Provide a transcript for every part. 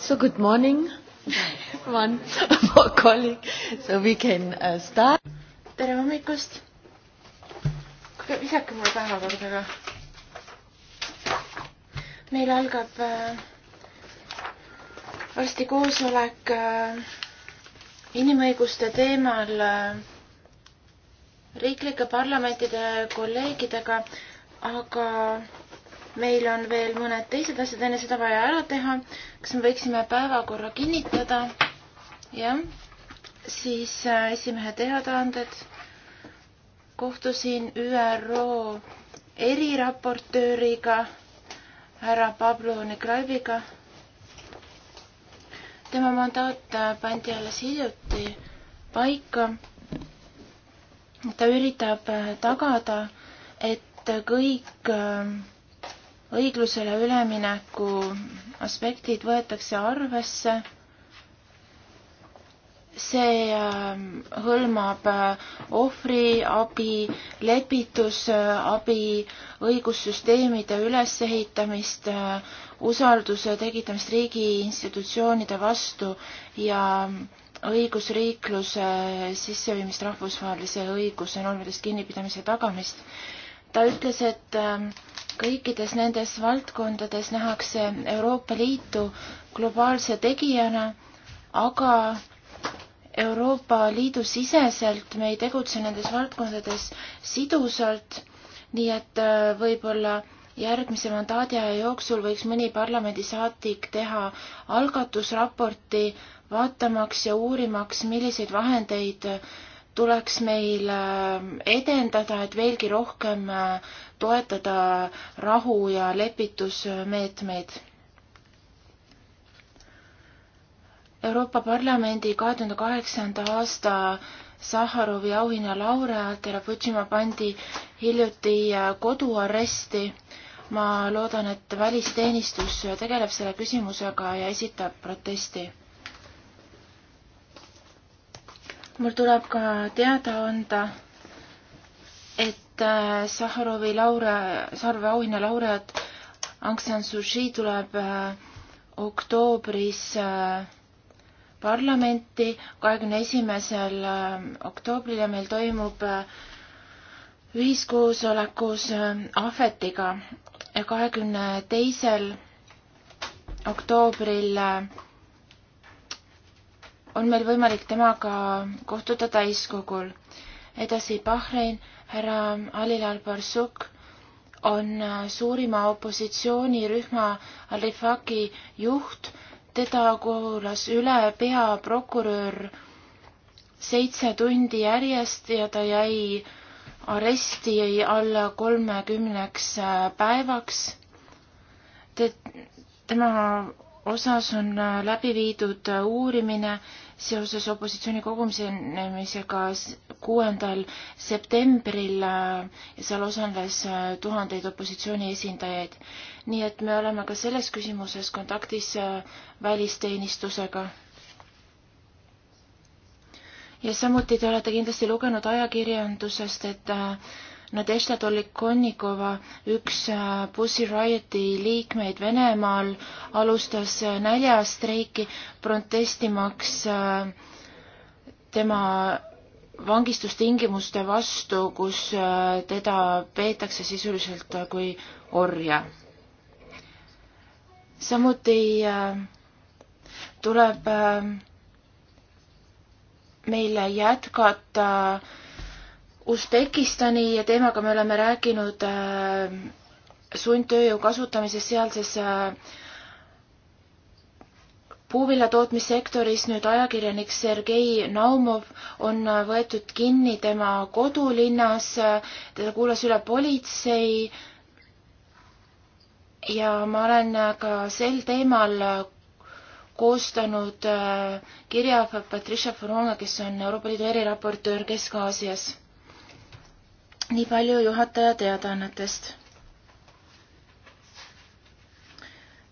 So good morning, one more colleague, so we can uh, start. tere hommikust. kuule, visake mulle päevakorda ka. meil algab äh, varsti koosolek äh, inimõiguste teemal äh, riiklike parlamentide kolleegidega, aga äh, meil on veel mõned teised asjad enne seda vaja ära teha. kas me võiksime päevakorra kinnitada? jah, siis äh, esimehe teadaanded. kohtusin ÜRO eriraportööriga, härra Pablo Negraiviga. tema mandaat äh, pandi alles hiljuti paika. ta üritab äh, tagada, et kõik äh, õiglusele ülemineku aspektid võetakse arvesse. see äh, hõlmab äh, ohvriabi, lepitusabi, õigussüsteemide ülesehitamist, äh, usalduse tekitamist riigi institutsioonide vastu ja õigusriikluse sisseviimist rahvusvahelise õiguse normidest kinnipidamise tagamist. ta ütles, et äh, kõikides nendes valdkondades nähakse Euroopa Liitu globaalse tegijana, aga Euroopa Liidu siseselt me ei tegutse nendes valdkondades sidusalt, nii et äh, võib-olla järgmise mandaadi aja jooksul võiks mõni parlamendisaatik teha algatusraporti, vaatamaks ja uurimaks, milliseid vahendeid tuleks meil äh, edendada, et veelgi rohkem äh, toetada rahu ja lepitusmeetmeid. Euroopa Parlamendi kahe tuhande kaheksanda aasta Saharovi auhinna laureaat Rafutšima pandi hiljuti äh, koduaresti. ma loodan, et välisteenistus tegeleb selle küsimusega ja esitab protesti mul tuleb ka teada anda, et äh, Sahharovi laure, Sarve auhinna laureaat Aung San Suu Kyi tuleb äh, oktoobris äh, parlamenti, kahekümne esimesel oktoobril ja meil toimub ühiskoosolekus ahvetiga ja kahekümne teisel oktoobril on meil võimalik temaga kohtuda täiskogul. edasi Bahrein, härra Alil al-Barsuk on äh, suurima opositsioonirühma Al-Rifaki juht, teda kuulas üle peaprokurör seitse tundi järjest ja ta jäi aresti jäi alla kolmekümneks äh, päevaks. Te, tema osas on äh, läbi viidud äh, uurimine seoses opositsiooni kogumisega kuuendal septembril äh, ja seal osales tuhandeid opositsiooni esindajaid. nii et me oleme ka selles küsimuses kontaktis välisteenistusega. ja samuti te olete kindlasti lugenud ajakirjandusest, et Nadežda Tolikonnikova, üks äh, Pussy Rioti liikmeid Venemaal, alustas äh, näljastreiki protestimaks äh, tema vangistustingimuste vastu, kus teda peetakse sisuliselt kui orja. samuti tuleb meil jätkata äh, Usbekistani teemaga me oleme rääkinud äh, sundtööjõu kasutamisest sealses äh, puuviljatootmissektoris nüüd ajakirjanik Sergei Naumov on äh, võetud kinni tema kodulinnas, teda kuulas üle politsei ja ma olen äh, ka sel teemal äh, koostanud kirja Patricia Forona, kes on Euroopa Liidu eriraportöör Kesk-Aasias nii palju juhataja teadaannetest.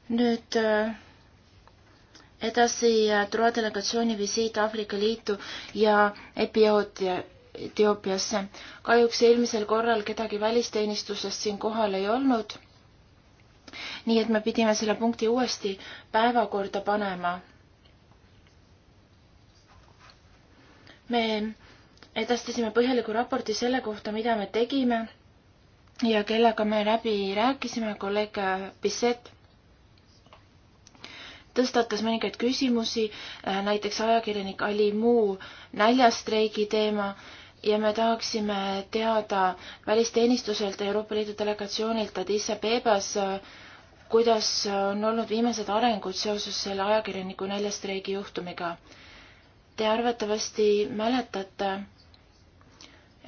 nüüd äh, edasi äh, Troa delegatsiooni visiit Aafrika Liitu ja Epiootia Etioopiasse. kahjuks eelmisel korral kedagi välisteenistusest siin kohal ei olnud. nii et me pidime selle punkti uuesti päevakorda panema. me edastasime põhjaliku raporti selle kohta, mida me tegime ja kellega me läbi rääkisime, kolleeg Bisset tõstatas mõningaid küsimusi, äh, näiteks ajakirjanik Ali Muu näljastreigi teema ja me tahaksime teada välisteenistuselt Euroopa Liidu delegatsioonilt Adisse Bebas, äh, kuidas on olnud viimased arengud seoses selle ajakirjaniku näljastreigi juhtumiga. Te arvatavasti mäletate,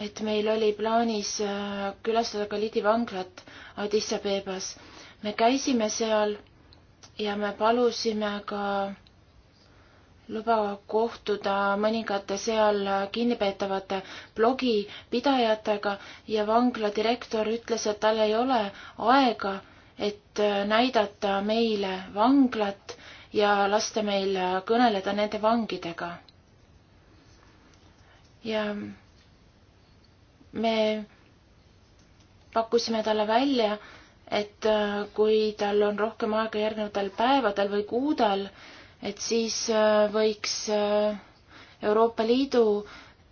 et meil oli plaanis äh, külastada ka Lidi vanglat Addis Abebas. me käisime seal ja me palusime ka luba kohtuda mõningate seal kinnipeetavate blogipidajatega ja vangla direktor ütles, et tal ei ole aega, et äh, näidata meile vanglat ja lasta meil kõneleda nende vangidega. ja me pakkusime talle välja, et äh, kui tal on rohkem aega järgnevatel päevadel või kuudel, et siis äh, võiks äh, Euroopa Liidu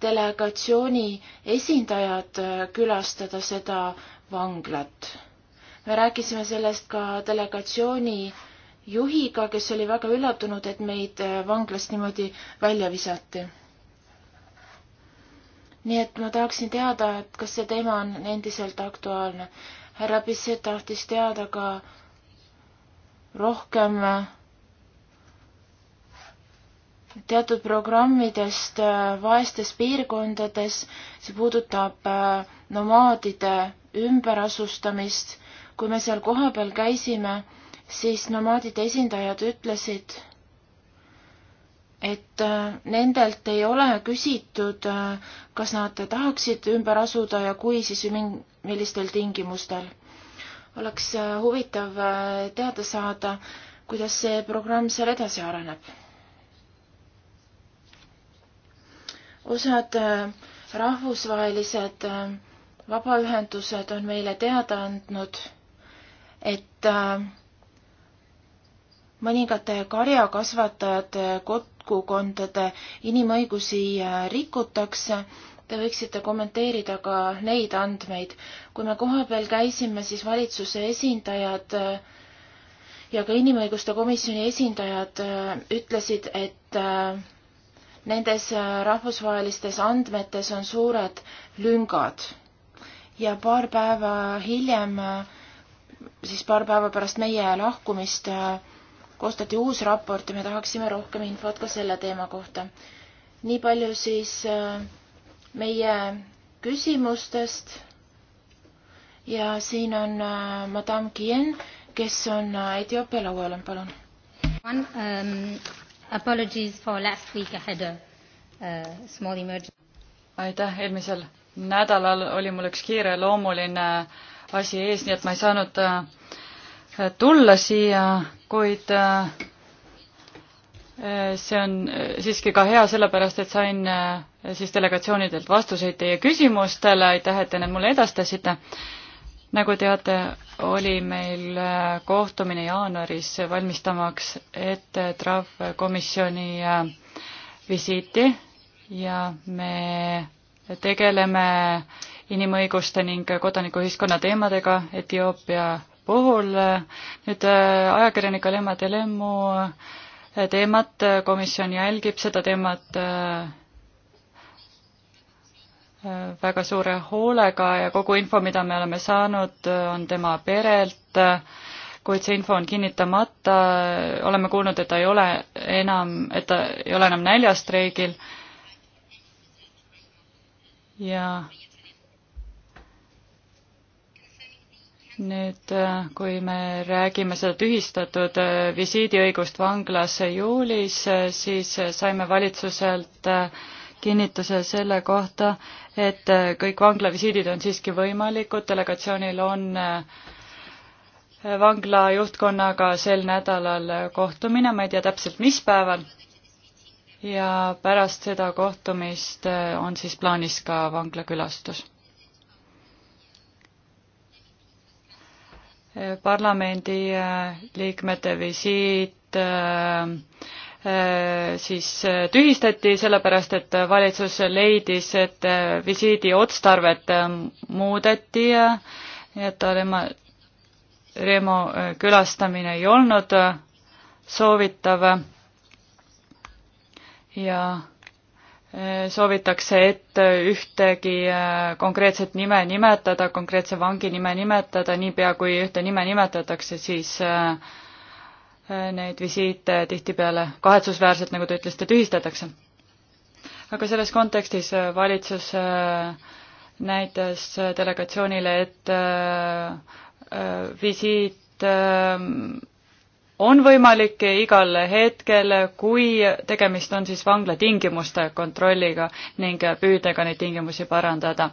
delegatsiooni esindajad külastada seda vanglat. me rääkisime sellest ka delegatsiooni juhiga, kes oli väga üllatunud, et meid vanglast niimoodi välja visati nii et ma tahaksin teada, et kas see teema on endiselt aktuaalne. härra Pisset tahtis teada ka rohkem äh, teatud programmidest äh, vaestes piirkondades, see puudutab äh, nomaadide ümberasustamist. kui me seal kohapeal käisime, siis nomaadide esindajad ütlesid, et äh, nendelt ei ole küsitud, äh, kas nad tahaksid ümber asuda ja kui, siis millistel tingimustel. oleks äh, huvitav teada saada, kuidas see programm seal edasi areneb. osad rahvusvahelised vabaühendused on meile teada andnud, et mõningate karjakasvatajate kot-, kogukondade inimõigusi äh, rikutakse. Te võiksite kommenteerida ka neid andmeid. kui me kohapeal käisime, siis valitsuse esindajad äh, ja ka inimõiguste komisjoni esindajad äh, ütlesid, et nendes rahvusvahelistes andmetes on suured lüngad ja paar päeva hiljem, siis paar päeva pärast meie lahkumist äh, koostati uus raport ja me tahaksime rohkem infot ka selle teema kohta. nii palju siis äh, meie küsimustest. ja siin on äh, Madame Kien, kes on äh, Etioopia laual, palun. One um, apologies for last week I had a uh, small emergency. aitäh, eelmisel nädalal oli mul üks kiireloomuline asi ees, nii et ma ei saanud uh, tulla siia, kuid äh, see on äh, siiski ka hea, sellepärast et sain äh, siis delegatsioonidelt vastuseid teie küsimustele, aitäh, et te need mulle edastasite. nagu teate, oli meil kohtumine jaanuaris valmistamaks ette TRAV komisjoni visiiti ja me tegeleme inimõiguste ning kodanikuühiskonna teemadega Etioopia puhul. nüüd äh, ajakirjanik Alema Telemu äh, teemat, äh, komisjon jälgib seda teemat väga suure hoolega ja kogu info, mida me oleme saanud, on tema perelt, kuid see info on kinnitamata, oleme kuulnud, et ta ei ole enam, et ta ei ole enam näljastreigil ja nüüd, äh, kui me räägime seda tühistatud äh, visiidiõigust vanglas juulis, äh, siis saime valitsuselt kinnituse selle kohta, et kõik vanglavisiidid on siiski võimalikud, delegatsioonil on vangla juhtkonnaga sel nädalal kohtumine, ma ei tea täpselt, mis päeval, ja pärast seda kohtumist on siis plaanis ka vanglakülastus parlamendi äh, liikmete visiit äh, äh, siis tühistati, sellepärast et valitsus leidis, et visiidi otstarvet muudeti, nii et Remo, Remo külastamine ei olnud soovitav ja soovitakse, et ühtegi äh, konkreetset nime nimetada, konkreetse vangi nime nimetada, niipea kui ühte nime nimetatakse, siis äh, äh, neid visiite tihtipeale kahetsusväärselt, nagu te ütlesite, tühistatakse. aga selles kontekstis valitsus näitas delegatsioonile, et visiit on võimalik igal hetkel, kui tegemist on siis vangla tingimuste kontrolliga ning püüdega neid tingimusi parandada.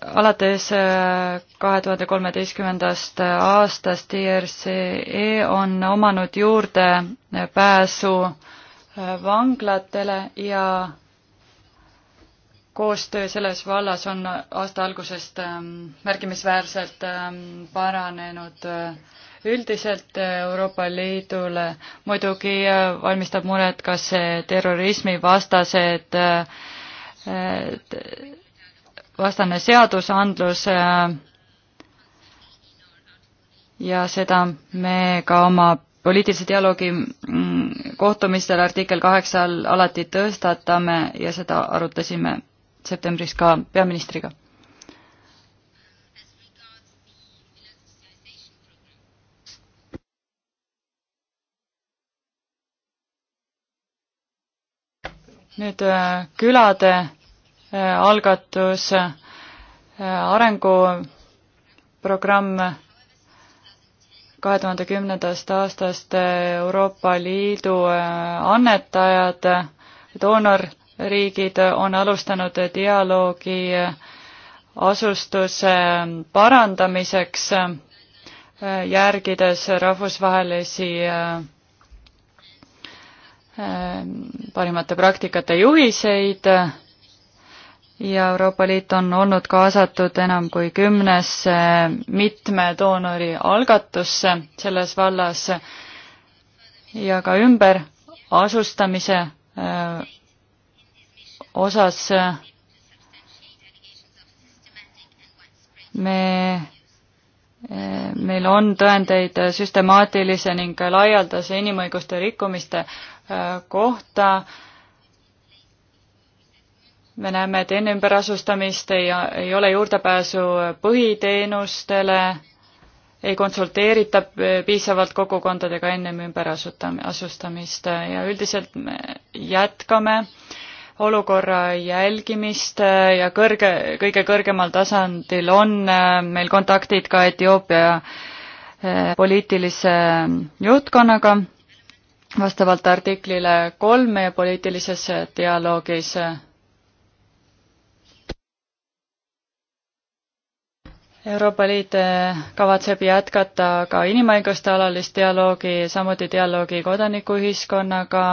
alates äh, kahe tuhande kolmeteistkümnendast aastast IRCE on omanud juurdepääsu äh, vanglatele ja koostöö selles vallas on aasta algusest ähm, märkimisväärselt ähm, paranenud. Äh, üldiselt äh, Euroopa Liidule muidugi äh, valmistab muret ka see terrorismivastased, vastane seadusandlus ja seda me ka oma poliitilise dialoogi mm, kohtumistel artikkel kaheksal alati tõstatame ja seda arutasime septembris ka peaministriga. nüüd äh, külade äh, algatus, äh, arenguprogramm kahe tuhande kümnendast aastast Euroopa Liidu annetajad, doonor riigid on alustanud dialoogi asustuse parandamiseks, järgides rahvusvahelisi eh, parimate praktikate juhiseid ja Euroopa Liit on olnud kaasatud enam kui kümnesse mitme doonori algatusse selles vallas ja ka ümberasustamise eh, osas äh, me, äh, meil on tõendeid süstemaatilise ning laialdase inimõiguste rikkumiste äh, kohta. me näeme, et enne ümberasustamist ei, ei ole juurdepääsu põhiteenustele, ei konsulteerita piisavalt kogukondadega ennem ümberasustamist ja üldiselt me jätkame äh, olukorra jälgimist äh, ja kõrge, kõige kõrgemal tasandil on äh, meil kontaktid ka Etioopia äh, poliitilise juhtkonnaga vastavalt artiklile kolm meie poliitilises dialoogis Euroopa Liit kavatseb jätkata ka inimõiguste alalist dialoogi, samuti dialoogi kodanikuühiskonnaga,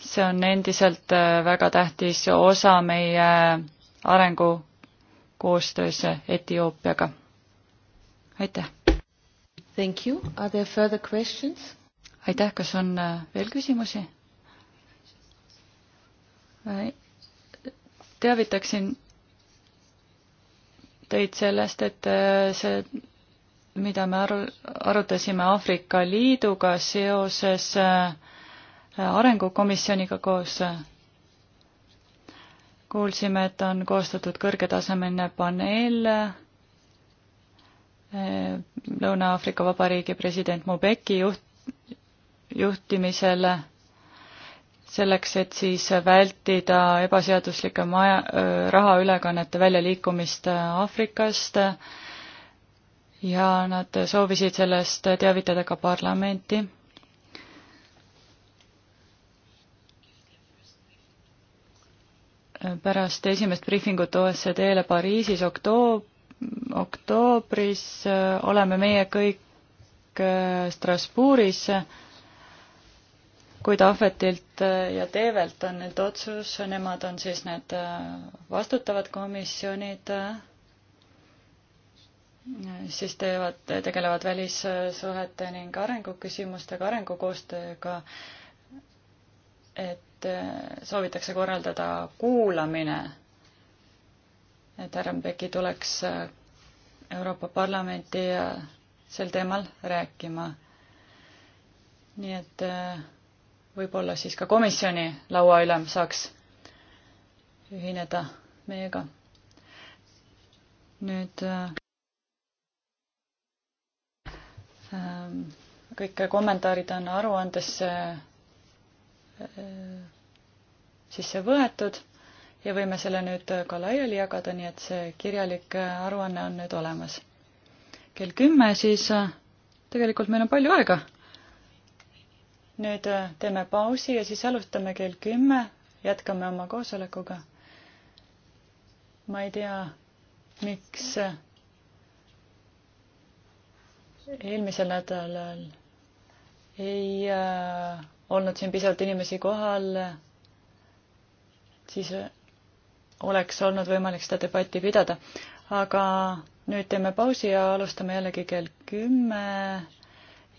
see on endiselt äh, väga tähtis osa meie äh, arengukoostöös Etioopiaga. aitäh! Thank you, are there further questions? aitäh, kas on äh, veel küsimusi? teavitaksin teid sellest, et see, mida me aru, arutasime Aafrika Liiduga seoses äh, arengukomisjoniga koos. kuulsime, et on koostatud kõrgetasemeline paneel eh, Lõuna-Aafrika Vabariigi president Mubeki juht, juhtimisel selleks, et siis vältida ebaseaduslike maja, rahaülekannete väljaliikumist Aafrikast ja nad soovisid sellest teavitada ka parlamenti pärast esimest briifingut OECD-le Pariisis oktoob-, oktoobris äh, oleme meie kõik äh, Strasbourgis, kuid Ahvetilt äh, ja Teevelt on nüüd otsus, nemad on siis need vastutavad komisjonid, siis teevad, tegelevad välissuhete ning arenguküsimustega, arengukoostööga, et et äh, soovitakse korraldada kuulamine, et härra Beki tuleks äh, Euroopa Parlamenti äh, sel teemal rääkima. nii et võib-olla siis ka komisjoni lauaülem saaks ühineda meiega. nüüd ähm, kõik kommentaarid on aruandesse sisse võetud ja võime selle nüüd ka laiali jagada, nii et see kirjalik aruanne on nüüd olemas. kell kümme siis äh, tegelikult meil on palju aega. nüüd äh, teeme pausi ja siis alustame kell kümme, jätkame oma koosolekuga. ma ei tea, miks äh, eelmisel nädalal ei äh, olnud siin piisavalt inimesi kohal, siis oleks olnud võimalik seda debatti pidada. aga nüüd teeme pausi ja alustame jällegi kell kümme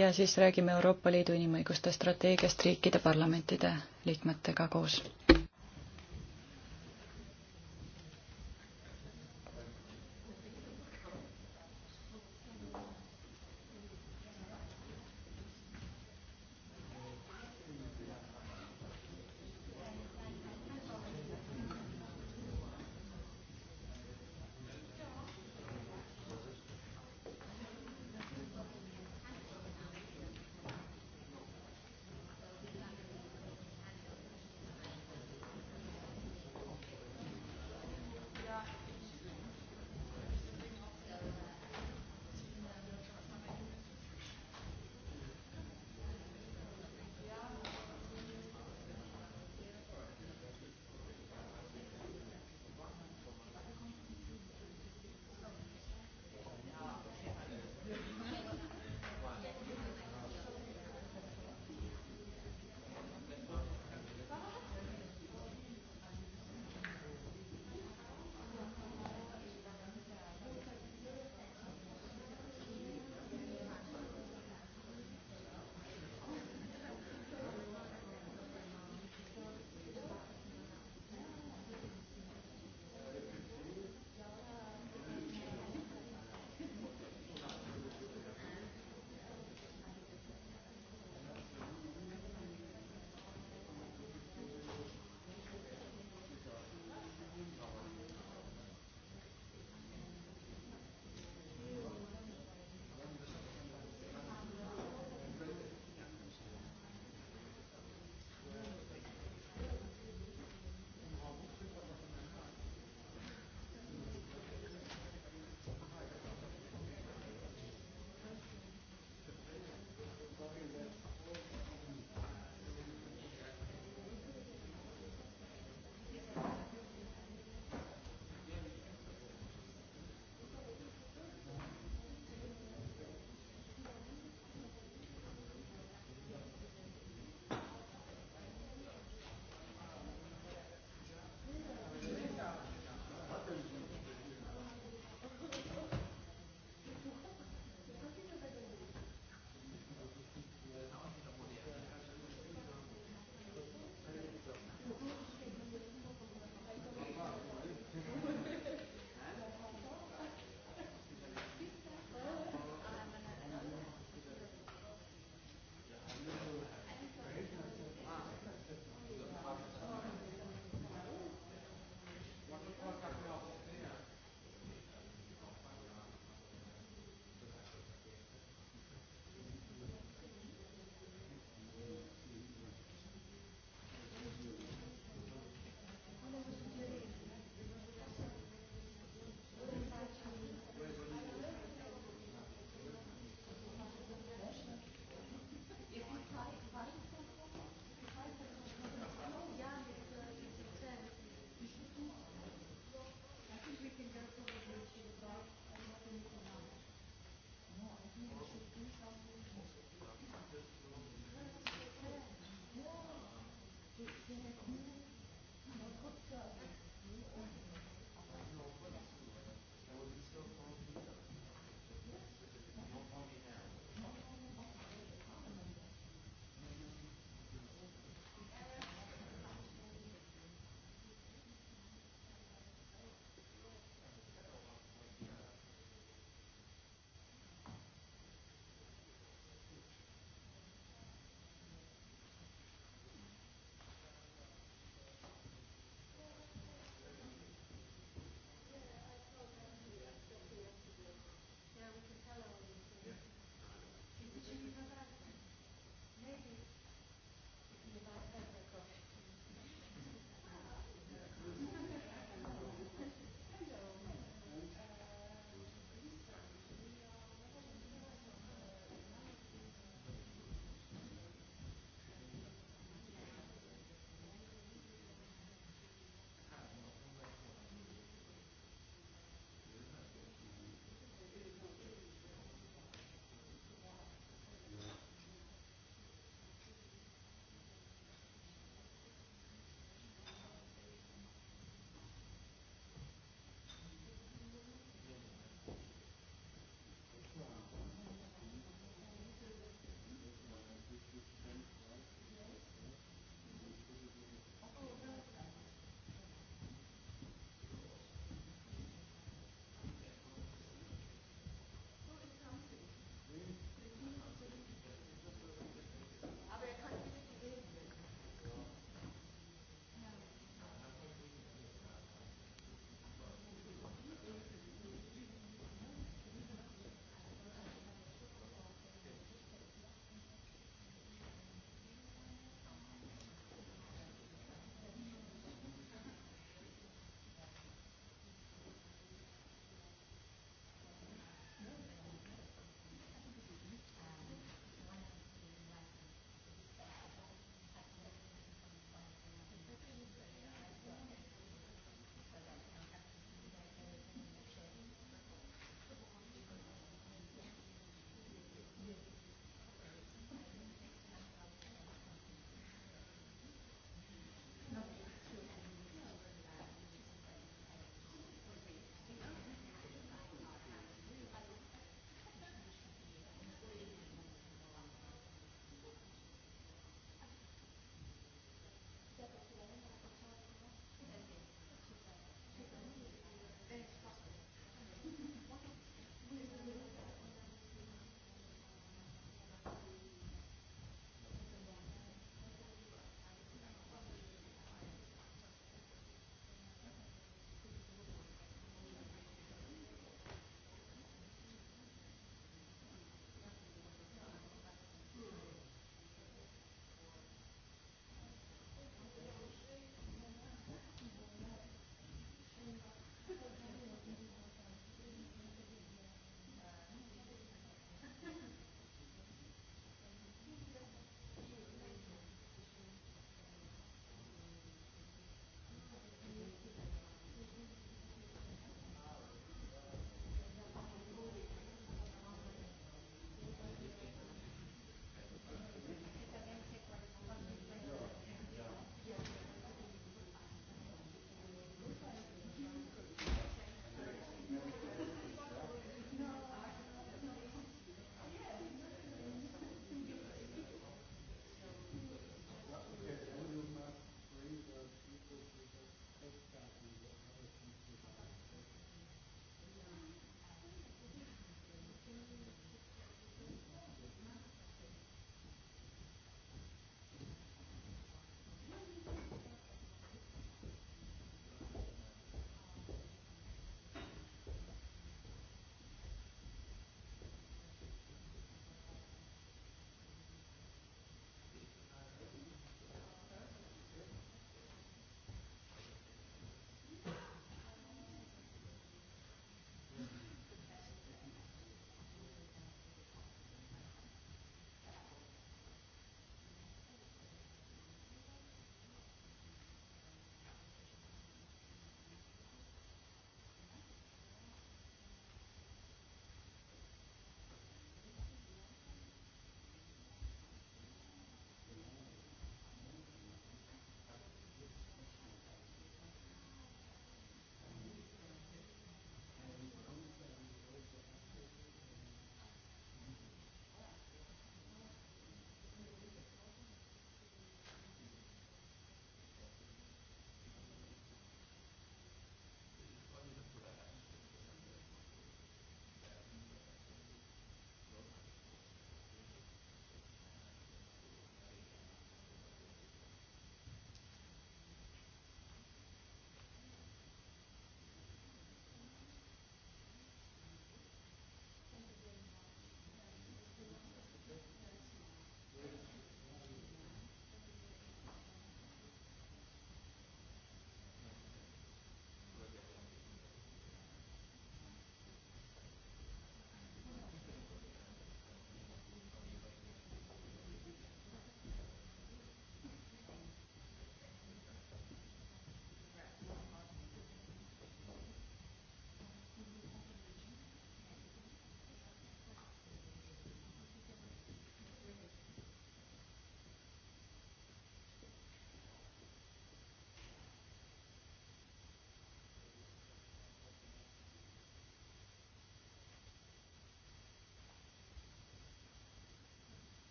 ja siis räägime Euroopa Liidu inimõiguste strateegiast riikide parlamentide liikmetega koos.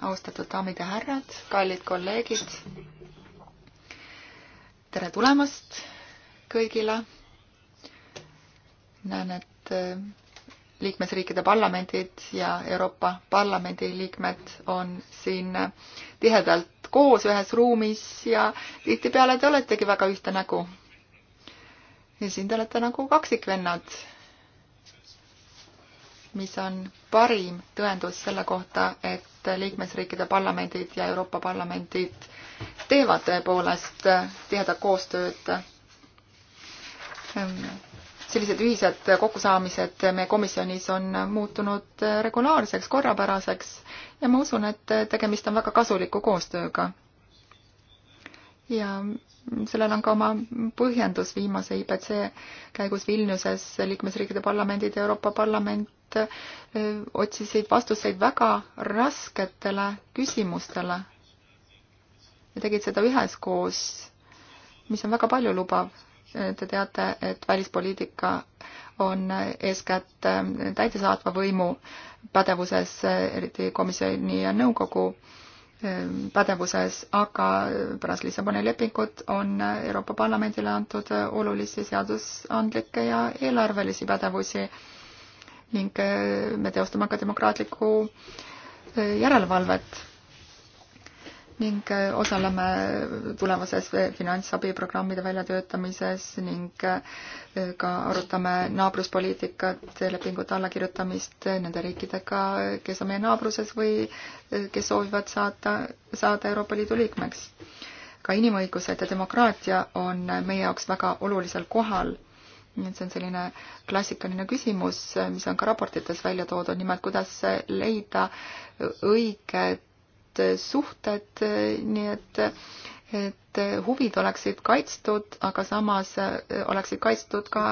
austatud daamid ja härrad, kallid kolleegid. tere tulemast kõigile. näen, et eh, liikmesriikide parlamendid ja Euroopa Parlamendi liikmed on siin tihedalt koos ühes ruumis ja tihtipeale te oletegi väga ühte nägu. ja siin te olete nagu kaksikvennad mis on parim tõendus selle kohta, et liikmesriikide parlamendid ja Euroopa parlamendid teevad tõepoolest tihedat koostööd. sellised ühised kokkusaamised meie komisjonis on muutunud regulaarseks, korrapäraseks ja ma usun, et tegemist on väga kasuliku koostööga. ja sellel on ka oma põhjendus viimase IPC käigus Vilniuses liikmesriikide parlamendid ja Euroopa Parlament et äh, otsisid vastuseid väga rasketele küsimustele ja tegid seda üheskoos, mis on väga paljulubav. Äh, te teate, et välispoliitika on eeskätt äh, täidesaatva võimu pädevuses, eriti komisjoni ja nõukogu pädevuses, aga pärast Lissaboni lepingut on Euroopa Parlamendile antud olulisi seadusandlikke ja eelarvelisi pädevusi ning äh, me teostame ka demokraatlikku äh, järelevalvet ning äh, osaleme tulevases finantsabiprogrammide väljatöötamises ning ka arutame naabruspoliitikat, lepingute allakirjutamist nende riikidega, kes on meie naabruses või kes soovivad saata, saada Euroopa Liidu liikmeks. ka inimõigused ja demokraatia on meie jaoks väga olulisel kohal nii et see on selline klassikaline küsimus, mis on ka raportites välja toodud, nimelt kuidas leida õiged suhted, nii et et huvid oleksid kaitstud, aga samas oleksid kaitstud ka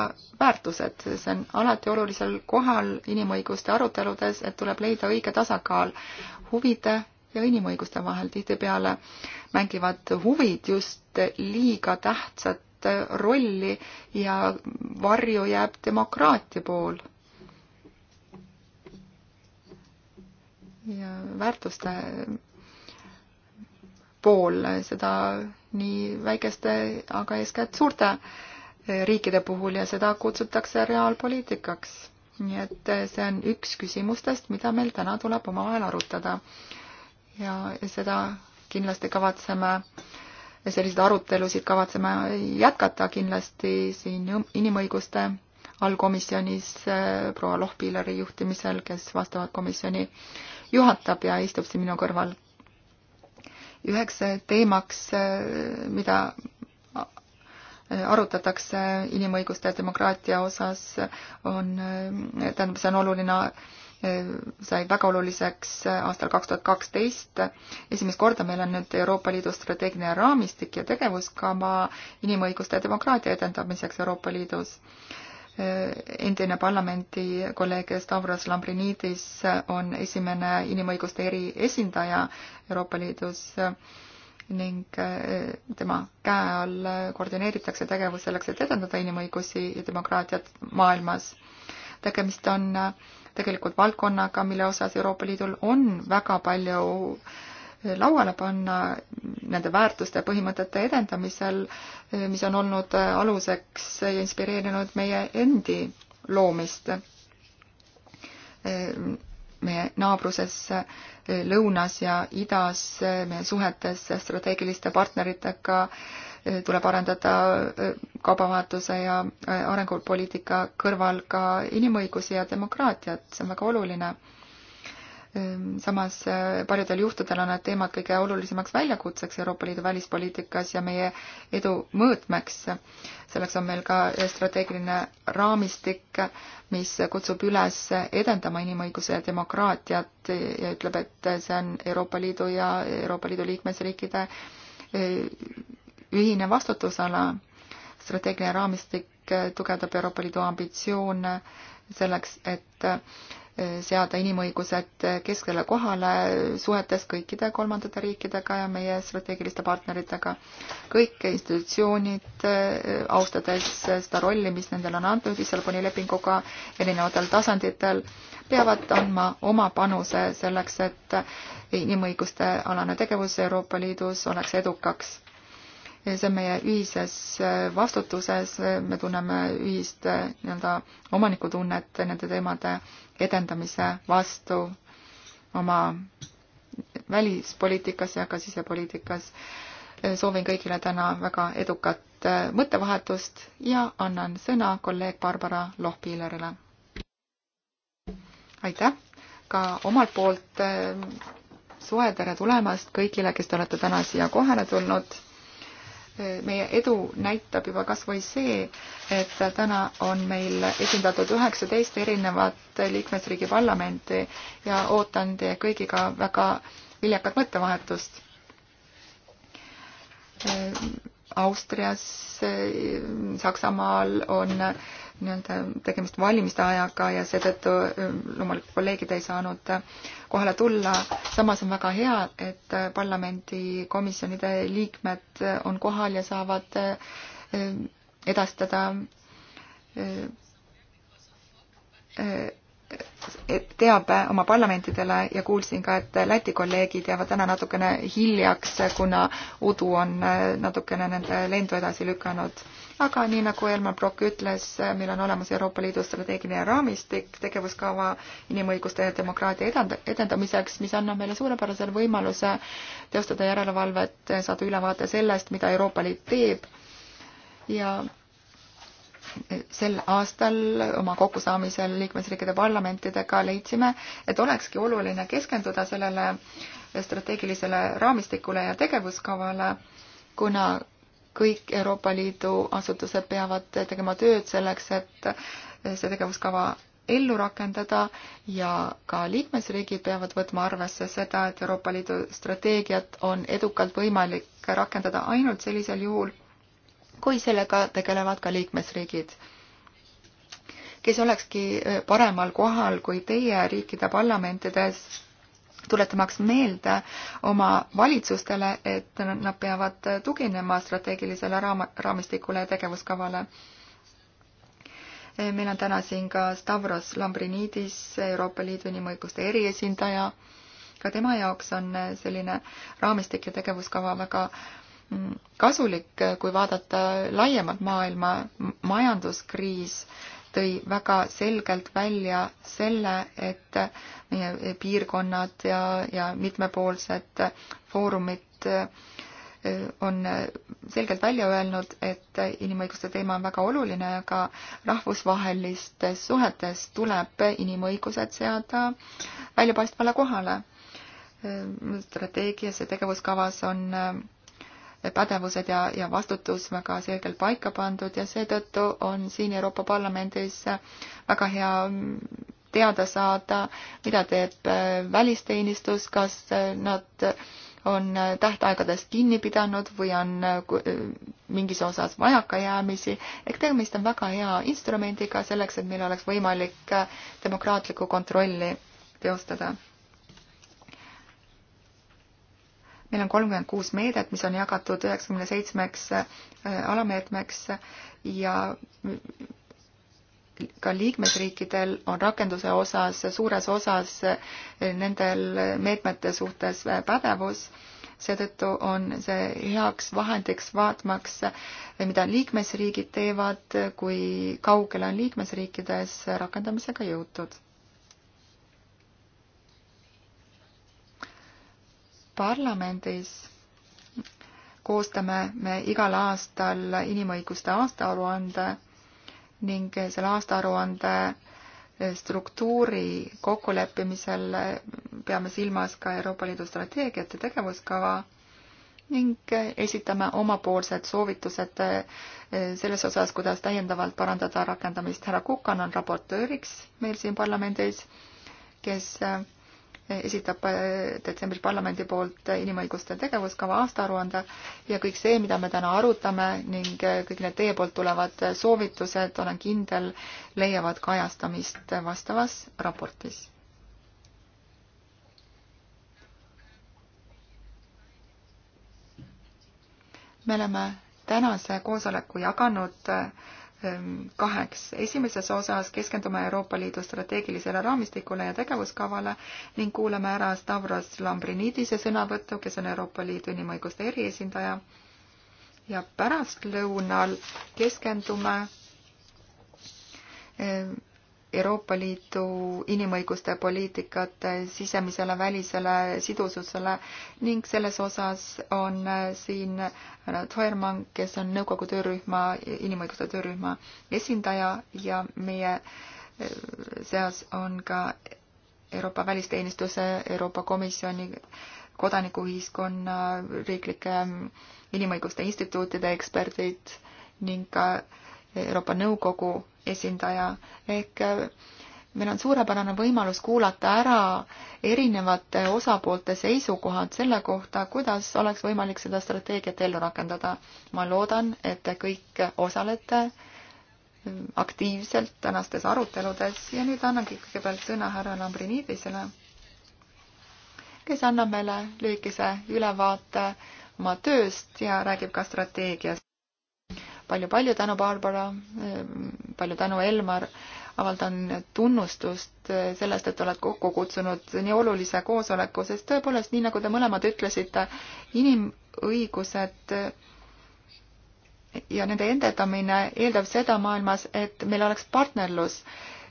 väärtused. see on alati olulisel kohal inimõiguste aruteludes, et tuleb leida õige tasakaal huvide ja inimõiguste vahel. tihtipeale mängivad huvid just liiga tähtsat demokraatia rolli ja varju jääb demokraatia pool. ja väärtuste pool, seda nii väikeste, aga eeskätt suurte riikide puhul ja seda kutsutakse reaalpoliitikaks. nii et see on üks küsimustest, mida meil täna tuleb omavahel arutada. ja seda kindlasti kavatseme äh, selliseid arutelusid kavatseme jätkata kindlasti siin inimõiguste allkomisjonis äh, proua Lohpilleri juhtimisel, kes vastavat komisjoni juhatab ja istub siin minu kõrval. üheks äh, teemaks, äh, mida arutatakse inimõiguste ja demokraatia osas, on, tähendab, see on oluline said väga oluliseks aastal kaks tuhat kaksteist. esimest korda meil on nüüd Euroopa Liidu strateegiline raamistik ja tegevuskava inimõiguste ja demokraatia edendamiseks Euroopa Liidus. endine parlamendi kolleeg Stavros Lambrinidis on esimene inimõiguste eriesindaja Euroopa Liidus ning eh, tema käe all koordineeritakse tegevus selleks, et edendada inimõigusi ja demokraatiat maailmas. tegemist on äh, tegelikult valdkonnaga, mille osas Euroopa Liidul on väga palju eh, lauale panna nende väärtuste ja põhimõtete edendamisel, eh, mis on olnud eh, aluseks ja inspireerinud meie endi loomist meie naabruses lõunas ja idas, meie suhetes strateegiliste partneritega, eh, tuleb arendada eh, kaubavahetuse ja eh, arengupoliitika kõrval ka inimõigusi ja demokraatiat, see on väga oluline Ehm, samas äh, paljudel juhtudel on need teemad kõige olulisemaks väljakutseks Euroopa Liidu välispoliitikas ja meie edu mõõtmeks. selleks on meil ka äh, strateegiline raamistik, mis kutsub üles edendama inimõiguse ja demokraatiat ja ütleb, et see on Euroopa Liidu ja Euroopa Liidu liikmesriikide äh, ühine vastutusala strateegiline raamistik tugevdab Euroopa Liidu ambitsioone selleks, et eh, seada inimõigused keskele kohale suhetes kõikide kolmandate riikidega ja meie strateegiliste partneritega. kõik institutsioonid, eh, austades seda rolli, mis nendele on antud Lissaboni lepinguga erinevatel tasanditel, peavad andma oma panuse selleks, et inimõiguste alane tegevus Euroopa Liidus oleks edukaks see on meie ühises äh, vastutuses, me tunneme ühist äh, nii-öelda omanikutunnet nende teemade edendamise vastu oma välispoliitikas ja ka sisepoliitikas. Äh, soovin kõigile täna väga edukat mõttevahetust ja annan sõna kolleeg Barbara Lohpiilerile. aitäh ka omalt poolt soe tere tulemast kõigile, kes te olete täna siia kohale tulnud meie edu näitab juba kas või see, et täna on meil esindatud üheksateist erinevat liikmesriigi parlamenti ja ootan teie kõigiga väga viljakat mõttevahetust. Austrias, Saksamaal on äh, nii-öelda tegemist valimiste ajaga ja seetõttu äh, loomulikult kolleegid ei saanud äh, kohale tulla. samas on väga hea, et äh, parlamendikomisjonide liikmed on kohal ja saavad edastada teab oma parlamentidele ja kuulsin ka, et Läti kolleegid jäävad täna natukene hiljaks, kuna udu on natukene nende lendu edasi lükanud. aga nii nagu Elmar Brok ütles, meil on olemas Euroopa Liidu strateegiline raamistik, tegevuskava inimõiguste ja demokraatia edendamiseks, mis annab meile suurepärasel võimaluse teostada järelevalvet, saada ülevaate sellest, mida Euroopa Liit teeb ja sel aastal oma kokkusaamisel liikmesriikide parlamentidega leidsime, et olekski oluline keskenduda sellele strateegilisele raamistikule ja tegevuskavale, kuna kõik Euroopa Liidu asutused peavad tegema tööd selleks, et see tegevuskava ellu rakendada ja ka liikmesriigid peavad võtma arvesse seda, et Euroopa Liidu strateegiat on edukalt võimalik rakendada ainult sellisel juhul, kui sellega tegelevad ka liikmesriigid, kes olekski äh, paremal kohal kui teie riikide parlamentides, tuletamaks meelde oma valitsustele, et nad peavad tuginema strateegilisele raam-, raamistikule ja tegevuskavale äh, meil on täna siin ka Stavros Lambrinidis, Euroopa Liidu inimõiguste eriesindaja. ka tema jaoks on äh, selline raamistik ja tegevuskava väga kasulik, kui vaadata laiemalt maailma, majanduskriis tõi väga selgelt välja selle, et meie piirkonnad ja, ja mitmepoolsed foorumid eh, on selgelt välja öelnud, et inimõiguste teema on väga oluline, aga rahvusvahelistes suhetes tuleb inimõigused seada väljapaistvale kohale. Eh, strateegias ja tegevuskavas on eh, pädevused ja, ja vastutus väga selgelt paika pandud ja seetõttu on siin Euroopa Parlamendis väga hea mm, teada saada, mida teeb äh, välisteenistus, kas äh, nad on äh, tähtaegadest kinni pidanud või on mingis osas vajakajäämisi. ehk tegemist on väga hea instrumendiga selleks, et meil oleks võimalik demokraatlikku kontrolli teostada meil on kolmkümmend kuus meedet, mis on jagatud üheksakümne seitsmeks äh, alameetmeks ja ka liikmesriikidel on rakenduse osas, suures osas äh, nendel meetmete suhtes äh, pädevus, seetõttu on see heaks vahendiks vaatmaks, mida liikmesriigid teevad, kui kaugele on liikmesriikides rakendamisega jõutud parlamendis koostame me igal aastal inimõiguste aastaaruande ning selle aastaaruande struktuuri kokkuleppimisel peame silmas ka Euroopa Liidu strateegiat ja tegevuskava ning esitame omapoolsed soovitused selles osas, kuidas täiendavalt parandada rakendamist. härra Kukan on raportööriks meil siin parlamendis, kes esitab äh, detsembris parlamendi poolt inimõiguste tegevuskava aastaaruande ja kõik see, mida me täna arutame ning äh, kõik need teie poolt tulevad soovitused, olen kindel, leiavad kajastamist vastavas raportis. me oleme tänase koosoleku jaganud äh, Ehm, kaheks. esimeses osas keskendume Euroopa Liidu strateegilisele raamistikule ja tegevuskavale ning kuulame ära Stavros Lambrinidise sõnavõttu, kes on Euroopa Liidu inimõiguste eriesindaja. ja pärastlõunal keskendume ehm, Euroopa Liidu inimõiguste poliitikate sisemisele välisele sidususele ning selles osas on siin härra Toermann, kes on nõukogu töörühma, inimõiguste töörühma esindaja ja meie eh, seas on ka Euroopa Välisteenistuse, Euroopa Komisjoni, kodanikuühiskonna, riiklike inimõiguste instituutide eksperdid ning ka Euroopa Nõukogu esindaja ehk äh, meil on suurepärane võimalus kuulata ära erinevate osapoolte seisukohad selle kohta, kuidas oleks võimalik seda strateegiat ellu rakendada. ma loodan, et te kõik osalete äh, aktiivselt tänastes aruteludes ja nüüd annangi kõigepealt sõna härra Lambrinidisele, kes annab meile lühikese ülevaate oma tööst ja räägib ka strateegiast palju-palju tänu, Barbara, palju tänu, Elmar, avaldan tunnustust sellest, et oled kokku kutsunud nii olulise koosoleku, sest tõepoolest, nii nagu te mõlemad ütlesite, inimõigused ja nende endaldamine eeldab seda maailmas, et meil oleks partnerlus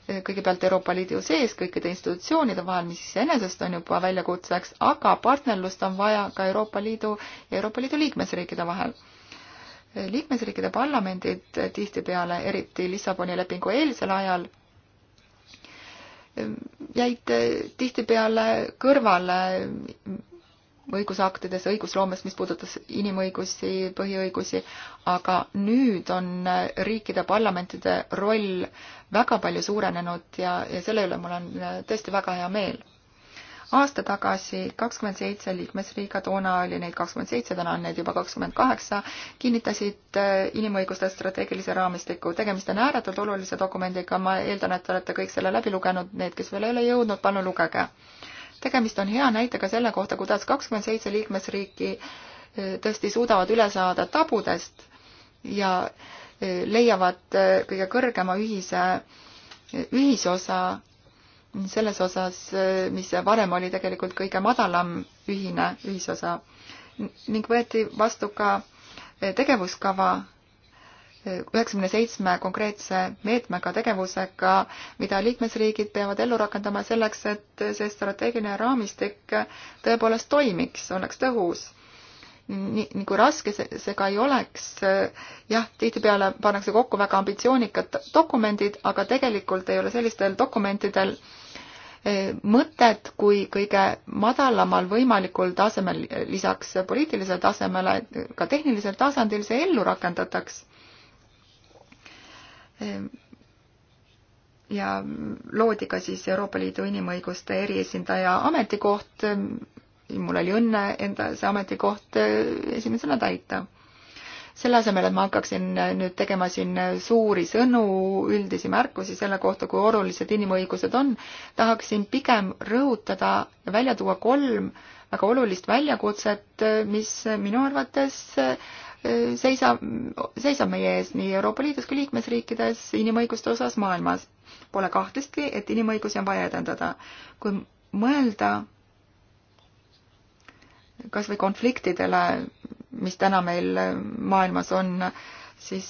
kõigepealt Euroopa Liidu sees kõikide institutsioonide vahel, mis iseenesest on juba väljakutseks, aga partnerlust on vaja ka Euroopa Liidu ja Euroopa Liidu liikmesriikide vahel liikmesriikide parlamendid tihtipeale, eriti Lissaboni lepingu eelsel ajal, jäid tihtipeale kõrvale õigusaktides, õigusloomes, mis puudutas inimõigusi, põhiõigusi, aga nüüd on riikide parlamentide roll väga palju suurenenud ja, ja selle üle mul on tõesti väga hea meel aasta tagasi kakskümmend seitse liikmesriiga, toona oli neid kakskümmend seitse, täna on neid juba kakskümmend kaheksa, kinnitasid äh, inimõiguste strateegilise raamistiku. tegemist on ääretult olulise dokumendiga, ma eeldan, et te olete kõik selle läbi lugenud, need, kes veel ei ole jõudnud, palun lugege. tegemist on hea näitega selle kohta, kuidas kakskümmend seitse liikmesriiki äh, tõesti suudavad üle saada tabudest ja äh, leiavad kõige kõrgema ühise, ühisosa selles osas, mis varem oli tegelikult kõige madalam ühine ühisosa ning võeti vastu ka tegevuskava üheksakümne seitsme konkreetse meetmega, tegevusega, mida liikmesriigid peavad ellu rakendama selleks, et see strateegiline raamistik tõepoolest toimiks, oleks tõhus nii, nii kui raske see, see ka ei oleks, jah, tihtipeale pannakse kokku väga ambitsioonikad dokumendid, aga tegelikult ei ole sellistel dokumentidel äh, mõtet kui kõige madalamal võimalikul tasemel, lisaks poliitilisele tasemele, ka tehnilisel tasandil see ellu rakendataks. ja loodi ka siis Euroopa Liidu inimõiguste eriesindaja ametikoht. mul oli õnne enda see ametikoht esimesena täita selle asemel, et ma hakkaksin äh, nüüd tegema siin äh, suuri sõnu, üldisi märkusi selle kohta, kui olulised inimõigused on, tahaksin pigem rõhutada ja välja tuua kolm väga olulist väljakutset, äh, mis minu arvates seisab, seisab meie ees nii Euroopa Liidus kui liikmesriikides inimõiguste osas maailmas. Pole kahtlustki, et inimõigusi on vaja edendada. kui mõelda kas või konfliktidele mis täna meil maailmas on, siis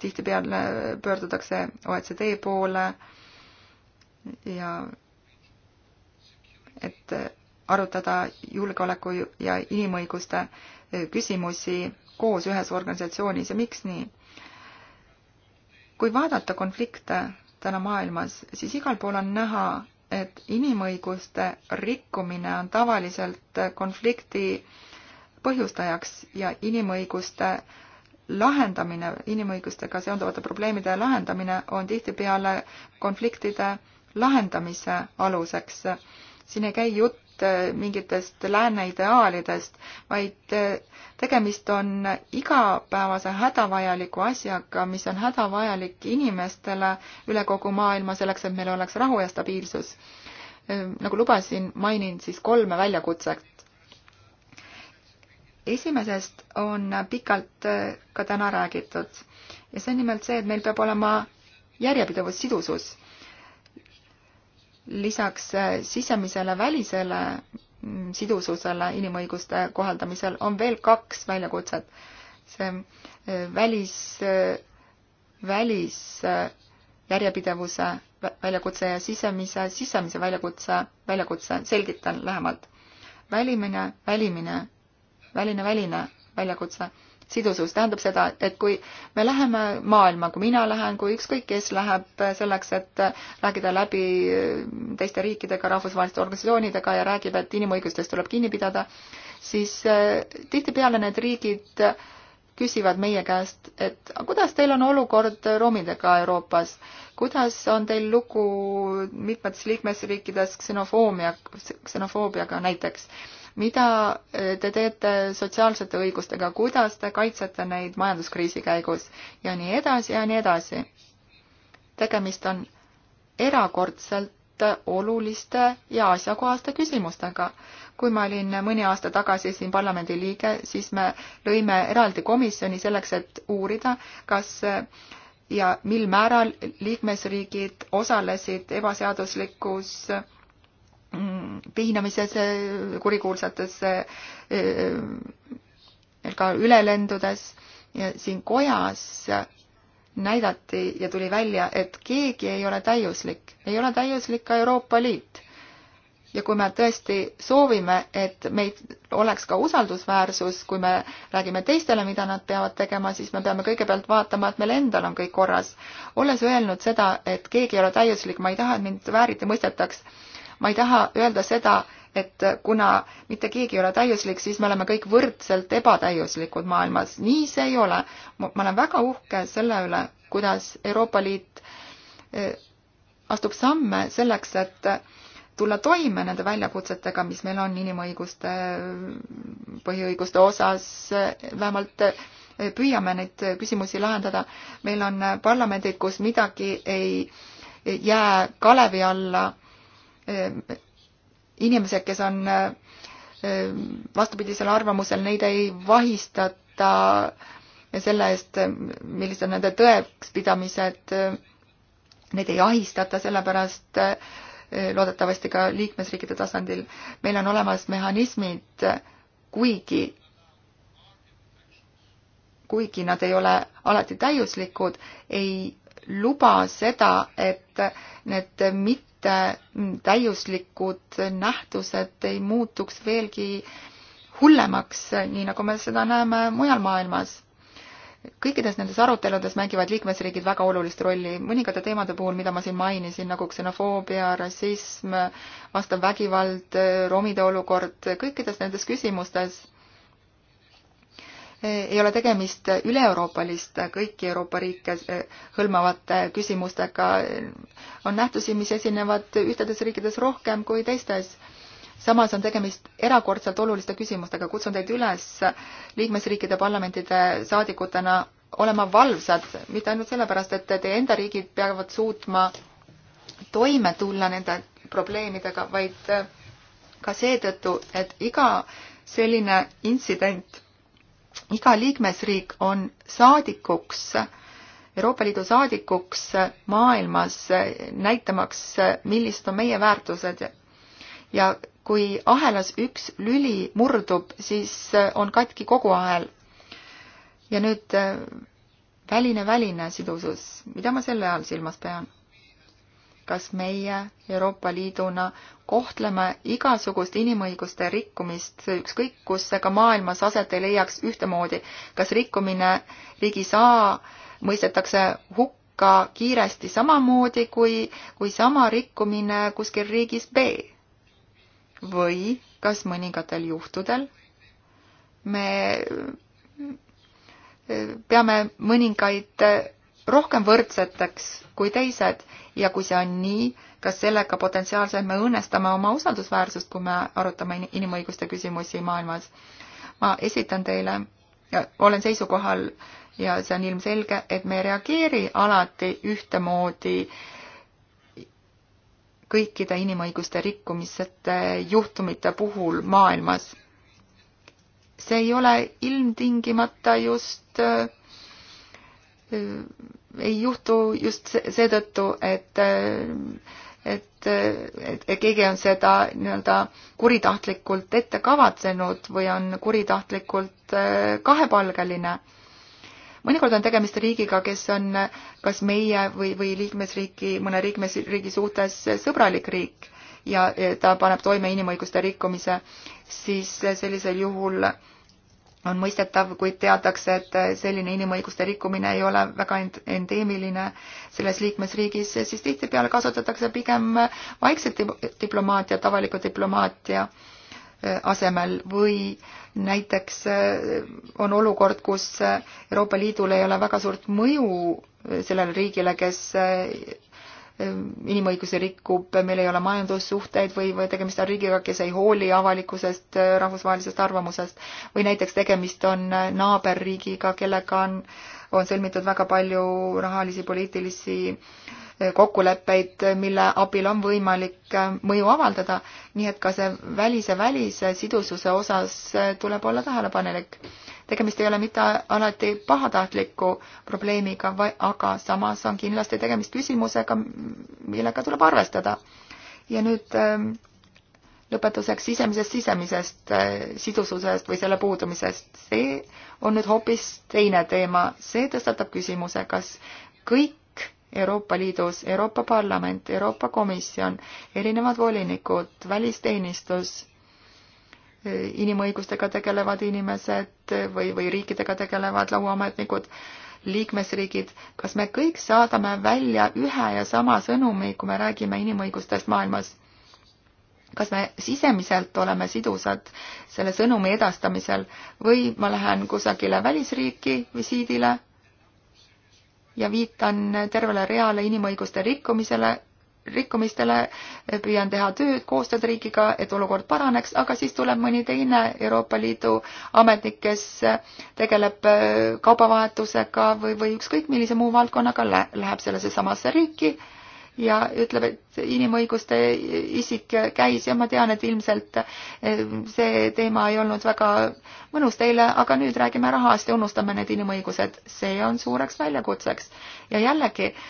tihtipeale pöördutakse OECD poole ja et arutada julgeoleku ja inimõiguste küsimusi koos ühes organisatsioonis ja miks nii? kui vaadata konflikte täna maailmas, siis igal pool on näha, et inimõiguste rikkumine on tavaliselt konflikti äh, põhjustajaks ja inimõiguste lahendamine, inimõigustega seonduvate probleemide lahendamine on tihtipeale konfliktide lahendamise aluseks. siin ei käi jutt äh, mingitest lääne ideaalidest, vaid äh, tegemist on igapäevase hädavajaliku asjaga, mis on hädavajalik inimestele üle kogu maailma selleks, et meil oleks rahu ja stabiilsus. Äh, nagu lubasin, mainin siis kolme väljakutset esimesest on pikalt äh, ka täna räägitud ja see on nimelt see, et meil peab olema järjepidevus, sidusus. lisaks äh, sisemisele välisele mm, sidususele inimõiguste kohaldamisel on veel kaks väljakutset. see äh, välis, välis järjepidevuse väljakutse ja sisemise, sisemise väljakutse, väljakutse, selgitan lähemalt. välimine, välimine väline-väline väljakutse. sidusus tähendab seda, et kui me läheme maailma, kui mina lähen, kui ükskõik kes läheb selleks, et rääkida läbi teiste riikidega, rahvusvaheliste organisatsioonidega ja räägib, et inimõigustest tuleb kinni pidada, siis eh, tihtipeale need riigid küsivad meie käest, et kuidas teil on olukord roomidega Euroopas, kuidas on teil lugu mitmetes liikmesriikides ksenofoomia, ksenofoobiaga näiteks mida eh, te teete sotsiaalsete õigustega, kuidas te kaitsete neid majanduskriisi käigus ja nii edasi ja nii edasi. tegemist on erakordselt oluliste ja asjakohaste küsimustega. kui ma olin mõni aasta tagasi siin parlamendi liige, siis me lõime eraldi komisjoni selleks, et uurida, kas eh, ja mil määral liikmesriigid osalesid ebaseaduslikus piinamises, äh, kurikuulsates äh, äh, ka ülelendudes ja siin kojas näidati ja tuli välja, et keegi ei ole täiuslik, ei ole täiuslik ka Euroopa Liit. ja kui me tõesti soovime, et meid oleks ka usaldusväärsus, kui me räägime teistele, mida nad peavad tegema, siis me peame kõigepealt vaatama, et meil endal on kõik korras. olles öelnud seda, et keegi ei ole täiuslik, ma ei taha, et mind vääriti mõistetaks ma ei taha öelda seda, et kuna mitte keegi ei ole täiuslik, siis me oleme kõik võrdselt ebatäiuslikud maailmas. nii see ei ole. ma olen väga uhke selle üle, kuidas Euroopa Liit eh, astub samme selleks, et tulla toime nende väljakutsetega, mis meil on inimõiguste, põhiõiguste osas, vähemalt eh, püüame neid küsimusi lahendada. meil on parlamendid, kus midagi ei jää kalevi alla Ehm, inimesed, kes on ehm, vastupidisel arvamusel, neid ei vahistata selle eest, millised on nende tõekspidamised, neid ei ahistata sellepärast eh, loodetavasti ka liikmesriikide tasandil. meil on olemas mehhanismid, kuigi, kuigi nad ei ole alati täiuslikud, ei luba seda, et need mitte et mm, täiuslikud nähtused ei muutuks veelgi hullemaks, nii nagu me seda näeme mujal maailmas. kõikides nendes aruteludes mängivad liikmesriigid väga olulist rolli, mõningate teemade puhul, mida ma siin mainisin, nagu ksenofoobia, rassism, vastav vägivald, romide olukord, kõikides nendes küsimustes ei ole tegemist üle-euroopaliste, kõiki Euroopa riike hõlmavate küsimustega. on nähtusi, mis esinevad ühtedes riikides rohkem kui teistes. samas on tegemist erakordselt oluliste küsimustega. kutsun teid üles liikmesriikide parlamentide saadikutena olema valvsad, mitte ainult sellepärast, et teie enda riigid peavad suutma toime tulla nende probleemidega, vaid ka seetõttu, et iga selline intsident iga liikmesriik on saadikuks, Euroopa Liidu saadikuks maailmas, näitamaks, millised on meie väärtused. ja kui ahelas üks lüli murdub, siis on katki kogu ahel. ja nüüd väline-väline sidusus, mida ma selle all silmas pean? kas meie Euroopa Liiduna kohtleme igasugust inimõiguste rikkumist, ükskõik kus see ka maailmas aset ei leiaks, ühtemoodi. kas rikkumine riigis A mõistetakse hukka kiiresti samamoodi kui, kui sama rikkumine kuskil riigis B? või kas mõningatel juhtudel me peame mõningaid rohkem võrdseteks kui teised ja kui see on nii, kas sellega potentsiaalselt me õõnestame oma usaldusväärsust, kui me arutame inimõiguste küsimusi maailmas. ma esitan teile, olen seisukohal ja see on ilmselge, et me ei reageeri alati ühtemoodi kõikide inimõiguste rikkumisete juhtumite puhul maailmas. see ei ole ilmtingimata just äh, ei juhtu just seetõttu, et, et, et, et keegi on seda nii-öelda kuritahtlikult ette kavatsenud või on kuritahtlikult äh, kahepalgeline. mõnikord on tegemist riigiga, kes on kas meie või, või liikmesriiki, mõne liikmesriigi suhtes sõbralik riik ja ta paneb toime inimõiguste rikkumise, siis sellisel juhul äh, on mõistetav, kuid teatakse, et äh, selline inimõiguste rikkumine ei ole väga endeemiline selles liikmesriigis, siis tihtipeale kasutatakse pigem äh, vaikset diplomaatiat avaliku diplomaatia äh, asemel või näiteks on olukord, kus Euroopa Liidul ei ole väga suurt mõju sellele riigile, kes inimõigusi rikub, meil ei ole majandussuhteid või, või tegemist on riigiga, kes ei hooli avalikkusest, rahvusvahelisest arvamusest või näiteks tegemist on naaberriigiga, kellega on, on sõlmitud väga palju rahalisi poliitilisi eh, kokkuleppeid, mille abil on võimalik eh, mõju avaldada, nii et ka see välise-välise sidususe osas eh, tuleb olla tähelepanelik tegemist ei ole mitte alati pahatahtliku probleemiga, aga samas on kindlasti tegemist küsimusega, millega tuleb arvestada. ja nüüd ähm, lõpetuseks sisemisest sisemisest äh, sidususest või selle puudumisest. see on nüüd hoopis teine teema, see tõstatab küsimuse, kas kõik Euroopa Liidus, Euroopa Parlament, Euroopa Komisjon, erinevad volinikud, välisteenistus inimõigustega tegelevad inimesed või, või riikidega tegelevad lauaametnikud, liikmesriigid, kas me kõik saadame välja ühe ja sama sõnumi, kui me räägime inimõigustest maailmas? kas me sisemiselt oleme sidusad selle sõnumi edastamisel või ma lähen kusagile välisriiki visiidile ja viitan tervele reale inimõiguste rikkumisele rikkumistele, püüan teha tööd, koostööd riigiga, et olukord paraneks, aga siis tuleb mõni teine Euroopa Liidu ametnik, kes tegeleb kaubavahetusega või, või ükskõik millise muu valdkonnaga, läheb sellesse samasse riiki ja ütleb, et inimõiguste isik käis ja ma tean, et ilmselt eh, see teema ei olnud väga mõnus teile, aga nüüd räägime rahast ja unustame need inimõigused. see on suureks väljakutseks. ja jällegi äh,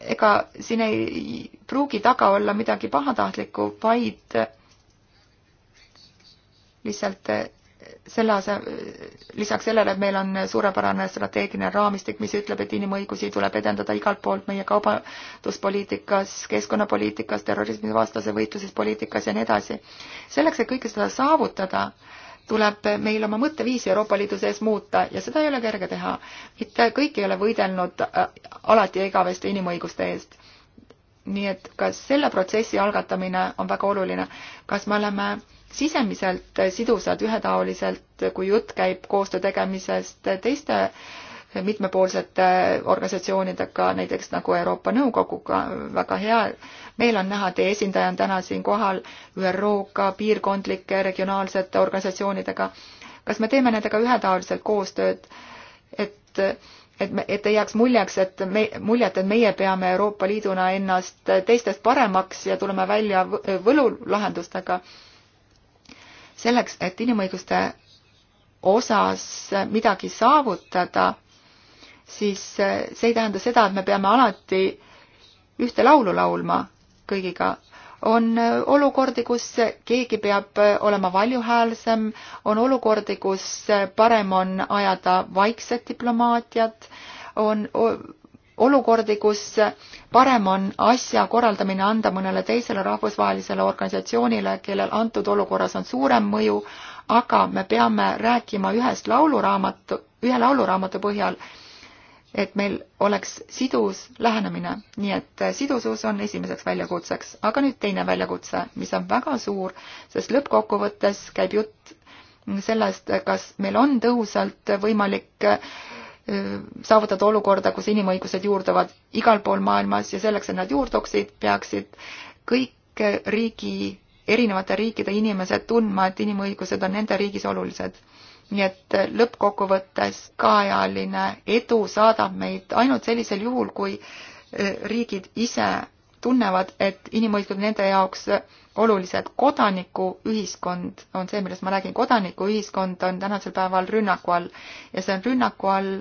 ega siin ei pruugi taga olla midagi pahatahtlikku, vaid lihtsalt selle ase-, lisaks sellele, et meil on suurepärane strateegiline raamistik, mis ütleb, et inimõigusi tuleb edendada igalt poolt meie kaubanduspoliitikas, keskkonnapoliitikas, terrorismivastase võitluses, poliitikas ja nii edasi. selleks, et kõike seda saavutada, tuleb meil oma mõtteviisi Euroopa Liidu sees muuta ja seda ei ole kerge teha. mitte kõik ei ole võidelnud äh, alati ja igavesti inimõiguste eest. nii et ka selle protsessi algatamine on väga oluline. kas me oleme sisemiselt sidusad ühetaoliselt, kui jutt käib koostöö tegemisest teiste mitmepoolsete äh, organisatsioonidega, näiteks nagu Euroopa Nõukoguga, väga hea meel on näha, teie esindaja on täna siin kohal ÜRO-ga, piirkondlike, regionaalsete organisatsioonidega. kas me teeme nendega ühetaoliselt koostööd, et, et, et ei jääks muljeks, et me, muljet, et meie peame Euroopa Liiduna ennast teistest paremaks ja tuleme välja võlulahendustega? selleks, et inimõiguste osas midagi saavutada siis see ei tähenda seda, et me peame alati ühte laulu laulma kõigiga. on äh, olukordi, kus keegi peab äh, olema valjuhäälsem, on olukordi, kus äh, parem on ajada vaikset diplomaatiat, on olukordi, kus parem on asja korraldamine anda mõnele teisele rahvusvahelisele organisatsioonile, kellel antud olukorras on suurem mõju, aga me peame rääkima ühest lauluraamatu, ühe lauluraamatu põhjal et meil oleks sidus lähenemine, nii et äh, sidusus on esimeseks väljakutseks, aga nüüd teine väljakutse, mis on väga suur, sest lõppkokkuvõttes käib jutt sellest, kas meil on tõhusalt võimalik äh, saavutada olukorda, kus inimõigused juurduvad igal pool maailmas ja selleks, et nad juurduksid, peaksid kõik riigi, erinevate riikide inimesed tundma, et inimõigused on nende riigis olulised nii et lõppkokkuvõttes kaealine edu saadab meid ainult sellisel juhul, kui eh, riigid ise tunnevad, et inimõigused nende jaoks olulised. kodanikuühiskond on see, millest ma räägin. kodanikuühiskond on tänasel päeval rünnaku all ja see on rünnaku all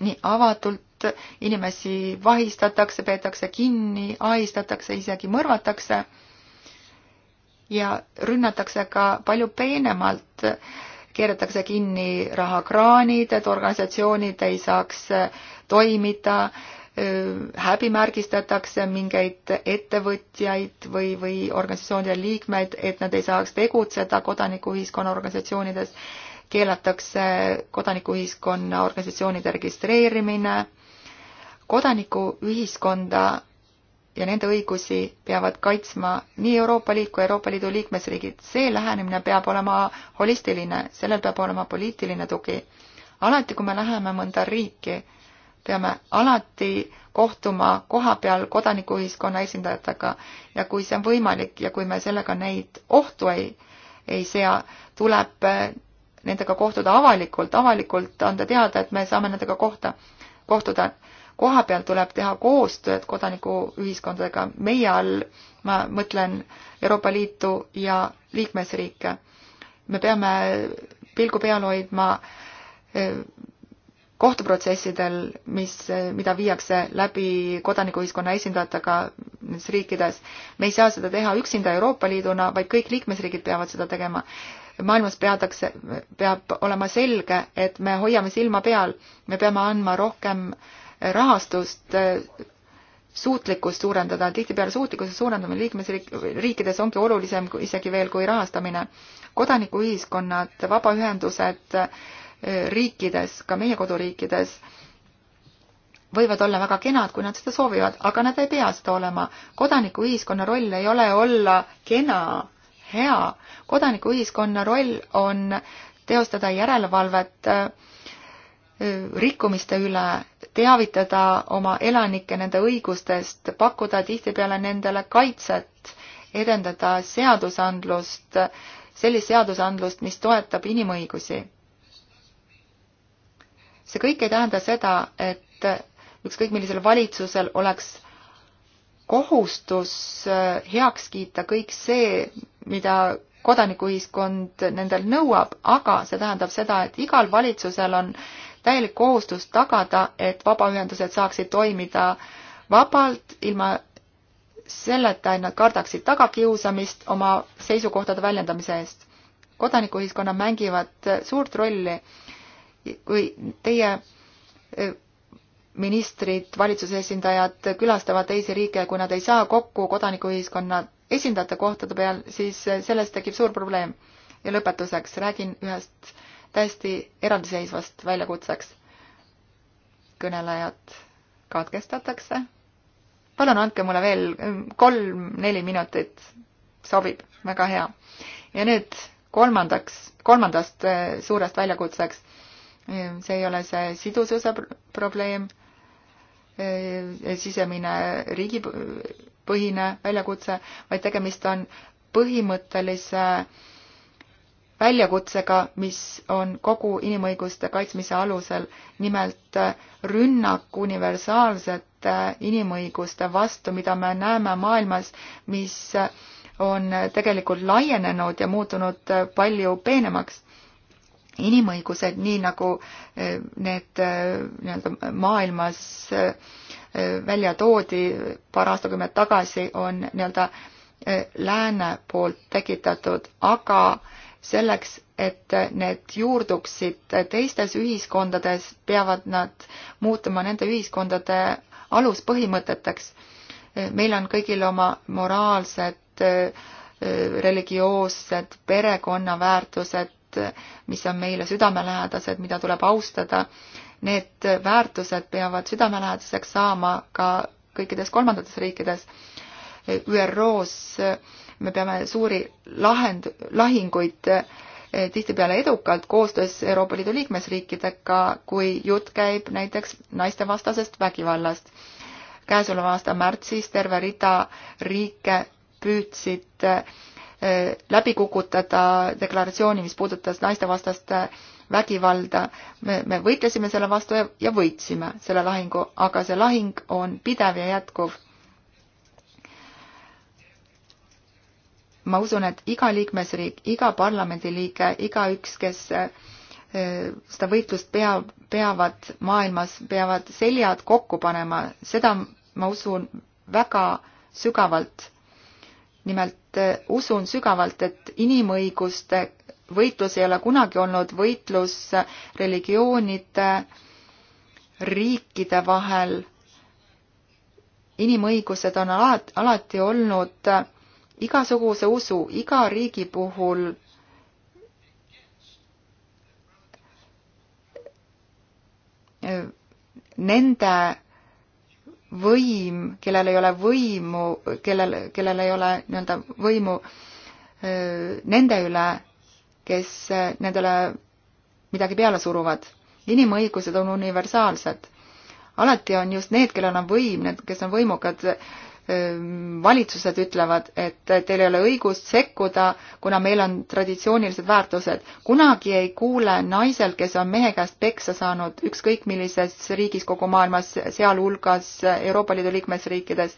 nii avatult, inimesi vahistatakse, peetakse kinni, ahistatakse, isegi mõrvatakse ja rünnatakse ka palju peenemalt keeratakse kinni rahakraanid, et organisatsioonid ei saaks äh, toimida, äh, häbimärgistatakse mingeid ettevõtjaid või, või organisatsioonide liikmeid, et nad ei saaks tegutseda kodanikuühiskonna organisatsioonides, keelatakse kodanikuühiskonna organisatsioonide registreerimine, kodanikuühiskonda ja nende õigusi peavad kaitsma nii Euroopa Liit kui Euroopa Liidu liikmesriigid. see lähenemine peab olema holistiline, sellel peab olema poliitiline tugi. alati, kui me läheme mõnda riiki, peame alati kohtuma kohapeal kodanikuühiskonna esindajatega ja kui see on võimalik ja kui me sellega neid ohtu ei, ei sea, tuleb nendega kohtuda avalikult, avalikult anda teada, et me saame nendega kohta, kohtuda kohapeal tuleb teha koostööd kodanikuühiskondadega, meie all ma mõtlen Euroopa Liitu ja liikmesriike. me peame pilgu peal hoidma e, kohtuprotsessidel, mis, e, mida viiakse läbi kodanikuühiskonna esindajatega nendes riikides. me ei saa seda teha üksinda Euroopa Liiduna, vaid kõik liikmesriigid peavad seda tegema. maailmas peadakse, peab olema selge, et me hoiame silma peal, me peame andma rohkem äh, rahastust äh, suutlikkust suurendada, tihtipeale suutlikkuse suurendamine liikmesriikides ongi olulisem kui isegi veel kui rahastamine. kodanikuühiskonnad, vabaühendused äh, riikides, ka meie koduriikides, võivad olla väga kenad, kui nad seda soovivad, aga nad ei pea seda olema. kodanikuühiskonna roll ei ole olla kena, hea. kodanikuühiskonna roll on teostada järelevalvet äh, rikkumiste üle teavitada oma elanikke nende õigustest, pakkuda tihtipeale nendele kaitset, edendada seadusandlust, sellist seadusandlust, mis toetab inimõigusi. see kõik ei tähenda seda, et ükskõik millisel valitsusel oleks kohustus äh, heaks kiita kõik see, mida kodanikuühiskond nendel nõuab, aga see tähendab seda, et igal valitsusel on täielik kohustus tagada, et vabaühendused saaksid toimida vabalt, ilma selleta, et nad kardaksid tagakiusamist oma seisukohtade väljendamise eest. kodanikuühiskonnad mängivad suurt rolli. kui teie eh, ministrid, valitsuse esindajad külastavad teisi riike, kui nad ei saa kokku kodanikuühiskonna esindajate kohtade peal, siis eh, sellest tekib suur probleem. ja lõpetuseks räägin ühest täiesti eraldiseisvast väljakutseks. kõnelejad katkestatakse. palun andke mulle veel mm, kolm-neli minutit, sobib, väga hea. ja nüüd kolmandaks, kolmandast eh, suurest väljakutseks. Mm, see ei ole see sidususe probleem, eh, sisemine riigipõhine väljakutse, vaid tegemist on põhimõttelise äh, väljakutsega, mis on kogu inimõiguste kaitsmise alusel, nimelt äh, rünnak universaalsete äh, inimõiguste vastu, mida me näeme maailmas, mis äh, on tegelikult laienenud ja muutunud palju peenemaks. inimõigused, nii nagu need nii-öelda maailmas välja toodi paar aastakümmet tagasi, on nii-öelda lääne poolt tekitatud, aga äh, selleks, et need juurduksid teistes ühiskondades, peavad nad muutuma nende ühiskondade aluspõhimõteteks. meil on kõigil oma moraalsed, religioossed, perekonnaväärtused, mis on meile südamelähedased, mida tuleb austada. Need väärtused peavad südamelähedaseks saama ka kõikides kolmandates riikides. ÜRO-s me peame suuri lahend-, lahinguid eh, tihtipeale edukalt koostöös Euroopa Liidu liikmesriikidega, kui jutt käib näiteks naistevastasest vägivallast. käesoleva aasta märtsis terve rida riike püüdsid eh, läbi kukutada deklaratsiooni, mis puudutas naistevastast eh, vägivalda. me, me võitlesime selle vastu ja, ja võitsime selle lahingu, aga see lahing on pidev ja jätkuv ma usun, et iga liikmesriik, iga parlamendiliige, igaüks, kes eh, seda võitlust peab, peavad maailmas, peavad seljad kokku panema, seda ma usun väga sügavalt. nimelt eh, usun sügavalt, et inimõiguste võitlus ei ole kunagi olnud võitlus religioonide, riikide vahel. inimõigused on alati, alati olnud eh, igasuguse usu, iga riigi puhul nende võim, kellel ei ole võimu, kellel, kellel ei ole nii-öelda võimu nende üle, kes nendele midagi peale suruvad. inimõigused on universaalsed. alati on just need, kellel on võim, need, kes on võimukad, Ehm, valitsused ütlevad, et teil ei ole õigust sekkuda, kuna meil on traditsioonilised väärtused. kunagi ei kuule naiselt, kes on mehe käest peksa saanud ükskõik millises riigis kogu maailmas, sealhulgas Euroopa Liidu liikmesriikides,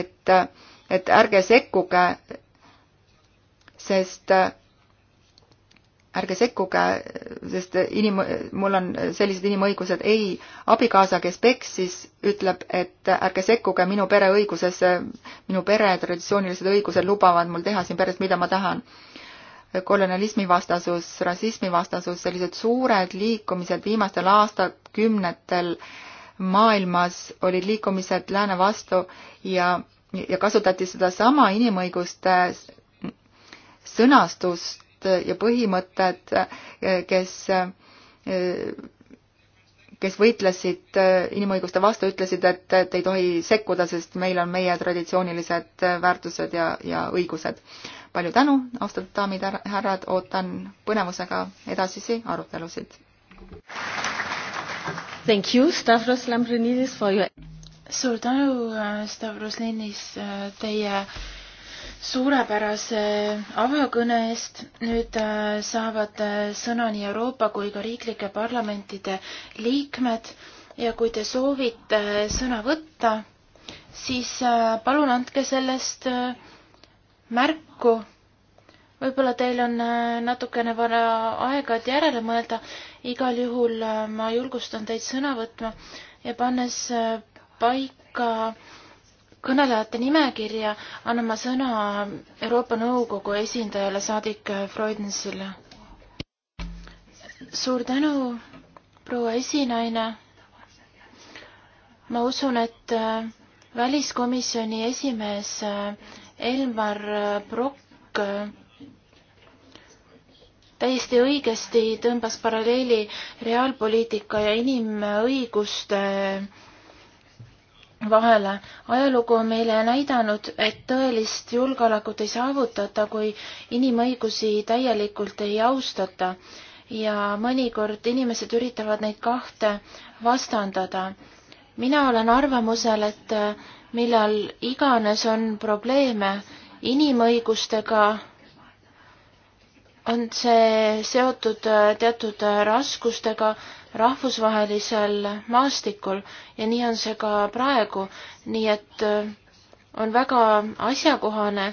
et, et ärge sekkuge, sest ärge sekkuge, sest inim-, mul on sellised inimõigused, ei, abikaasa, kes peksis, ütleb, et ärge sekkuge minu pere õigusesse, minu pere traditsioonilised õigused lubavad mul teha siin peres, mida ma tahan. kolonialismi vastasus, rassismi vastasus, sellised suured liikumised viimastel aastakümnetel maailmas olid liikumised lääne vastu ja, ja kasutati sedasama inimõiguste sõnastust ja põhimõtted, kes, kes võitlesid inimõiguste vastu, ütlesid, et, et ei tohi sekkuda, sest meil on meie traditsioonilised väärtused ja, ja õigused. palju tänu, austatud daamid ja härrad, ootan põnevusega edasisi arutelusid. Thank you, Stavros Lambrinidis, for your suur tänu, Stavros Linnis, teie suurepärase avakõne eest. nüüd äh, saavad äh, sõna nii Euroopa kui ka riiklike parlamentide liikmed ja kui te soovite äh, sõna võtta, siis palun andke sellest märku. võib-olla teil on natukene vara aega, et järele mõelda. igal juhul ma julgustan teid sõna võtma ja pannes paika kõnelejate nimekirja annan ma sõna Euroopa Nõukogu esindajale, saadik Freudensile. suur tänu, proua esinaine. ma usun, et äh, väliskomisjoni esimees äh, Elmar äh, Brokk täiesti õigesti tõmbas paralleeli reaalpoliitika ja inimõiguste äh, vahele. ajalugu on meile näidanud, et tõelist julgeolekut ei saavutata, kui inimõigusi täielikult ei austata ja mõnikord inimesed üritavad neid kahte vastandada. mina olen arvamusel, et millal iganes on probleeme inimõigustega, on see seotud teatud raskustega, rahvusvahelisel maastikul ja nii on see ka praegu, nii et äh, on väga asjakohane,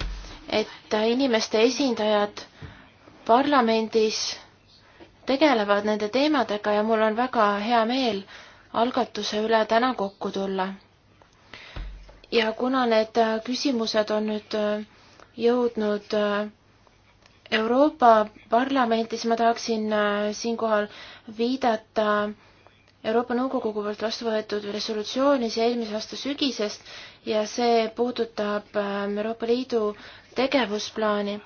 et inimeste esindajad parlamendis tegelevad nende teemadega ja mul on väga hea meel algatuse üle täna kokku tulla. ja kuna need äh, küsimused on nüüd äh, jõudnud Euroopa Parlamenti, siis ma tahaksin siinkohal viidata Euroopa Nõukogu poolt vastu võetud resolutsiooni see eelmise aasta sügisest ja see puudutab ähm, Euroopa Liidu tegevusplaani.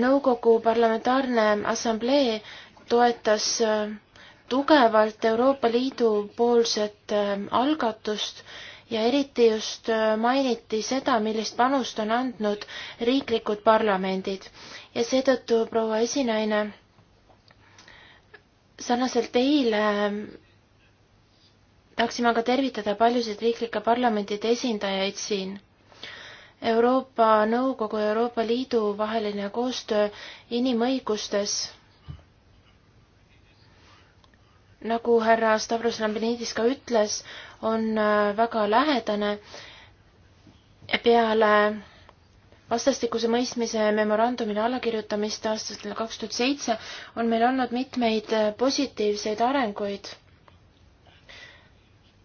nõukogu Parlamentaarne Assamblee toetas ähm, tugevalt Euroopa Liidu poolset ähm, algatust ja eriti just äh, mainiti seda, millist panust on andnud riiklikud parlamendid ja seetõttu proua esinaine sarnaselt teile ähm, tahaksime aga tervitada paljusid riiklike parlamentide esindajaid siin. Euroopa Nõukogu ja Euroopa Liidu vaheline koostöö inimõigustes, nagu härra Stavros Lambrinidis ka ütles, on äh, väga lähedane peale vastastikuse mõistmise memorandumile allakirjutamist aastast kaks tuhat seitse on meil olnud mitmeid äh, positiivseid arenguid.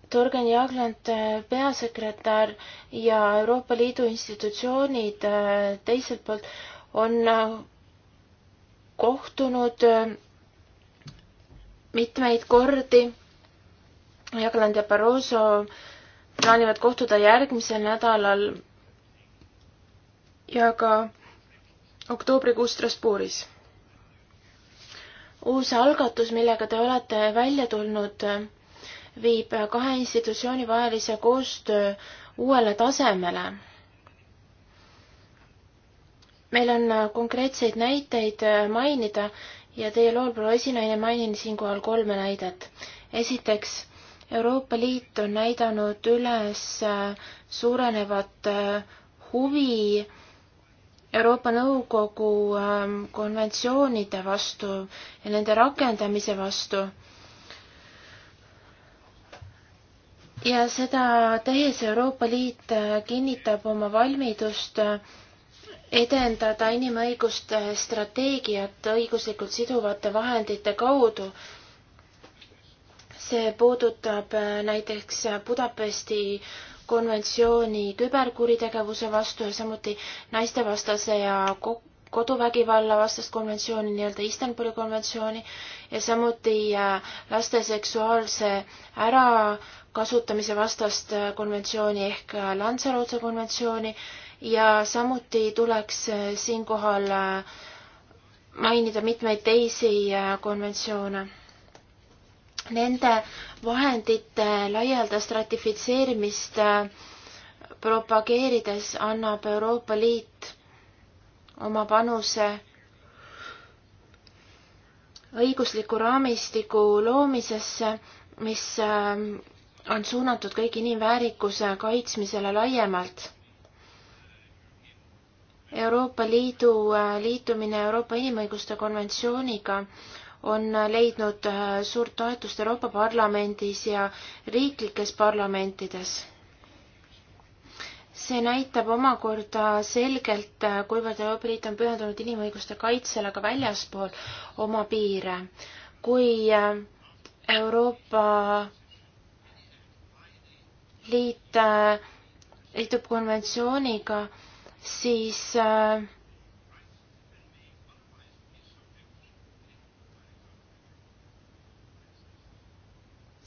Torgen Jagland, äh, peasekretär ja Euroopa Liidu institutsioonid äh, teiselt poolt on kohtunud mitmeid kordi. Jagland ja Barroso plaanivad kohtuda järgmisel nädalal ja ka oktoobrikuus Strasbourgis. uus algatus, millega te olete välja tulnud, viib kahe institutsiooni vahelise koostöö uuele tasemele. meil on konkreetseid näiteid mainida ja teie lool proua esinaine mainin siinkohal kolme näidet. esiteks, Euroopa Liit on näidanud üles suurenevat huvi äh, Euroopa Nõukogu ähm, konventsioonide vastu ja nende rakendamise vastu. ja seda tehes Euroopa Liit äh, kinnitab oma valmidust äh, edendada inimõiguste strateegiat õiguslikult siduvate vahendite kaudu. see puudutab äh, näiteks Budapesti konventsiooni küberkuritegevuse vastu ja samuti naistevastase ja koduvägivalla vastast konventsiooni, nii-öelda Istanbuli konventsiooni ja samuti äh, laste seksuaalse ärakasutamise vastast äh, konventsiooni ehk äh, Lanzarote konventsiooni ja samuti tuleks siinkohal mainida mitmeid teisi konventsioone nende vahendite laialdast ratifitseerimist äh, propageerides annab Euroopa Liit oma panuse õigusliku raamistiku loomisesse, mis äh, on suunatud kõik inimväärikuse kaitsmisele laiemalt. Euroopa Liidu äh, liitumine Euroopa Inimõiguste konventsiooniga on leidnud äh, suurt toetust Euroopa Parlamendis ja riiklikes parlamentides. see näitab omakorda selgelt, äh, kuivõrd Euroopa Liit on pühendunud inimõiguste kaitsele ka väljaspool oma piire. kui äh, Euroopa Liit liitub konventsiooniga, siis äh,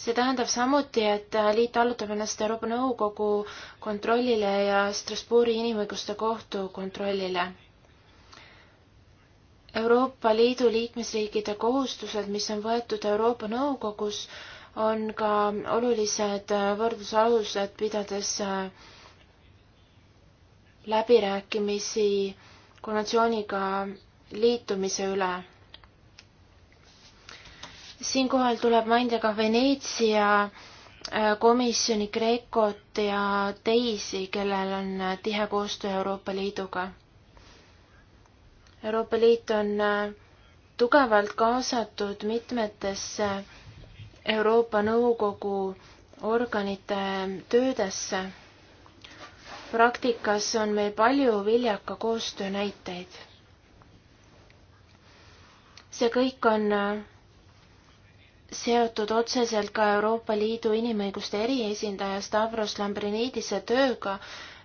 see tähendab samuti, et liit allutab ennast Euroopa Nõukogu kontrollile ja Strasbourgi Inimõiguste Kohtu kontrollile. Euroopa Liidu liikmesriikide kohustused, mis on võetud Euroopa Nõukogus, on ka olulised võrdlusalused, pidades äh, läbirääkimisi konventsiooniga liitumise üle siinkohal tuleb mainida ka Veneetsia äh, komisjoni Kreekot ja teisi, kellel on äh, tihe koostöö Euroopa Liiduga. Euroopa Liit on äh, tugevalt kaasatud mitmetesse Euroopa Nõukogu organite töödesse. praktikas on meil palju viljaka koostöö näiteid. see kõik on seotud otseselt ka Euroopa Liidu inimõiguste eriesindaja Stavros Lambrinidise tööga,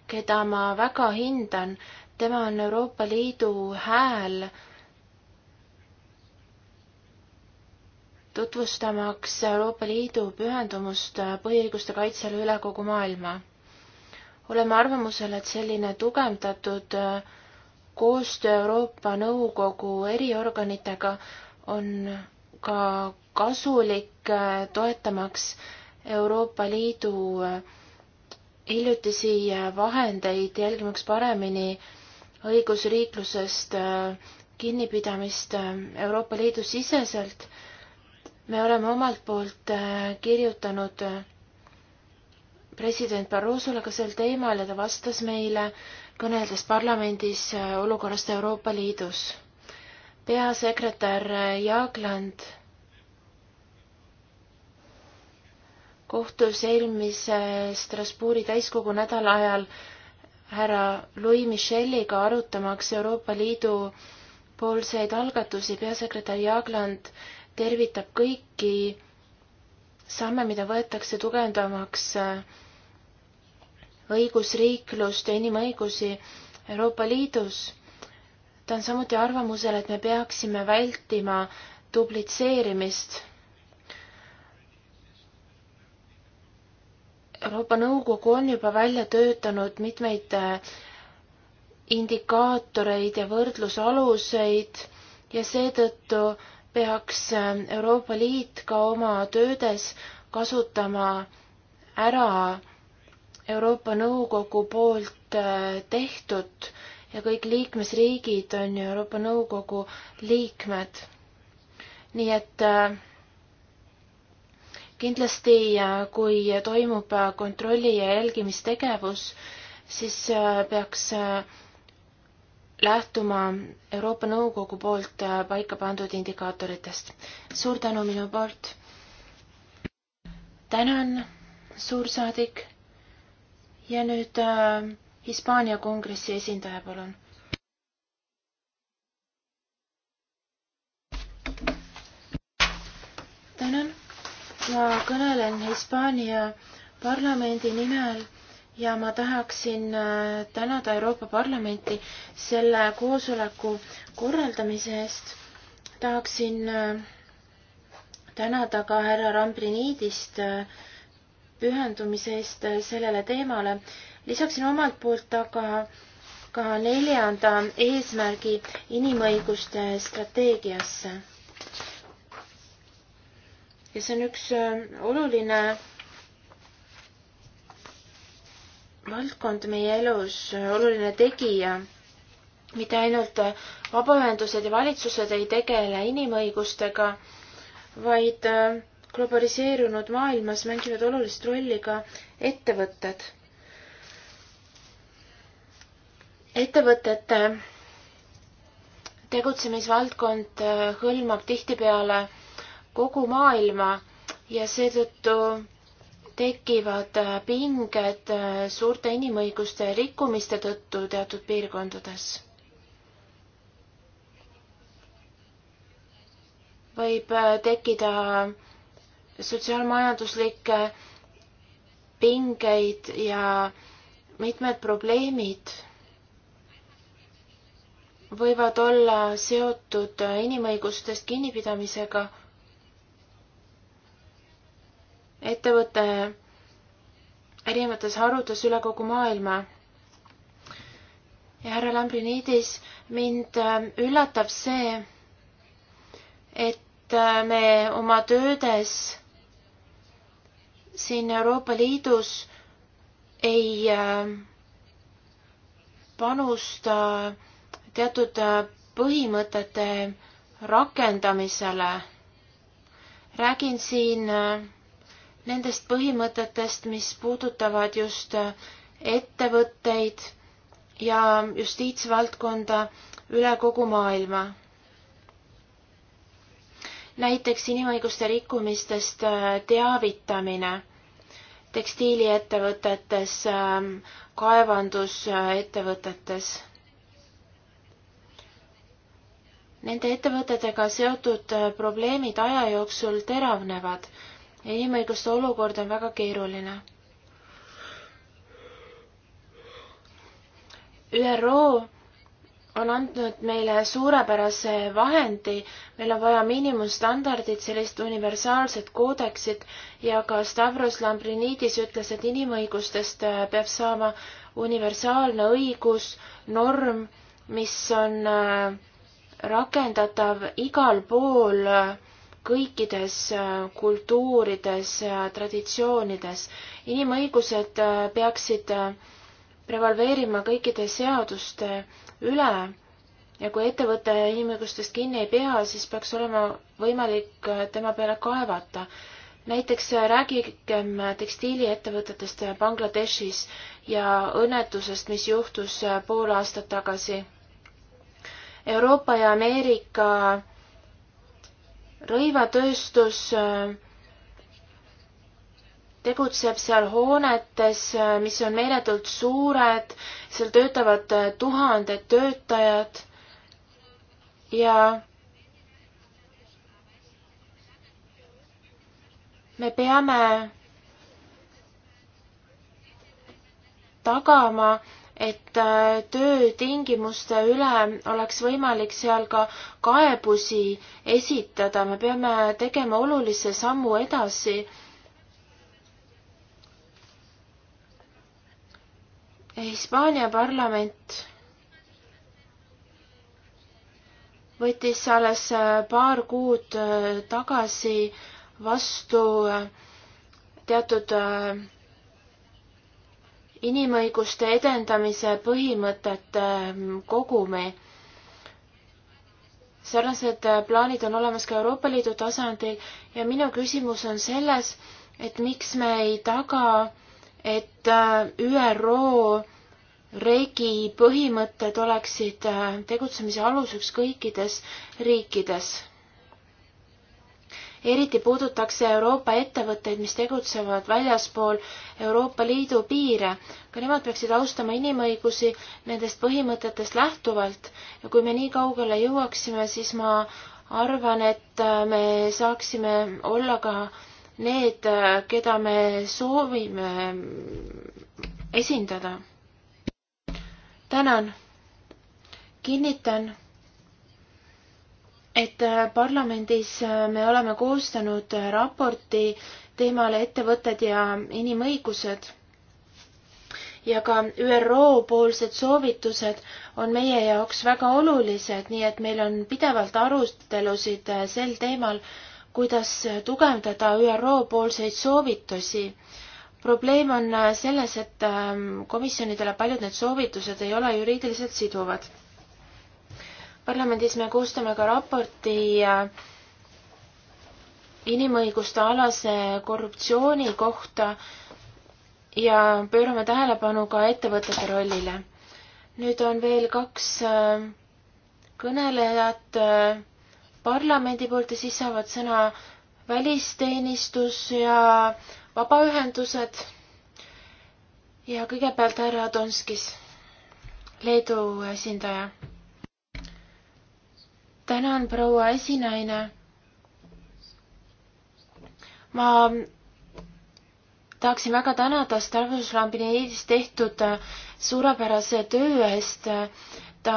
keda ma väga hindan. tema on Euroopa Liidu hääl tutvustamaks Euroopa Liidu pühendumust põhiõiguste kaitsele üle kogu maailma. oleme arvamusel, et selline tugevdatud koostöö Euroopa Nõukogu eriorganitega on ka kasulik äh, toetamaks Euroopa Liidu äh, hiljutisi äh, vahendeid, jälgimaks paremini õigusriiklusest kinnipidamist Euroopa Liidu siseselt. me oleme omalt poolt kirjutanud president Barrosole ka sel teemal ja ta vastas meile, kõneldes parlamendis olukorrast Euroopa Liidus. peasekretär Jaagland kohtus eelmise Strasbourgi täiskogu nädala ajal härra Louis Micheliga arutamaks Euroopa Liidu poolseid algatusi. peasekretär Jagland tervitab kõiki samme, mida võetakse tugevdamaks õigusriiklust ja inimõigusi Euroopa Liidus. ta on samuti arvamusel, et me peaksime vältima dublitseerimist Euroopa Nõukogu on juba välja töötanud mitmeid äh, indikaatoreid ja võrdlusaluseid ja seetõttu peaks äh, Euroopa Liit ka oma töödes kasutama ära Euroopa Nõukogu poolt äh, tehtut ja kõik liikmesriigid on ju Euroopa Nõukogu liikmed. nii et äh, kindlasti, kui toimub kontrolli ja jälgimistegevus, siis äh, peaks äh, lähtuma Euroopa Nõukogu poolt äh, paika pandud indikaatoritest. suur tänu minu poolt. tänan, suursaadik. ja nüüd äh, Hispaania kongressi esindaja, palun. tänan ma kõnelen Hispaania parlamendi nimel ja ma tahaksin äh, tänada Euroopa Parlamenti selle koosoleku korraldamise eest. tahaksin äh, tänada ka härra Rambriniidist äh, pühendumise eest sellele teemale. lisaksin omalt poolt aga ka neljanda eesmärgi inimõiguste strateegiasse ja see on üks äh, oluline valdkond meie elus, äh, oluline tegija. mitte ainult äh, vabaühendused ja valitsused ei tegele inimõigustega, vaid globaliseerunud maailmas mängivad olulist rolli ka ettevõtted. ettevõtete tegutsemisvaldkond hõlmab tihtipeale kogu maailma ja seetõttu tekivad äh, pinged äh, suurte inimõiguste rikkumiste tõttu teatud piirkondades. võib äh, tekkida sotsiaalmajanduslikke pingeid ja mitmed probleemid võivad olla seotud inimõigustest kinnipidamisega ettevõte erinevates harudes üle kogu maailma. ja härra Lambrinidis, mind äh, üllatab see, et äh, me oma töödes siin Euroopa Liidus ei äh, panusta teatud põhimõtete rakendamisele. räägin siin äh, nendest põhimõtetest, mis puudutavad just äh, ettevõtteid ja justiitsvaldkonda üle kogu maailma. näiteks inimõiguste rikkumistest äh, teavitamine tekstiiliettevõtetes, ähm, kaevandusettevõtetes. Nende ettevõtetega seotud äh, probleemid aja jooksul teravnevad inimõiguste olukord on väga keeruline. ÜRO on andnud meile suurepärase vahendi, meil on vaja miinimumstandardid, sellist universaalset koodeksit ja ka Stavros Lambrinidis ütles, et inimõigustest äh, peab saama universaalne õigus, norm, mis on äh, rakendatav igal pool äh, kõikides äh, kultuurides ja traditsioonides. inimõigused äh, peaksid äh, prevaleerima kõikide seaduste üle ja kui ettevõte inimõigustest kinni ei pea, siis peaks olema võimalik tema peale kaevata. näiteks räägigem tekstiiliettevõtetest Bangladeshis ja õnnetusest, mis juhtus pool aastat tagasi. Euroopa ja Ameerika rõivatööstus äh, tegutseb seal hoonetes, äh, mis on meeletult suured, seal töötavad äh, tuhanded töötajad ja me peame tagama, et äh, töötingimuste üle oleks võimalik seal ka kaebusi esitada, me peame tegema olulise sammu edasi. Hispaania parlament võttis alles äh, paar kuud äh, tagasi vastu teatud äh, inimõiguste edendamise põhimõtete ähm, kogumi. sarnased äh, plaanid on olemas ka Euroopa Liidu tasandil ja minu küsimus on selles, et miks me ei taga, et äh, ÜRO reegi põhimõtted oleksid äh, tegutsemise aluseks kõikides riikides eriti puudutakse Euroopa ettevõtteid, mis tegutsevad väljaspool Euroopa Liidu piire. ka nemad peaksid austama inimõigusi nendest põhimõtetest lähtuvalt ja kui me nii kaugele jõuaksime, siis ma arvan, et äh, me saaksime olla ka need, äh, keda me soovime mm, esindada. tänan, kinnitan et äh, parlamendis äh, me oleme koostanud äh, raporti teemal ettevõtted ja inimõigused ja ka ÜRO poolsed soovitused on meie jaoks väga olulised, nii et meil on pidevalt arutelusid sel teemal, kuidas tugevdada ÜRO poolseid soovitusi. probleem on selles, et ähm, komisjonidele paljud need soovitused ei ole juriidiliselt siduvad parlamendis me koostame ka raporti äh, inimõiguste alase korruptsiooni kohta ja pöörame tähelepanu ka ettevõtete rollile. nüüd on veel kaks äh, kõnelejat äh, parlamendi poolt ja siis saavad sõna välisteenistus ja vabaühendused. ja kõigepealt härra Donskis, Leedu esindaja tänan, proua esinaine. ma tahaksin väga tänada Stavros Lambinidis tehtud suurepärase töö eest. ta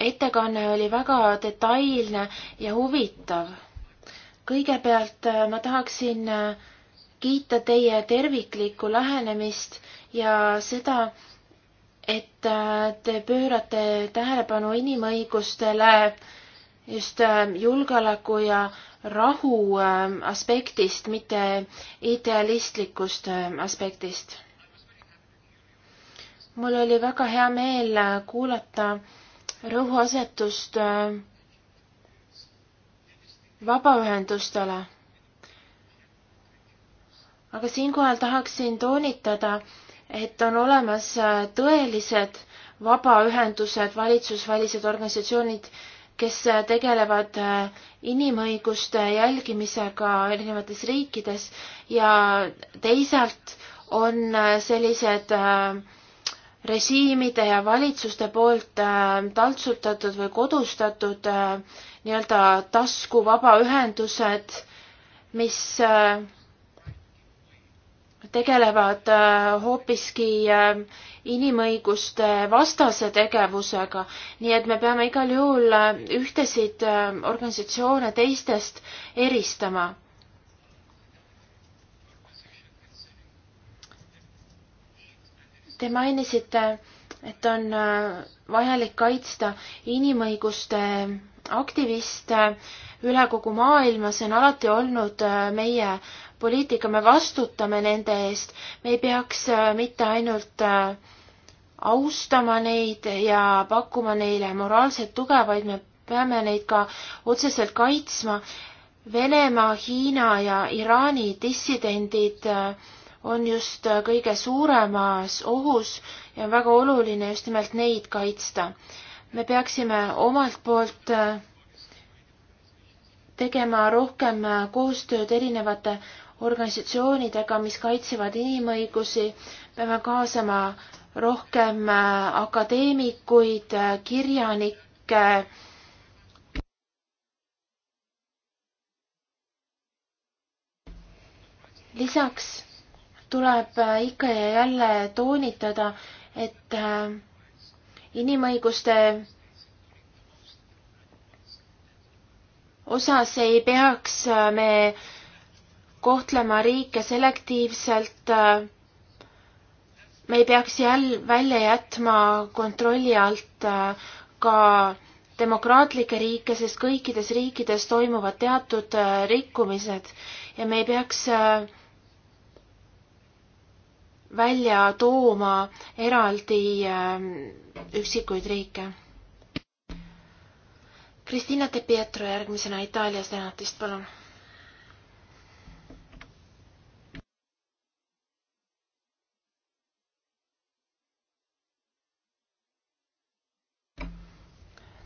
ettekanne oli väga detailne ja huvitav. kõigepealt ma tahaksin kiita teie terviklikku lähenemist ja seda, et äh, te pöörate tähelepanu inimõigustele just äh, julgeoleku ja rahu ähm, aspektist, mitte idealistlikust ähm, aspektist. mul oli väga hea meel äh, kuulata rõhuasetust vabaühendustele. aga siinkohal tahaksin toonitada, et on olemas äh, tõelised vabaühendused, valitsusvälised organisatsioonid, kes äh, tegelevad äh, inimõiguste jälgimisega erinevates riikides ja teisalt on sellised režiimide ja valitsuste poolt taltsutatud või kodustatud nii-öelda taskuvabaühendused, mis äh, tegelevad äh, hoopiski äh, inimõiguste vastase tegevusega, nii et me peame igal juhul äh, ühtesid organisatsioone teistest eristama. Te mainisite, et on vajalik kaitsta inimõiguste aktiviste üle kogu maailma, see on alati olnud meie poliitika, me vastutame nende eest, me ei peaks äh, mitte ainult äh, austama neid ja pakkuma neile moraalset tuge, vaid me peame neid ka otseselt kaitsma. Venemaa, Hiina ja Iraani dissidendid äh, on just kõige suuremas ohus ja on väga oluline just nimelt neid kaitsta. me peaksime omalt poolt tegema rohkem koostööd erinevate organisatsioonidega, mis kaitsevad inimõigusi, peame kaasama rohkem äh, akadeemikuid, äh, kirjanikke, lisaks tuleb äh, ikka ja jälle toonitada, et inimõiguste osas ei peaks me äh, kohtlema riike selektiivselt. Äh, me ei peaks jälle välja jätma kontrolli alt äh, ka demokraatlikke riike, sest kõikides riikides toimuvad teatud äh, rikkumised ja me ei peaks välja tooma eraldi üksikuid riike. Kristina De Pietro järgmisena Itaalia senatist, palun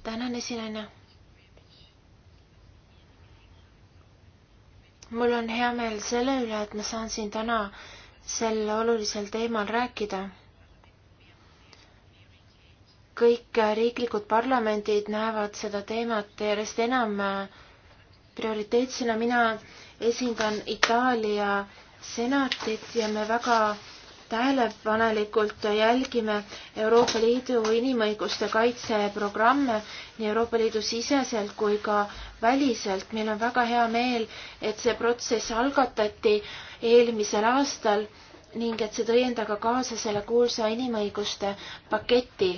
tänan, esinaine. mul on hea meel selle üle, et ma saan siin täna sel olulisel teemal rääkida. kõik riiklikud parlamendid näevad seda teemat järjest enam prioriteetsena. mina esindan Itaalia senatit ja me väga tähelepanelikult jälgime Euroopa Liidu inimõiguste kaitseprogramme nii Euroopa Liidu siseselt kui ka väliselt. meil on väga hea meel, et see protsess algatati eelmisel aastal ning et see tõi endaga kaasa selle kuulsa inimõiguste paketi.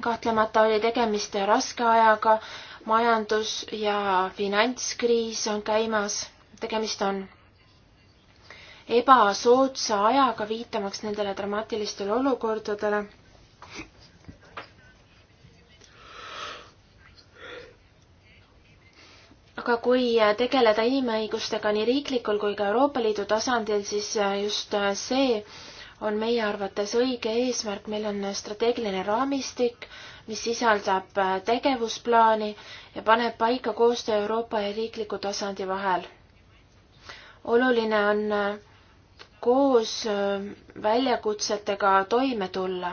kahtlemata oli tegemist raske ajaga, majandus- ja finantskriis on käimas, tegemist on ebasoodsa ajaga, viitamaks nendele dramaatilistele olukordadele. aga kui tegeleda inimõigustega nii riiklikul kui ka Euroopa Liidu tasandil, siis just see on meie arvates õige eesmärk, meil on strateegiline raamistik, mis sisaldab tegevusplaani ja paneb paika koostöö Euroopa ja riikliku tasandi vahel. oluline on koos äh, väljakutsetega toime tulla.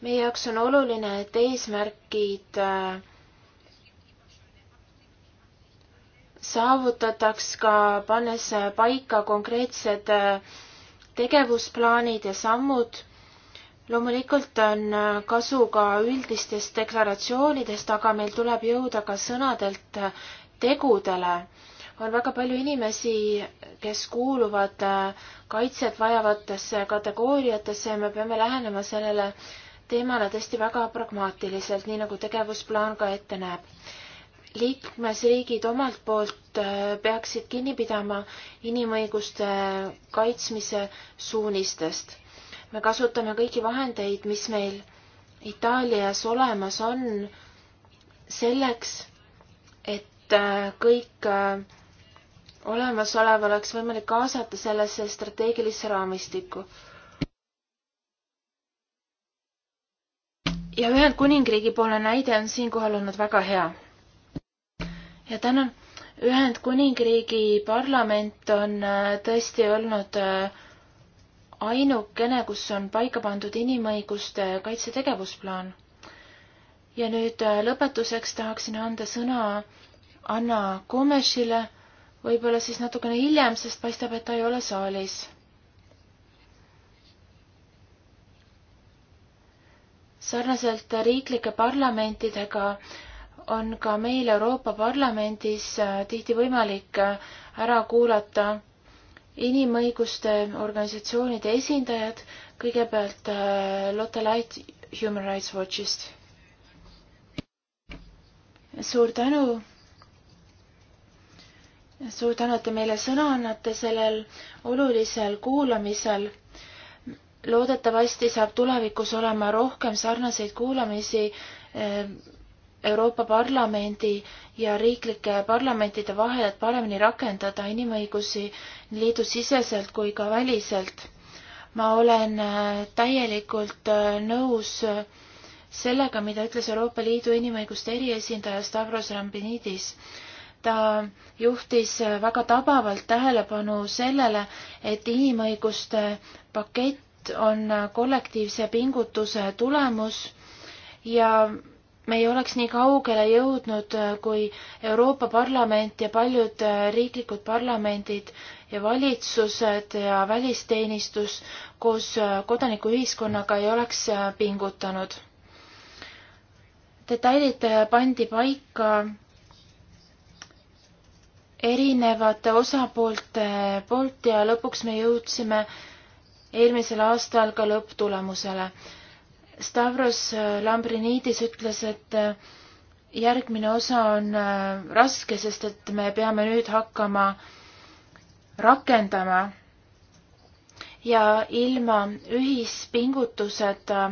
meie jaoks on oluline, et eesmärgid äh, saavutataks ka pannes paika konkreetsed äh, tegevusplaanid ja sammud. loomulikult on kasu ka üldistest deklaratsioonidest, aga meil tuleb jõuda ka sõnadelt tegudele on väga palju inimesi, kes kuuluvad äh, kaitset vajavatesse kategooriatesse ja me peame lähenema sellele teemale tõesti väga pragmaatiliselt, nii nagu tegevusplaan ka ette näeb. liikmesriigid omalt poolt äh, peaksid kinni pidama inimõiguste äh, kaitsmise suunistest. me kasutame kõiki vahendeid, mis meil Itaalias olemas on, selleks, et kõik äh, olemasolev oleks võimalik kaasata sellesse strateegilisse raamistikku. ja Ühendkuningriigi poole näide on siinkohal olnud väga hea. ja tänan. Ühendkuningriigi parlament on äh, tõesti olnud äh, ainukene, kus on paika pandud inimõiguste kaitse tegevusplaan. ja nüüd äh, lõpetuseks tahaksin anda sõna Anna Komešile võib-olla siis natukene hiljem, sest paistab, et ta ei ole saalis. sarnaselt riiklike parlamentidega on ka meil Euroopa Parlamendis äh, tihti võimalik äh, ära kuulata inimõiguste organisatsioonide esindajad, kõigepealt äh, Lotte Light Human Rights Watchist. suur tänu suur tänu, et te meile sõna annate sellel olulisel kuulamisel. loodetavasti saab tulevikus olema rohkem sarnaseid kuulamisi eh, Euroopa Parlamendi ja riiklike parlamentide vahel, et paremini rakendada inimõigusi nii liidu siseselt kui ka väliselt. ma olen eh, täielikult eh, nõus sellega, mida ütles Euroopa Liidu inimõiguste eriesindaja Stavros Rambinidis ta juhtis väga tabavalt tähelepanu sellele, et inimõiguste pakett on kollektiivse pingutuse tulemus ja me ei oleks nii kaugele jõudnud, kui Euroopa Parlament ja paljud riiklikud parlamendid ja valitsused ja välisteenistus koos kodanikuühiskonnaga ei oleks pingutanud. detailid pandi paika erinevate osapoolte poolt ja lõpuks me jõudsime eelmisel aastal ka lõpptulemusele. Stavros Lambrinidis ütles, et järgmine osa on äh, raske, sest et me peame nüüd hakkama rakendama ja ilma ühispingutuseta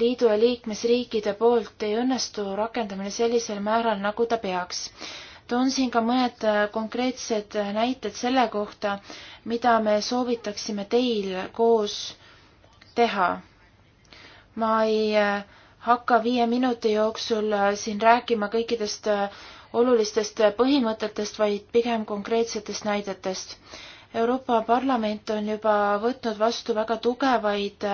liidu ja liikmesriikide poolt ei õnnestu rakendamine sellisel määral, nagu ta peaks toon siin ka mõned äh, konkreetsed näited selle kohta, mida me soovitaksime teil koos teha. ma ei äh, hakka viie minuti jooksul äh, siin rääkima kõikidest olulistest põhimõtetest, vaid pigem konkreetsetest näidetest. Euroopa Parlament on juba võtnud vastu väga tugevaid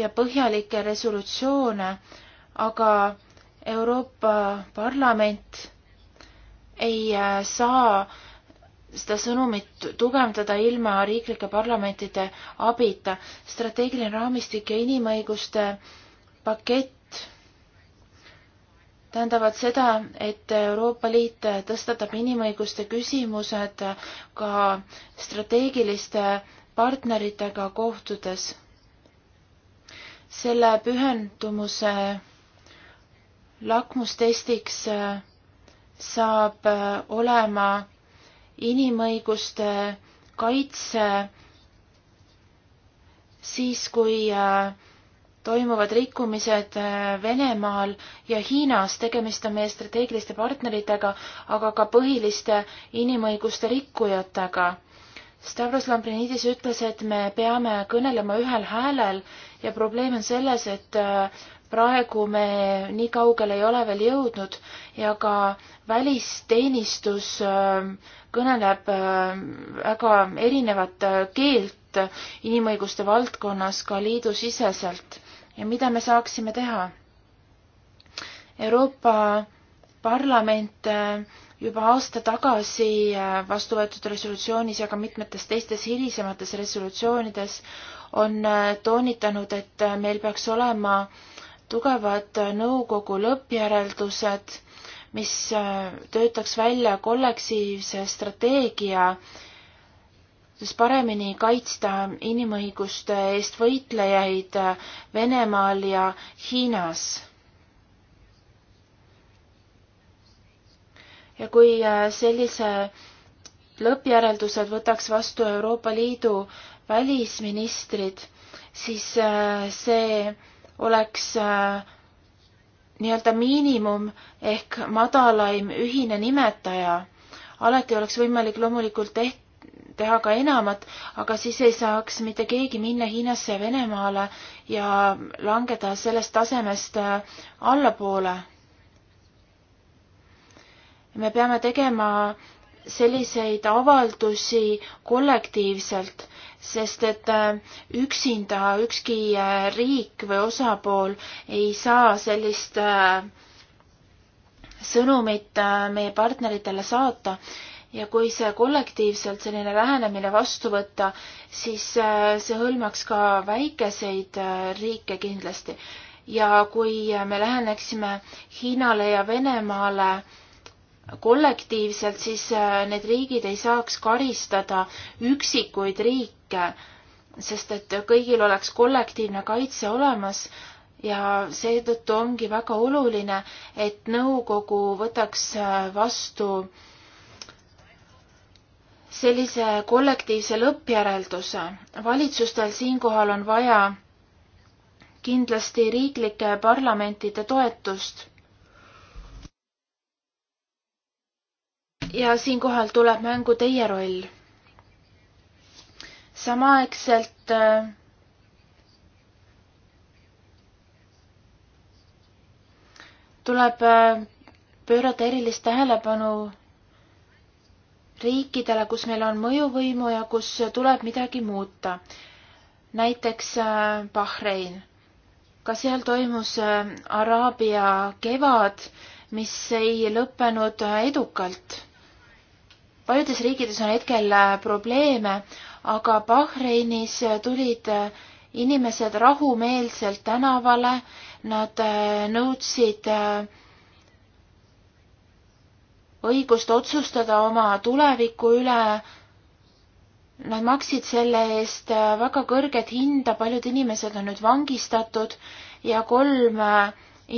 ja põhjalikke resolutsioone, aga Euroopa Parlament ei äh, saa seda sõnumit tugevdada ilma riiklike parlamentide abita. strateegiline raamistik ja inimõiguste pakett tähendavad seda, et Euroopa Liit tõstatab inimõiguste küsimused ka strateegiliste partneritega kohtudes. selle pühendumuse lakmustestiks äh, saab äh, olema inimõiguste kaitse siis, kui äh, toimuvad rikkumised äh, Venemaal ja Hiinas, tegemist on meie strateegiliste partneritega, aga ka põhiliste inimõiguste rikkujatega. Stavros Lambrinidis ütles, et me peame kõnelema ühel häälel ja probleem on selles, et praegu me nii kaugele ei ole veel jõudnud ja ka välisteenistus ähm, kõneleb ähm, väga erinevat äh, keelt inimõiguste valdkonnas ka liidusiseselt ja mida me saaksime teha? Euroopa Parlament äh, juba aasta tagasi äh, vastu võetud resolutsioonis ja ka mitmetes teistes hilisemates resolutsioonides on toonitanud, et meil peaks olema äh, tugevad nõukogu lõppjäreldused, mis äh, töötaks välja kollektiivse strateegia, siis paremini kaitsta inimõiguste eest võitlejaid äh, Venemaal ja Hiinas. ja kui äh, sellise lõppjäreldused võtaks vastu Euroopa Liidu välisministrid, siis see oleks äh, nii-öelda miinimum ehk madalaim ühine nimetaja. alati oleks võimalik loomulikult teht-, teha ka enamat, aga siis ei saaks mitte keegi minna Hiinasse ja Venemaale ja langeda sellest tasemest äh, allapoole. me peame tegema selliseid avaldusi kollektiivselt, sest et äh, üksinda ükski äh, riik või osapool ei saa sellist äh, sõnumit meie partneritele saata ja kui see kollektiivselt selline lähenemine vastu võtta, siis see hõlmaks ka väikeseid riike kindlasti. ja kui me läheneksime Hiinale ja Venemaale kollektiivselt, siis äh, need riigid ei saaks karistada üksikuid riike, sest et kõigil oleks kollektiivne kaitse olemas ja seetõttu ongi väga oluline, et nõukogu võtaks äh, vastu sellise kollektiivse lõppjärelduse. valitsustel siinkohal on vaja kindlasti riiklike parlamentide toetust ja siinkohal tuleb mängu teie roll. samaaegselt äh, tuleb äh, pöörata erilist tähelepanu riikidele, kus meil on mõjuvõimu ja kus tuleb midagi muuta. näiteks äh, Bahrein. ka seal toimus Araabia kevad, mis ei lõppenud edukalt paljudes riikides on hetkel äh, probleeme, aga Bahreinis äh, tulid äh, inimesed rahumeelselt tänavale, nad nõudsid õigust otsustada oma tuleviku üle. Nad maksid selle eest väga kõrget hinda, paljud inimesed on nüüd vangistatud ja kolm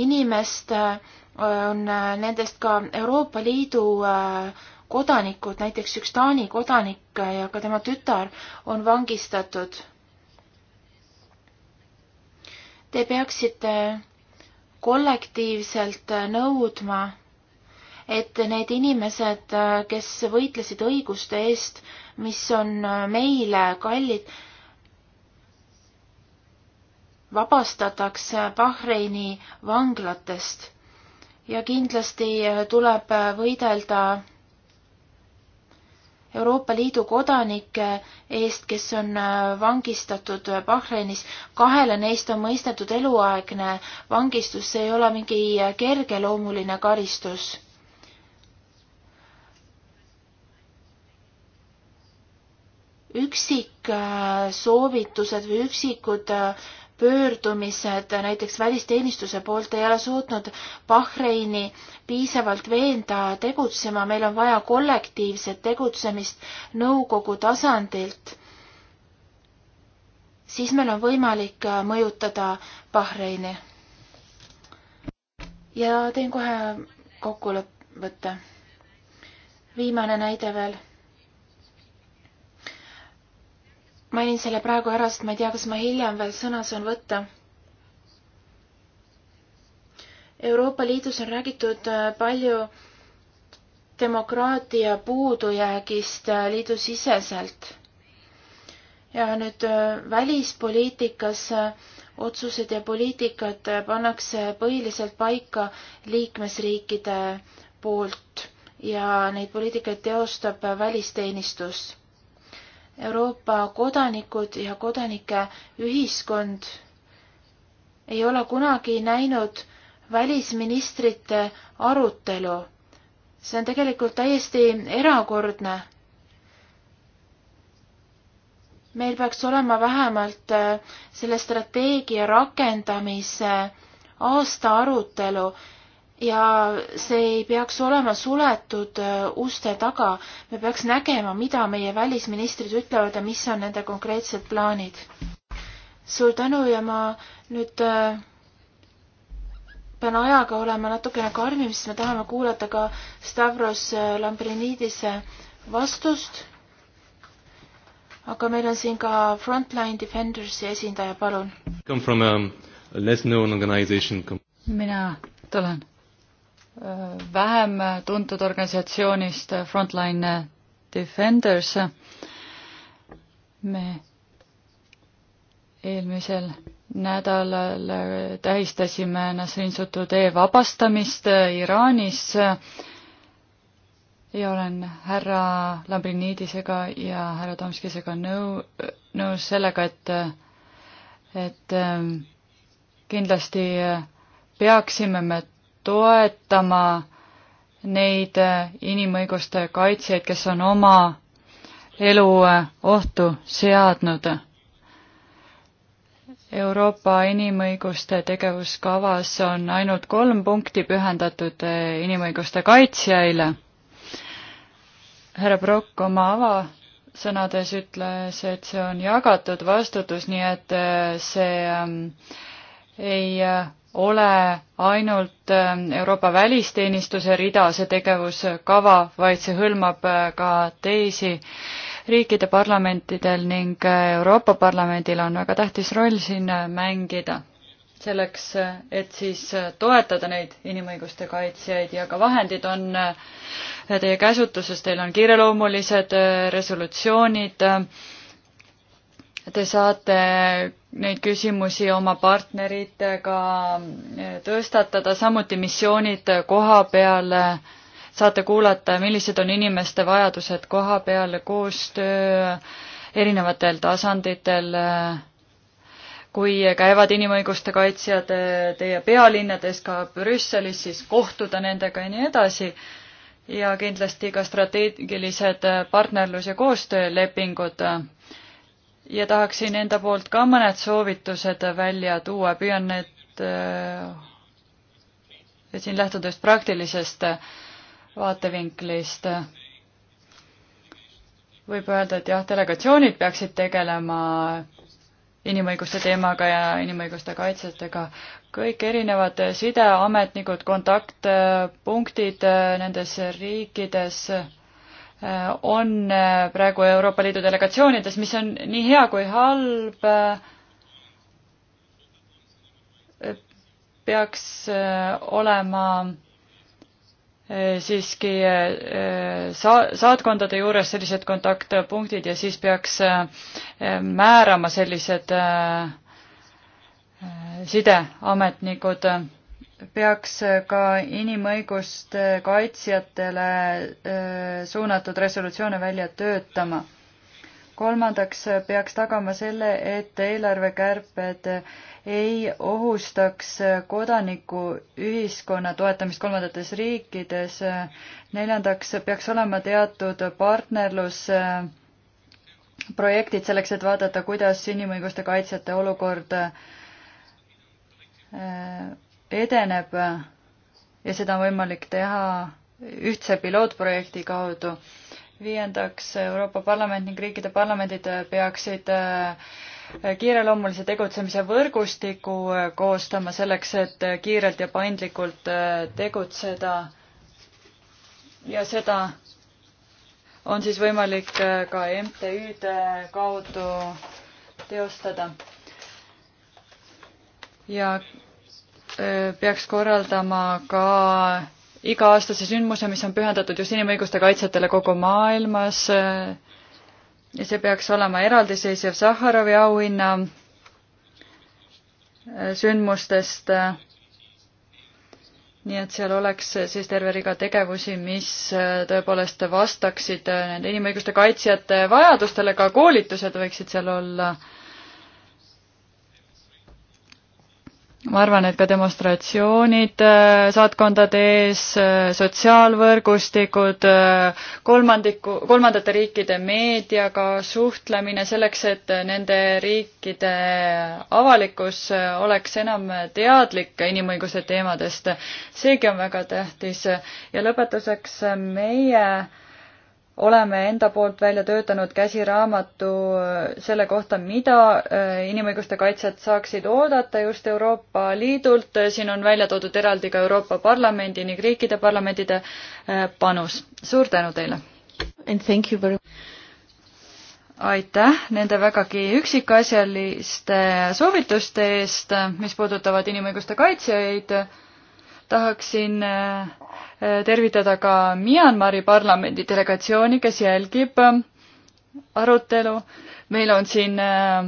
inimest on nendest ka Euroopa Liidu äh, kodanikud, näiteks üks Taani kodanik ja ka tema tütar on vangistatud. Te peaksite kollektiivselt nõudma, et need inimesed, kes võitlesid õiguste eest, mis on meile kallid, vabastatakse Bahreini vanglatest ja kindlasti tuleb võidelda Euroopa Liidu kodanike eest, kes on äh, vangistatud äh, Bahreinis. kahele neist on mõistetud eluaegne vangistus, see ei ole mingi äh, kergeloomuline karistus. üksik soovitused või üksikud pöördumised näiteks välisteenistuse poolt ei ole suutnud Bahreini piisavalt veenda tegutsema, meil on vaja kollektiivset tegutsemist nõukogu tasandilt. siis meil on võimalik mõjutada Bahreini. ja teen kohe kokkuvõtte. viimane näide veel mainin selle praegu ära, sest ma ei tea, kas ma hiljem veel sõna saan võtta. Euroopa Liidus on räägitud äh, palju demokraatia puudujäägist äh, liidusiseselt. ja nüüd äh, välispoliitikas otsused ja poliitikad pannakse põhiliselt paika liikmesriikide poolt ja neid poliitikaid teostab välisteenistus Euroopa kodanikud ja kodanike ühiskond ei ole kunagi näinud välisministrite arutelu. see on tegelikult täiesti erakordne. meil peaks olema vähemalt äh, selle strateegia rakendamise aasta arutelu ja see ei peaks olema suletud äh, uste taga. me peaks nägema, mida meie välisministrid ütlevad ja mis on nende konkreetsed plaanid. suur tänu ja ma nüüd äh, pean ajaga olema natukene karmim, sest me tahame kuulata ka Stavros äh, Lambrinidise vastust. aga meil on siin ka Frontline Defendersi esindaja, palun. mina tulen vähem tuntud organisatsioonist Frontline Defenders. me eelmisel nädalal tähistasime Nasrin Sotudee vabastamist Iraanis ja olen härra Lambrinidisega ja härra Tomskisega nõu, nõus sellega, et, et ähm, kindlasti peaksime me toetama neid inimõiguste kaitsjaid, kes on oma elu ohtu seadnud. Euroopa inimõiguste tegevuskavas on ainult kolm punkti pühendatud inimõiguste kaitsjaile. härra Brock oma avasõnades ütles, et see on jagatud vastutus, nii et see ähm, ei äh, ole ainult ähm, Euroopa välisteenistuse rida, see tegevuskava, vaid see hõlmab äh, ka teisi riikide parlamentidel ning äh, Euroopa Parlamendil on väga tähtis roll siin äh, mängida selleks, et siis toetada neid inimõiguste kaitsjaid ja ka vahendid on teie käsutuses, teil on kiireloomulised resolutsioonid, te saate neid küsimusi oma partneritega eh, tõstatada, samuti missioonid koha peal. saate kuulata, millised on inimeste vajadused koha peal, koostöö erinevatel tasanditel. kui käivad inimõiguste kaitsjad eh, teie pealinnades, ka Brüsselis, siis kohtuda nendega ja nii edasi ja kindlasti ka strateegilised eh, partnerlus- ja koostöölepingud ja tahaksin enda poolt ka mõned soovitused välja tuua, püüan need ja äh, siin lähtudes praktilisest äh, vaatevinklist võib öelda, et jah, delegatsioonid peaksid tegelema inimõiguste teemaga ja inimõiguste kaitsjatega. kõik erinevad sideametnikud, kontaktpunktid äh, nendes riikides Äh, on äh, praegu Euroopa Liidu delegatsioonides, mis on nii hea kui halb, äh, peaks olema siiski sa-, saatkondade juures sellised kontaktpunktid ja siis peaks määrama sellised sideametnikud peaks äh, ka inimõiguste kaitsjatele äh, suunatud resolutsioone välja töötama. kolmandaks äh, peaks tagama selle, et eelarvekärped ei ohustaks kodanikuühiskonna toetamist kolmandates riikides. neljandaks peaks olema teatud partnerlus projektid selleks, et vaadata, kuidas inimõiguste kaitsjate olukord edeneb ja seda on võimalik teha ühtse pilootprojekti kaudu. viiendaks, Euroopa Parlament ning riikide parlamendid peaksid äh, kiireloomulise tegutsemise võrgustiku äh, koostama selleks, et kiirelt ja paindlikult äh, tegutseda. ja seda on siis võimalik ka MTÜ-de kaudu teostada. ja peaks korraldama ka iga-aastase sündmuse, mis on pühendatud just inimõiguste kaitsjatele kogu maailmas. ja see peaks olema eraldiseisev Sahharovi auhinna sündmustest. nii et seal oleks siis terve rida tegevusi, mis tõepoolest vastaksid nende inimõiguste kaitsjate vajadustele, ka koolitused võiksid seal olla ma arvan, et ka demonstratsioonid äh, saatkondade ees, äh, sotsiaalvõrgustikud, äh, kolmandiku, kolmandate riikide meediaga suhtlemine selleks, et nende riikide avalikkus oleks enam teadlik inimõiguste teemadest. seegi on väga tähtis ja lõpetuseks meie oleme enda poolt välja töötanud käsiraamatu äh, selle kohta, mida äh, inimõiguste kaitsjad saaksid oodata just Euroopa Liidult. siin on välja toodud eraldi ka Euroopa Parlamendi ning riikide parlamentide äh, panus. suur tänu teile! aitäh nende vägagi üksikasjaliste soovituste eest, mis puudutavad inimõiguste kaitsjaid. tahaksin äh, Äh, tervitada ka Myanmari parlamendi delegatsiooni, kes jälgib äh, arutelu. meil on siin äh,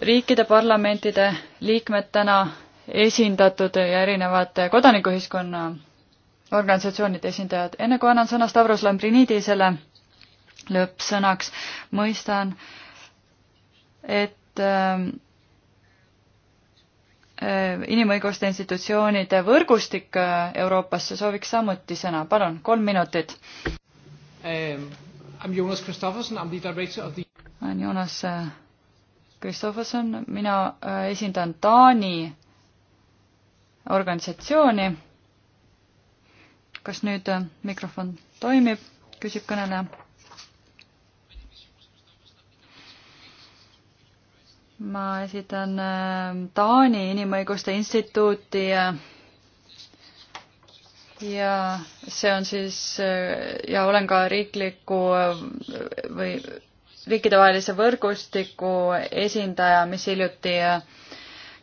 riikide parlamentide liikmed täna esindatud ja erinevate kodanikuühiskonna organisatsioonide esindajad. enne kui annan sõna Stavros Lambrinidisele lõppsõnaks, mõistan, et Äh, inimõiguste institutsioonide võrgustik äh, Euroopasse sooviks samuti sõna, palun, kolm minutit um,. Ähm, I m Jonas Kristofferson, I m the director of the ma olen Jonas Kristofferson, äh, mina esindan Taani organisatsiooni. kas nüüd mikrofon toimib, küsib kõneleja ma esitan äh, Taani Inimõiguste Instituuti äh, ja see on siis äh, ja olen ka riikliku või riikidevahelise võrgustiku esindaja, mis hiljuti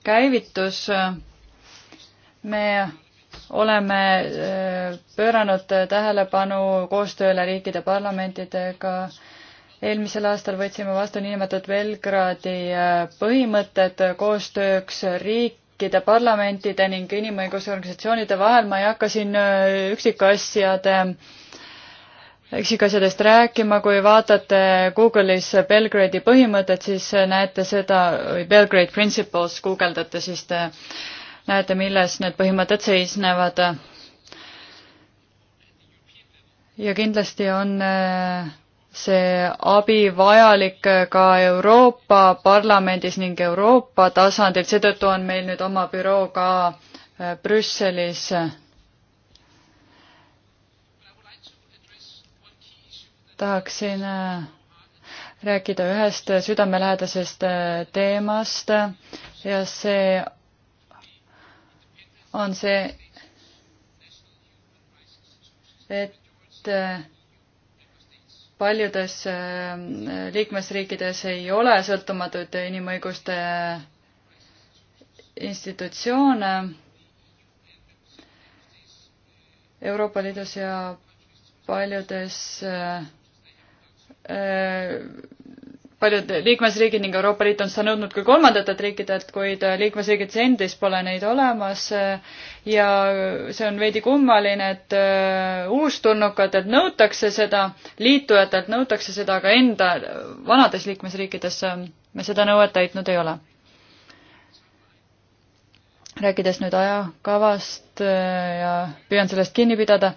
käivitus. me oleme pööranud tähelepanu koostööle riikide parlamentidega äh, eelmisel aastal võtsime vastu niinimetatud Belgradi äh, põhimõtted koostööks riikide parlamentide ning inimõiguse organisatsioonide vahel, ma ei hakka siin äh, üksikasjade üksikasjadest rääkima, kui vaatate Google'is Belgradi põhimõtet, siis äh, näete seda, või Belgrade Principles guugeldate, siis te näete, milles need põhimõtted seisnevad. ja kindlasti on äh, see abi vajalik ka Euroopa Parlamendis ning Euroopa tasandil, seetõttu on meil nüüd oma büroo ka äh, Brüsselis. tahaksin äh, rääkida ühest südamelähedasest äh, teemast ja see on see, et paljudes äh, liikmesriikides ei ole sõltumatud inimõiguste institutsioone Euroopa Liidus ja paljudes äh, äh, paljud liikmesriigid ning Euroopa Liit on seda nõudnud ka kolmandatelt riikidelt, kuid liikmesriigides endis pole neid olemas ja see on veidi kummaline, et äh, uustulnukatelt nõutakse seda, liitujatelt nõutakse seda, aga enda vanades liikmesriikides äh, me seda nõuet täitnud ei ole. rääkides nüüd ajakavast äh, ja püüan sellest kinni pidada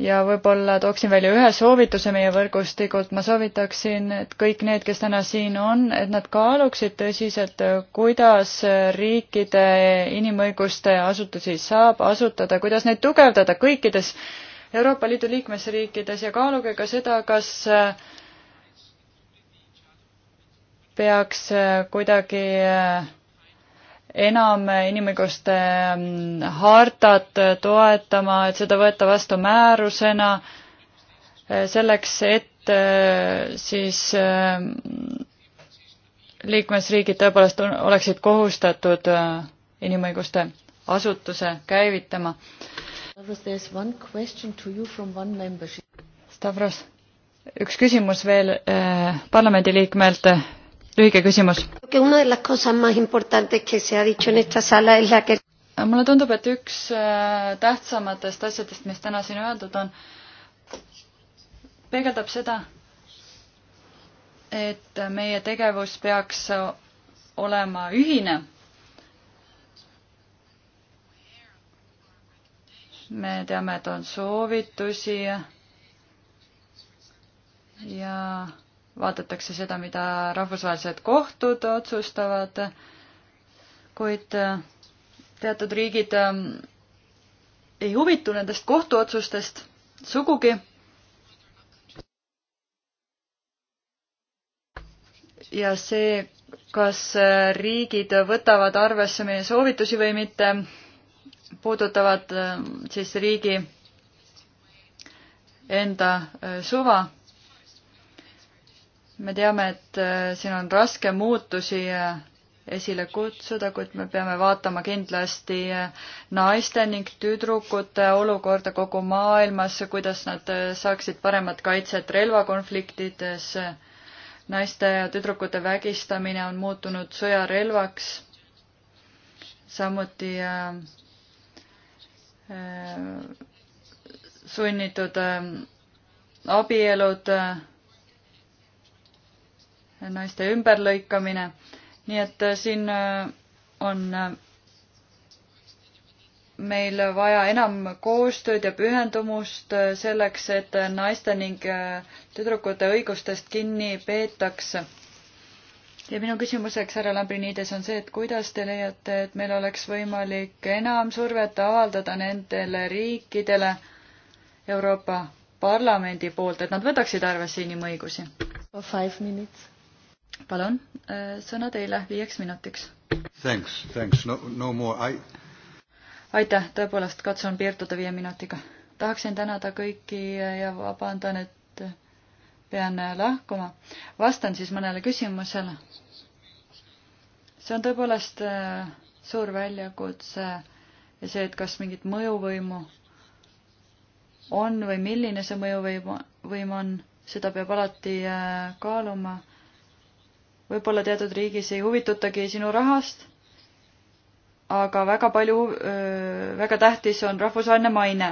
ja võib-olla tooksin välja ühe soovituse meie võrgustikult, ma soovitaksin, et kõik need, kes täna siin on, et nad kaaluksid tõsiselt, kuidas riikide inimõiguste asutusi saab asutada, kuidas neid tugevdada kõikides Euroopa Liidu liikmesriikides ja kaaluge ka seda, kas peaks kuidagi enam inimõiguste ähm, hartat toetama, et seda võtta vastu määrusena, äh, selleks et äh, siis ähm, liikmesriigid tõepoolest oleksid kohustatud äh, inimõiguste asutuse käivitama. Stavros, üks küsimus veel eh, parlamendiliikmelt lühike küsimus. mulle tundub, et üks äh, tähtsamatest asjadest, mis täna siin öeldud on, peegeldab seda, et meie tegevus peaks olema ühine. me teame, et on soovitusi ja, ja vaadatakse seda, mida rahvusvahelised kohtud otsustavad, kuid äh, teatud riigid ähm, ei huvitu nendest kohtuotsustest sugugi. ja see, kas äh, riigid võtavad arvesse meie soovitusi või mitte, puudutavad äh, siis riigi enda suva me teame, et äh, siin on raske muutusi äh, esile kutsuda, kuid me peame vaatama kindlasti äh, naiste ning tüdrukute olukorda kogu maailmas, kuidas nad saaksid paremat kaitset relvakonfliktides. naiste ja tüdrukute vägistamine on muutunud sõjarelvaks. samuti äh, äh, sunnitud äh, abielud äh, naiste ümberlõikamine. nii et äh, siin äh, on äh, meil vaja enam koostööd ja pühendumust selleks, et naiste ning tüdrukute õigustest kinni peetaks. ja minu küsimuseks, härra Lambrinides, on see, et kuidas te leiate, et meil oleks võimalik enam survet avaldada nendele riikidele Euroopa Parlamendi poolt, et nad võtaksid arvesse inimõigusi? Five minutes palun, äh, sõna teile viieks minutiks. Thanks, thanks, no, no more I. aitäh, tõepoolest katsun piirduda viie minutiga. tahaksin tänada kõiki ja vabandan, et pean lahkuma. vastan siis mõnele küsimusele. see on tõepoolest äh, suur väljakutse ja see, et kas mingit mõjuvõimu on või milline see mõjuvõim, võim on, seda peab alati äh, kaaluma võib-olla teatud riigis ei huvitutagi sinu rahast, aga väga palju, väga tähtis on rahvusvaheline maine.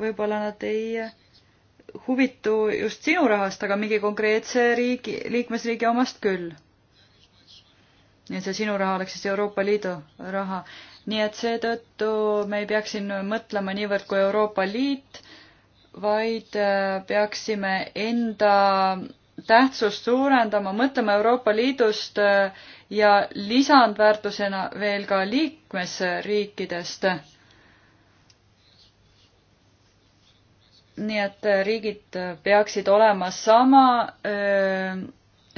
võib-olla nad ei huvitu just sinu rahast, aga mingi konkreetse riigi, liikmesriigi omast küll. nii et see sinu raha oleks siis Euroopa Liidu raha. nii et seetõttu me ei peaks siin mõtlema niivõrd kui Euroopa Liit, vaid peaksime enda tähtsust suurendama, mõtlema Euroopa Liidust äh, ja lisandväärtusena veel ka liikmesriikidest. nii et äh, riigid äh, peaksid olema sama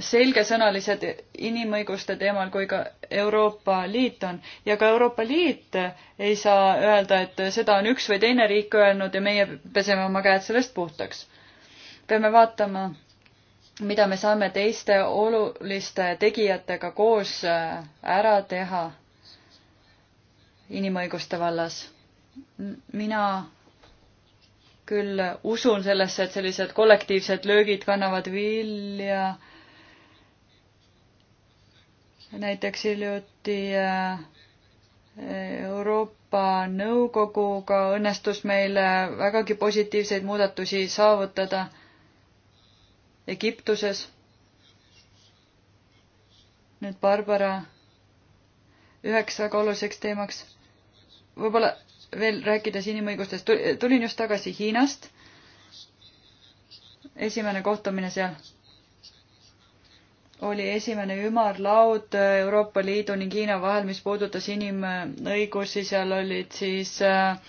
selgesõnalised inimõiguste teemal, kui ka Euroopa Liit on. ja ka Euroopa Liit ei saa öelda, et seda on üks või teine riik öelnud ja meie peseme oma käed sellest puhtaks. peame vaatama mida me saame teiste oluliste tegijatega koos äh, ära teha inimõiguste vallas. mina küll usun sellesse, et sellised kollektiivsed löögid kannavad vilja. näiteks hiljuti äh, Euroopa Nõukoguga õnnestus meil vägagi positiivseid muudatusi saavutada Egiptuses. nüüd Barbara üheks väga oluliseks teemaks. võib-olla veel rääkides inimõigustest, tulin just tagasi Hiinast. esimene kohtumine seal oli esimene ümarlaud Euroopa Liidu ning Hiina vahel, mis puudutas inimõigusi, seal olid siis äh,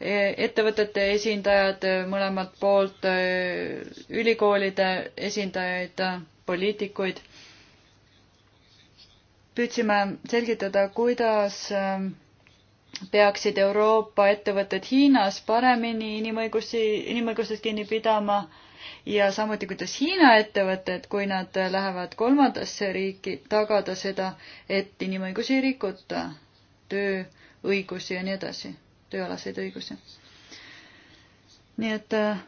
ettevõtete esindajad mõlemalt poolt, ülikoolide esindajaid, poliitikuid. püüdsime selgitada, kuidas peaksid Euroopa ettevõtted Hiinas paremini inimõigusi, inimõigustest kinni pidama ja samuti, kuidas Hiina ettevõtted, kui nad lähevad kolmandasse riiki, tagada seda, et inimõigusi ei rikuta, tööõigusi ja nii edasi tööalaseid õigusi. nii et äh,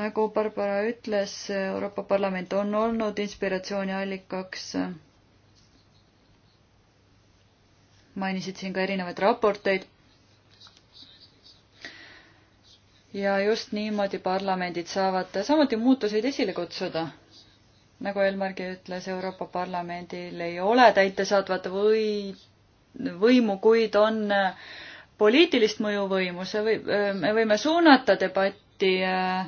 nagu Barbara ütles, Euroopa Parlament on olnud inspiratsiooniallikaks. mainisid siin ka erinevaid raporteid. ja just niimoodi parlamendid saavad samuti muutuseid esile kutsuda. nagu Elmargi ütles, Euroopa Parlamendil ei ole täitesaatvat või võimu, kuid on äh, poliitilist mõjuvõimu, see võib, me võime suunata debatti äh,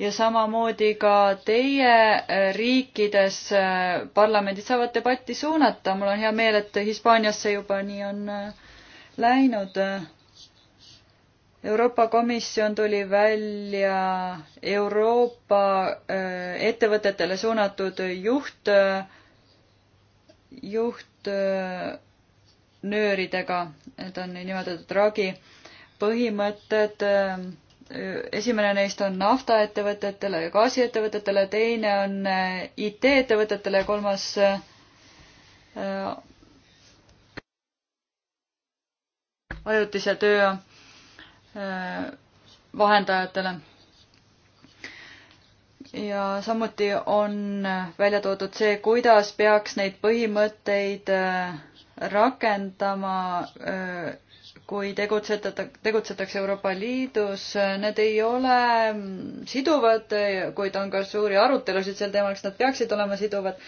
ja samamoodi ka teie äh, riikides äh, parlamendid saavad debatti suunata. mul on hea meel, et Hispaanias see juba nii on läinud. Euroopa Komisjon tuli välja Euroopa ettevõtetele suunatud juht, juht nööridega, need on niinimetatud RAGi põhimõtted. esimene neist on naftaettevõtetele ja gaasiettevõtetele, teine on IT-ettevõtetele ja kolmas äh, ajutise töö äh, vahendajatele. ja samuti on välja toodud see, kuidas peaks neid põhimõtteid äh, rakendama, äh, kui tegutseta-, tegutsetakse Euroopa Liidus, need ei ole mm, siduvad, kuid on ka suuri arutelusid sel teemal, kas nad peaksid olema siduvad.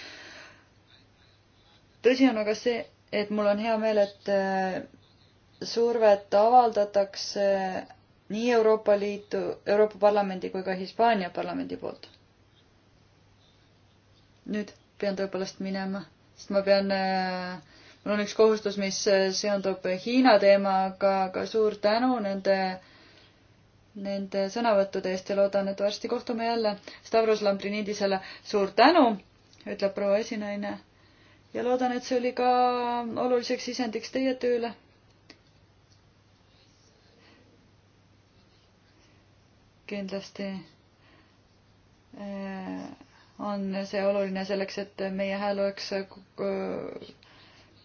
tõsi on aga see, et mul on hea meel, et äh, survet avaldatakse nii Euroopa Liitu, Euroopa Parlamendi kui ka Hispaania parlamendi poolt. nüüd pean tõepoolest minema, sest ma pean äh, mul on üks kohustus, mis äh, seondub Hiina teemaga, aga suur tänu nende, nende sõnavõttude eest ja loodan, et varsti kohtume jälle. Stavros Lambrinidisele suur tänu, ütleb proua esinaine. ja loodan, et see oli ka oluliseks sisendiks teie tööle. kindlasti äh, on see oluline selleks, et meie hääl oleks äh,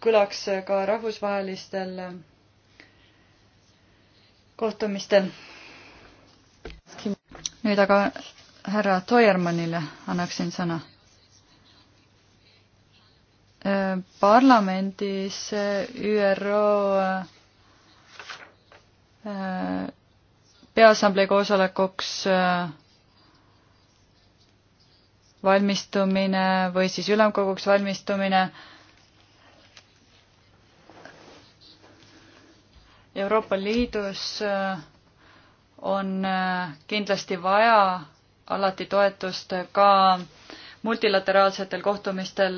kõlaks ka rahvusvahelistel kohtumistel. nüüd aga härra Toiermannile annaksin sõna. parlamendis ÜRO äh, peaassamblee koosolekuks äh, valmistumine või siis ülemkoguks valmistumine äh, Euroopa Liidus äh, on äh, kindlasti vaja alati toetust ka multilateraalsetel kohtumistel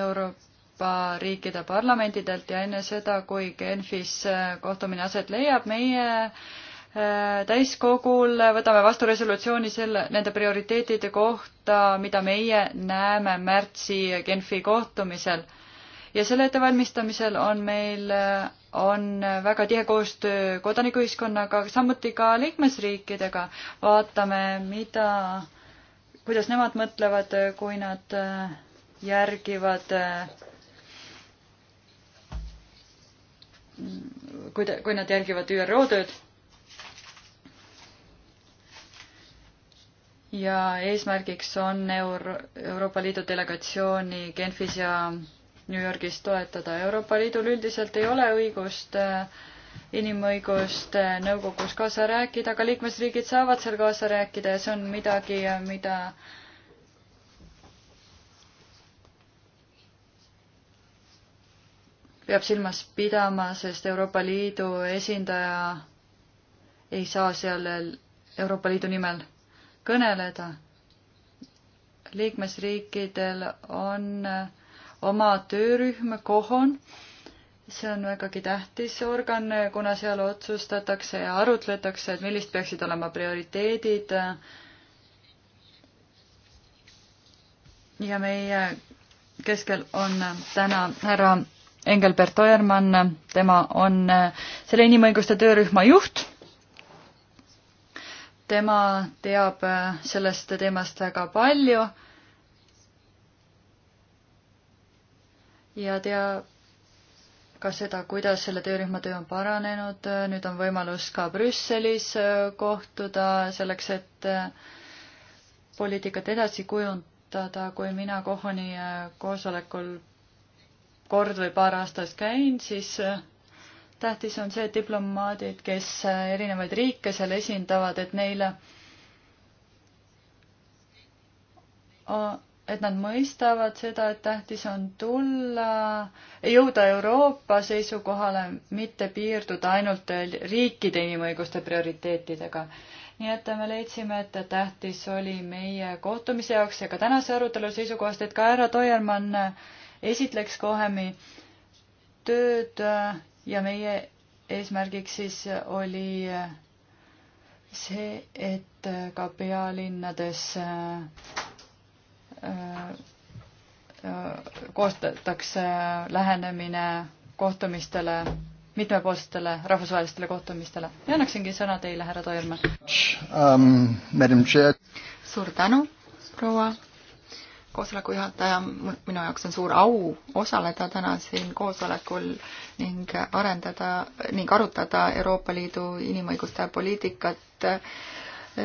Euroopa riikide parlamentidelt ja enne seda, kui Genfis äh, kohtumine aset leiab, meie täiskogul võtame vastu resolutsiooni selle, nende prioriteetide kohta, mida meie näeme märtsi Genfi kohtumisel. ja selle ettevalmistamisel on meil on väga tihe koostöö kodanikuühiskonnaga, samuti ka liikmesriikidega. vaatame, mida, kuidas nemad mõtlevad, kui nad äh, järgivad äh, kui ta, kui nad järgivad ÜRO tööd. ja eesmärgiks on Euro-, Euroopa Liidu delegatsiooni Genfis ja New Yorgis toetada. Euroopa Liidul üldiselt ei ole õigust äh, inimõiguste äh, nõukogus kaasa rääkida, aga liikmesriigid saavad seal kaasa rääkida ja see on midagi, äh, mida peab silmas pidama, sest Euroopa Liidu esindaja ei saa seal Euroopa Liidu nimel kõneleda. liikmesriikidel on äh, oma töörühm KOHON. see on vägagi tähtis organ, kuna seal otsustatakse ja arutletakse, et millised peaksid olema prioriteedid. ja meie keskel on täna härra Engelbert Ojermann, tema on selle inimõiguste töörühma juht tema teab sellest teemast väga palju ja tea ka seda, kuidas selle töörühma töö on paranenud, nüüd on võimalus ka Brüsselis äh, kohtuda selleks, et äh, poliitikat edasi kujundada, kui mina Kohoni äh, koosolekul kord või paar aastas käin, siis tähtis on see, et diplomaadid, kes erinevaid riike seal esindavad, et neile et nad mõistavad seda, et tähtis on tulla, jõuda Euroopa seisukohale, mitte piirduda ainult riikide inimõiguste prioriteetidega. nii et me leidsime, et tähtis oli meie kohtumise jaoks ja ka tänase arutelu seisukohast, et ka härra Toiermann esitleks Kohemi tööd ja meie eesmärgiks siis oli see, et ka pealinnades koostatakse lähenemine kohtumistele, mitmepoolsetele rahvusvahelistele kohtumistele ja annaksingi sõna teile, härra Toirma um,. suur tänu, proua koosoleku juhataja, minu jaoks on suur au osaleda täna siin koosolekul ning arendada ning arutada Euroopa Liidu inimõiguste poliitikat äh,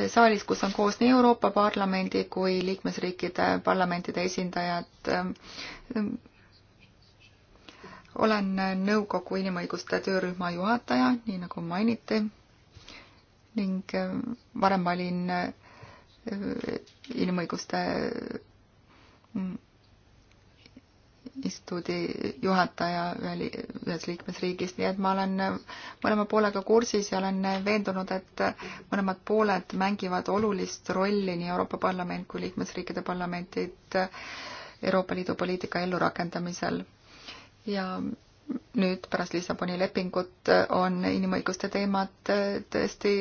saalis, kus on koos nii Euroopa Parlamendi kui liikmesriikide parlamentide esindajad. olen nõukogu inimõiguste töörühma juhataja, nii nagu mainiti ning äh, varem olin äh, inimõiguste mm, instituudi juhataja ühe, ühes liikmesriigis, nii et ma olen mõlema poolega kursis ja olen veendunud, et mõlemad pooled mängivad olulist rolli, nii Euroopa Parlament kui liikmesriikide parlamentid Euroopa Liidu poliitika ellurakendamisel. ja nüüd pärast Lissaboni lepingut on inimõiguste teemad tõesti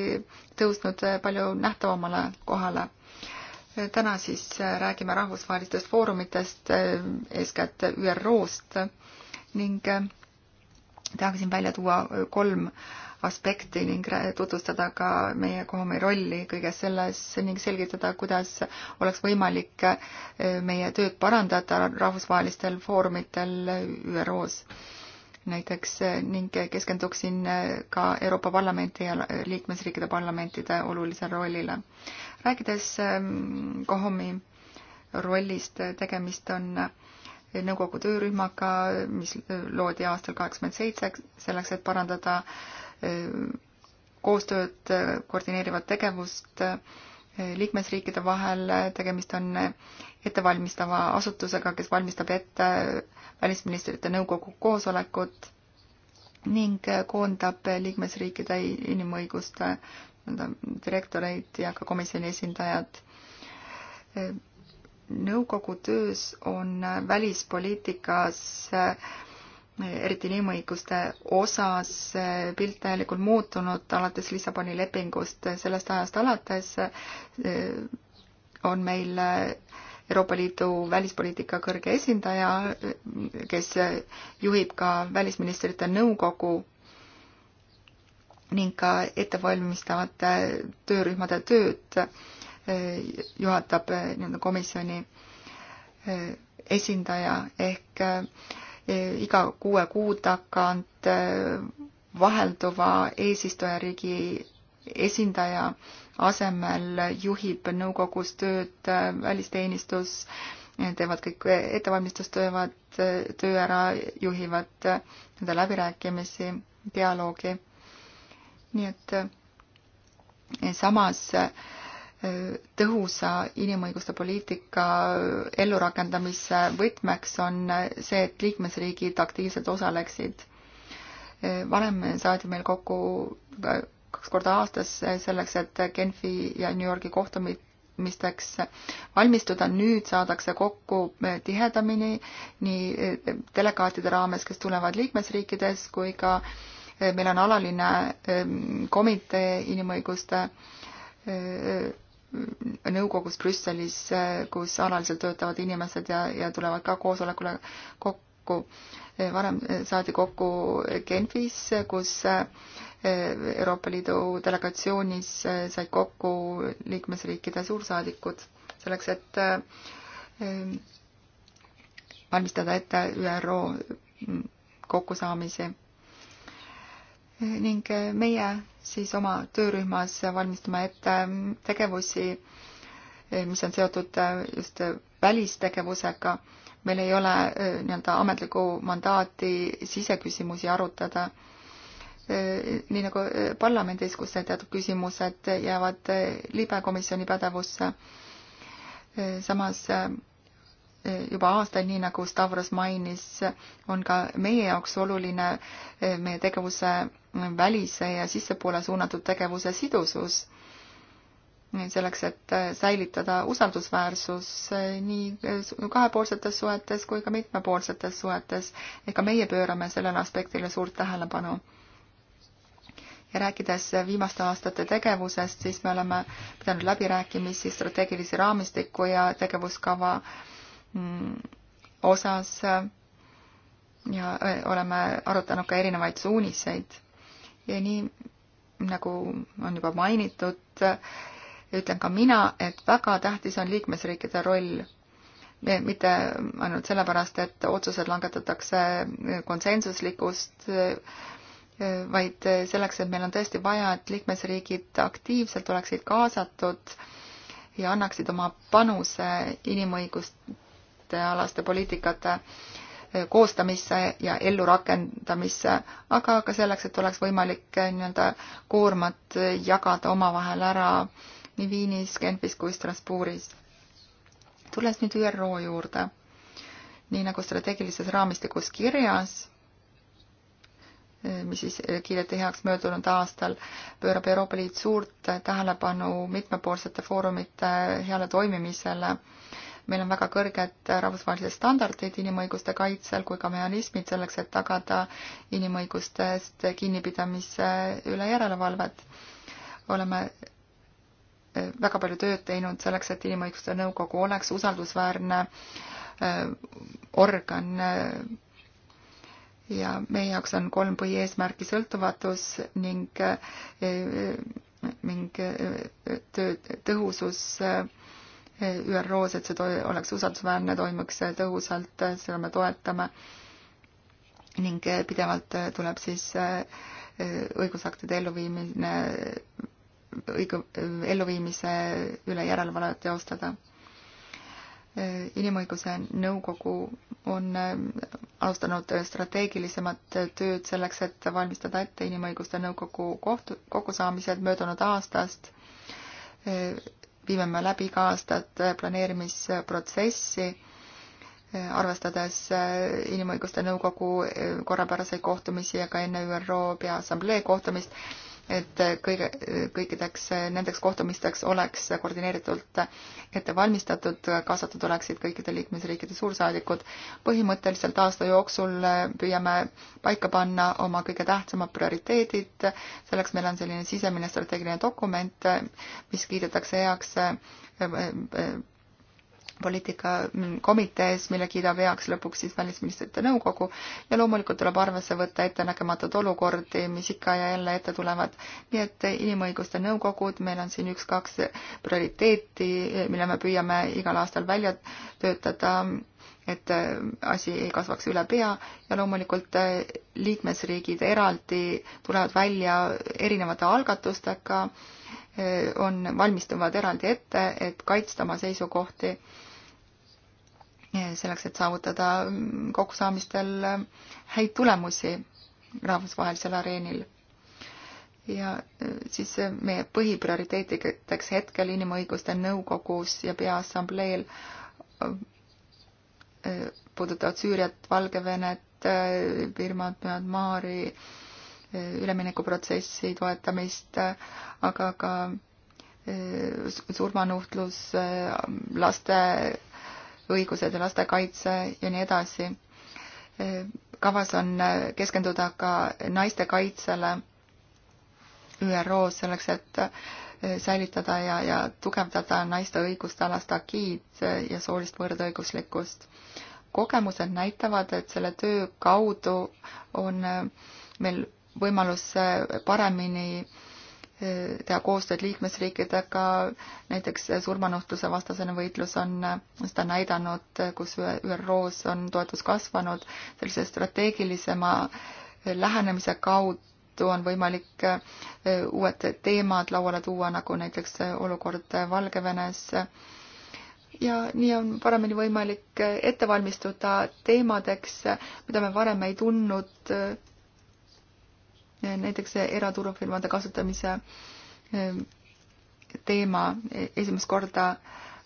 tõusnud palju nähtavamale kohale täna siis äh, räägime rahvusvahelistest foorumitest, äh, eeskätt ÜRO-st ning äh, tahaksin välja tuua kolm aspekti ning tutvustada ka meie KOM-i rolli kõiges selles ning selgitada, kuidas oleks võimalik meie tööd parandada rahvusvahelistel foorumitel ÜRO-s näiteks ning keskenduksin äh, ka Euroopa Parlamenti ja liikmesriikide parlamentide olulisele rollile. rääkides ähm, Kohomi rollist, tegemist on äh, nõukogu töörühmaga, mis äh, loodi aastal kaheksakümmend seitse, selleks et parandada koostööd, koordineerivat tegevust liikmesriikide vahel, tegemist on ettevalmistava asutusega, kes valmistab ette välisministrite nõukogu koosolekut ning koondab liikmesriikide inimõiguste direktoreid ja ka komisjoni esindajad. nõukogu töös on välispoliitikas eriti inimõiguste osas pilt täielikult muutunud alates Lissaboni lepingust. sellest ajast alates e, on meil Euroopa Liidu välispoliitika kõrge esindaja, kes juhib ka välisministrite nõukogu ning ka ettevalmistavate töörühmade tööd e, juhatab e, nii-öelda komisjoni esindaja ehk äh, iga kuue kuu tagant äh, vahelduva eesistujariigi esindaja asemel juhib nõukogus tööd äh, välisteenistus, teevad kõik ettevalmistustöövad, äh, töö ära, juhivad nende läbirääkimisi, dialoogi. nii et samas äh, tõhusa inimõiguste poliitika ellurakendamise võtmeks on see, et liikmesriigid aktiivselt osaleksid. varem saadi meil kokku kaks korda aastas selleks, et Genfi ja New Yorgi kohtumisteks valmistuda, nüüd saadakse kokku tihedamini nii delegaatide raames, kes tulevad liikmesriikides, kui ka meil on alaline komitee inimõiguste nõukogus Brüsselis, kus alaliselt töötavad inimesed ja, ja tulevad ka koosolekule kokku. varem saadi kokku Genfis, kus Euroopa Liidu delegatsioonis said kokku liikmesriikide suursaadikud selleks, et eh, valmistada ette ÜRO kokkusaamisi ning meie siis oma töörühmas valmistame ette tegevusi, mis on seotud just välistegevusega. meil ei ole eh, nii-öelda ametlikku mandaati siseküsimusi arutada. Eh, nii nagu eh, parlamendis, kus teatud küsimused jäävad libekomisjoni pädevusse. samas juba aastaid, nii nagu Stavros mainis, on ka meie jaoks oluline eh, meie tegevuse välise ja sissepoole suunatud tegevuse sidusus, selleks, et eh, säilitada usaldusväärsus eh, nii kahepoolsetes suhetes kui ka mitmepoolsetes suhetes. ega meie pöörame sellele aspektile suurt tähelepanu ja rääkides viimaste aastate tegevusest, siis me oleme pidanud läbirääkimisi strateegilise raamistiku ja tegevuskava äh, Mm, osas äh, ja äh, oleme arutanud ka erinevaid suuniseid. ja nii, nagu on juba mainitud, äh, ütlen ka mina, et väga tähtis on liikmesriikide roll mitte ainult sellepärast, et otsused langetatakse konsensuslikust, vaid selleks, et meil on tõesti vaja, et liikmesriigid aktiivselt oleksid kaasatud ja annaksid oma panuse inimõigust rändealaste poliitikate koostamisse ja ellurakendamisse, aga ka selleks, et oleks võimalik eh, nii-öelda koormat jagada omavahel ära nii Viinis, Genfis kui Strasbourgis. tulles nüüd ÜRO juurde, nii nagu strateegilises raamistikus kirjas, eh, mis siis eh, kiideti heaks möödunud aastal, pöörab Euroopa Liit suurt tähelepanu mitmepoolsete foorumite heale toimimisele meil on väga kõrged rahvusvahelised standardid inimõiguste kaitsel kui ka mehhanismid selleks, et tagada inimõigustest kinnipidamise üle järelevalvet. oleme eh, väga palju tööd teinud selleks, et Inimõiguste Nõukogu oleks usaldusväärne eh, organ eh, ja meie jaoks on kolm põhieesmärki sõltuvatus ning ning töö tõhusus äh, ÜRO-s, et see toi-, oleks usaldusväärne, toimuks tõhusalt, seda me toetame ning pidevalt tuleb siis äh, õigusaktide elluviimine, õigu-, elluviimise üle järelevalvet teostada. Äh, inimõiguse nõukogu on äh, alustanud strateegilisemat tööd selleks, et valmistada ette inimõiguste nõukogu kohtu, kokkusaamised möödunud aastast viime me läbi iga aastat planeerimisprotsessi, arvestades äh, Inimõiguste Nõukogu äh, korrapäraseid kohtumisi ja ka enne ÜRO Peaassamblee kohtumist et kõige, kõikideks nendeks kohtumisteks oleks koordineeritult ette valmistatud, kaasatud oleksid kõikide liikmesriikide suursaadikud. põhimõtteliselt aasta jooksul püüame paika panna oma kõige tähtsamad prioriteedid, selleks meil on selline sisemine strateegiline dokument, mis kiidetakse heaks poliitikakomitees, mm, mille kiidab heaks lõpuks siis välisministrite nõukogu ja loomulikult tuleb arvesse võtta ettenägematud olukordi, mis ikka ja jälle ette tulevad. nii et inimõiguste nõukogud, meil on siin üks-kaks prioriteeti, mille me püüame igal aastal välja töötada, et asi ei kasvaks üle pea ja loomulikult liikmesriigid eraldi tulevad välja erinevate algatustega on, valmistuvad eraldi ette, et kaitsta oma seisukohti selleks, et saavutada mm, kokkusaamistel äh, häid tulemusi rahvusvahelisel areenil. ja äh, siis äh, meie põhiprioriteetideks hetkel Inimõiguste Nõukogus ja Peaassambleel puudutavad Süüriat, Valgevenet, Birmat, Myanmari, üleminekuprotsessi toetamist, aga ka surmanuhtlus, laste õigused ja lastekaitse ja nii edasi. kavas on keskenduda ka naiste kaitsele ÜRO-s selleks, et eh, säilitada ja, ja tugevdada naiste õiguste alast agiid ja soolist võrdõiguslikkust. kogemused näitavad, et selle töö kaudu on eh, meil võimalus eh, paremini äh, teha koostööd liikmesriikidega, näiteks surmanuhtluse vastasene võitlus on seda näidanud, kus ÜRO-s on toetus kasvanud, sellise strateegilisema lähenemise kaudu on võimalik eh, uued teemad lauale tuua, nagu näiteks olukord Valgevenes ja nii on paremini võimalik ette valmistuda teemadeks, mida me varem ei tundnud eh, näiteks eraturufirmade kasutamise eh, teema esimest korda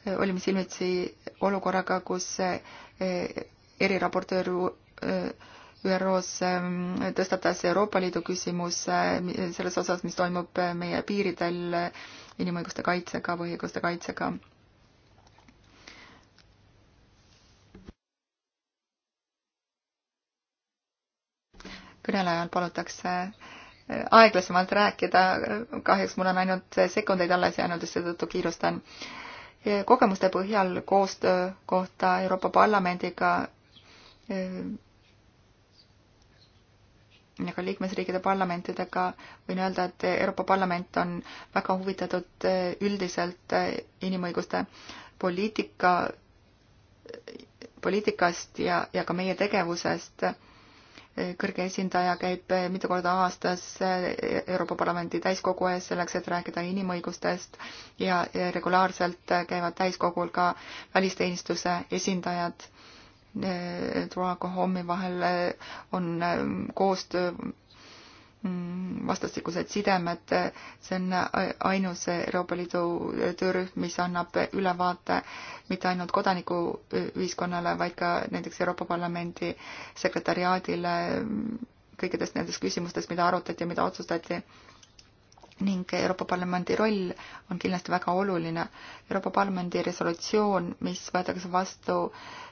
eh, olime silmitsi olukorraga, kus eh, eriraportöör ÜRO-s tõstatas Euroopa Liidu küsimuse selles osas, mis toimub meie piiridel inimõiguste kaitsega, põhiõiguste kaitsega kõnelejal palutakse äh, aeglasemalt rääkida, kahjuks mul on ainult sekundeid alles jäänud ja seetõttu kiirustan. kogemuste põhjal koostöö kohta Euroopa Parlamendiga ja äh, nagu ka liikmesriikide parlamentidega võin öelda, et Euroopa Parlament on väga huvitatud äh, üldiselt inimõiguste poliitika, poliitikast ja, ja ka meie tegevusest kõrge esindaja käib eh, mitu korda aastas eh, Euroopa Parlamendi täiskogu ees selleks, et rääkida inimõigustest ja regulaarselt eh, käivad täiskogul ka välisteenistuse esindajad. Troa Kohomi vahel on koostöö Mm, vastastikused sidemed, see on ainus Euroopa Liidu töörühm, mis annab ülevaate mitte ainult kodanikuühiskonnale, vaid ka näiteks Euroopa Parlamendi sekretariaadile kõikidest nendest küsimustest, mida arutati ja mida otsustati ning Euroopa Parlamendi roll on kindlasti väga oluline. Euroopa Parlamendi resolutsioon, mis võetakse vastu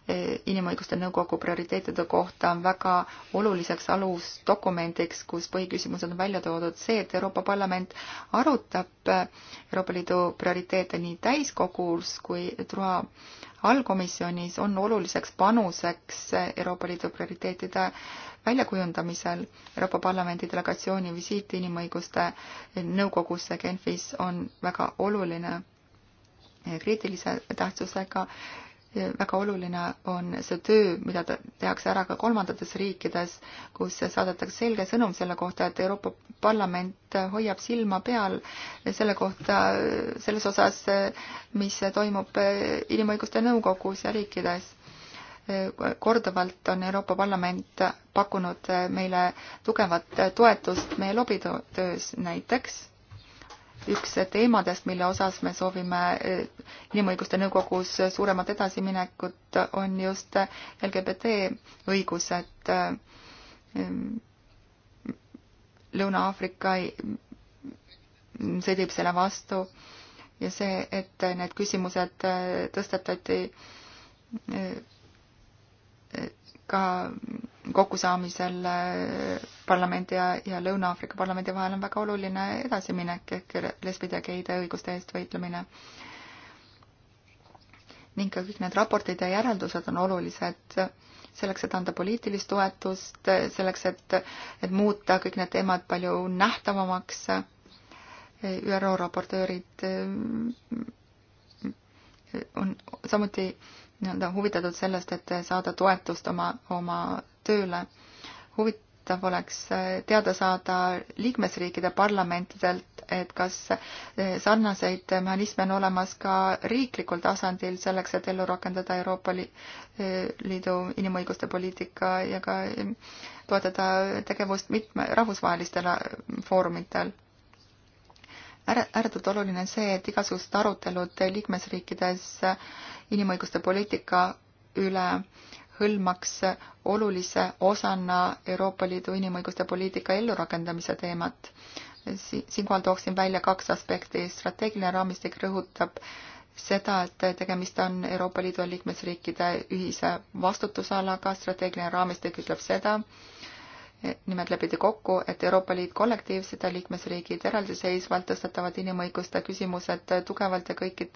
eh, inimõiguste nõukogu prioriteetide kohta, on väga oluliseks alusdokumendiks, kus põhiküsimused on välja toodud see, et Euroopa Parlament arutab eh, Euroopa Liidu prioriteete nii täiskogus kui Trua allkomisjonis on oluliseks panuseks Euroopa Liidu prioriteetide väljakujundamisel. Euroopa Parlamendi delegatsiooni visiit inimõiguste nõukogusse Genfis on väga oluline kriitilise tähtsusega väga oluline on see töö, mida tehakse ära ka kolmandates riikides, kus saadetakse selge sõnum selle kohta, et Euroopa Parlament hoiab silma peal selle kohta, selles osas, mis toimub Inimõiguste Nõukogus ja riikides. korduvalt on Euroopa Parlament pakkunud meile tugevat toetust meie lobitöös näiteks üks teemadest, mille osas me soovime eh, Inimõiguste Nõukogus suuremat edasiminekut, on just LGBT õigused eh, Lõuna-Aafrika sõdib selle vastu ja see, et need küsimused eh, tõstatati ka kokkusaamisel äh, parlamendi ja, ja Lõuna-Aafrika parlamendi vahel on väga oluline edasiminek ehk lesbide ja geide õiguste eest võitlemine. ning ka kõik need raportid ja järeldused on olulised selleks, et anda poliitilist toetust, selleks, et, et muuta kõik need teemad palju nähtavamaks. ÜRO raportöörid äh, on samuti nii-öelda huvitatud sellest, et saada toetust oma, oma tööle. huvitav oleks äh, teada saada liikmesriikide parlamentidelt, et kas äh, sarnaseid mehhanisme on olemas ka riiklikul tasandil selleks, et ellu rakendada Euroopa äh, Liidu inimõiguste poliitika ja ka toetada tegevust mitme rahvusvahelistel foorumitel ääretult oluline on see, et igasugused arutelud liikmesriikides inimõiguste poliitika üle hõlmaks olulise osana Euroopa Liidu inimõiguste poliitika ellurakendamise teemat. siinkohal tooksin välja kaks aspekti. strateegiline raamistik rõhutab seda, et tegemist on Euroopa Liidu liikmesriikide ühise vastutusalaga, strateegiline raamistik ütleb seda, nimelt lepiti kokku, et Euroopa Liit kollektiivsed ja liikmesriigid eraldiseisvalt tõstatavad inimõiguste küsimused tugevalt ja kõikid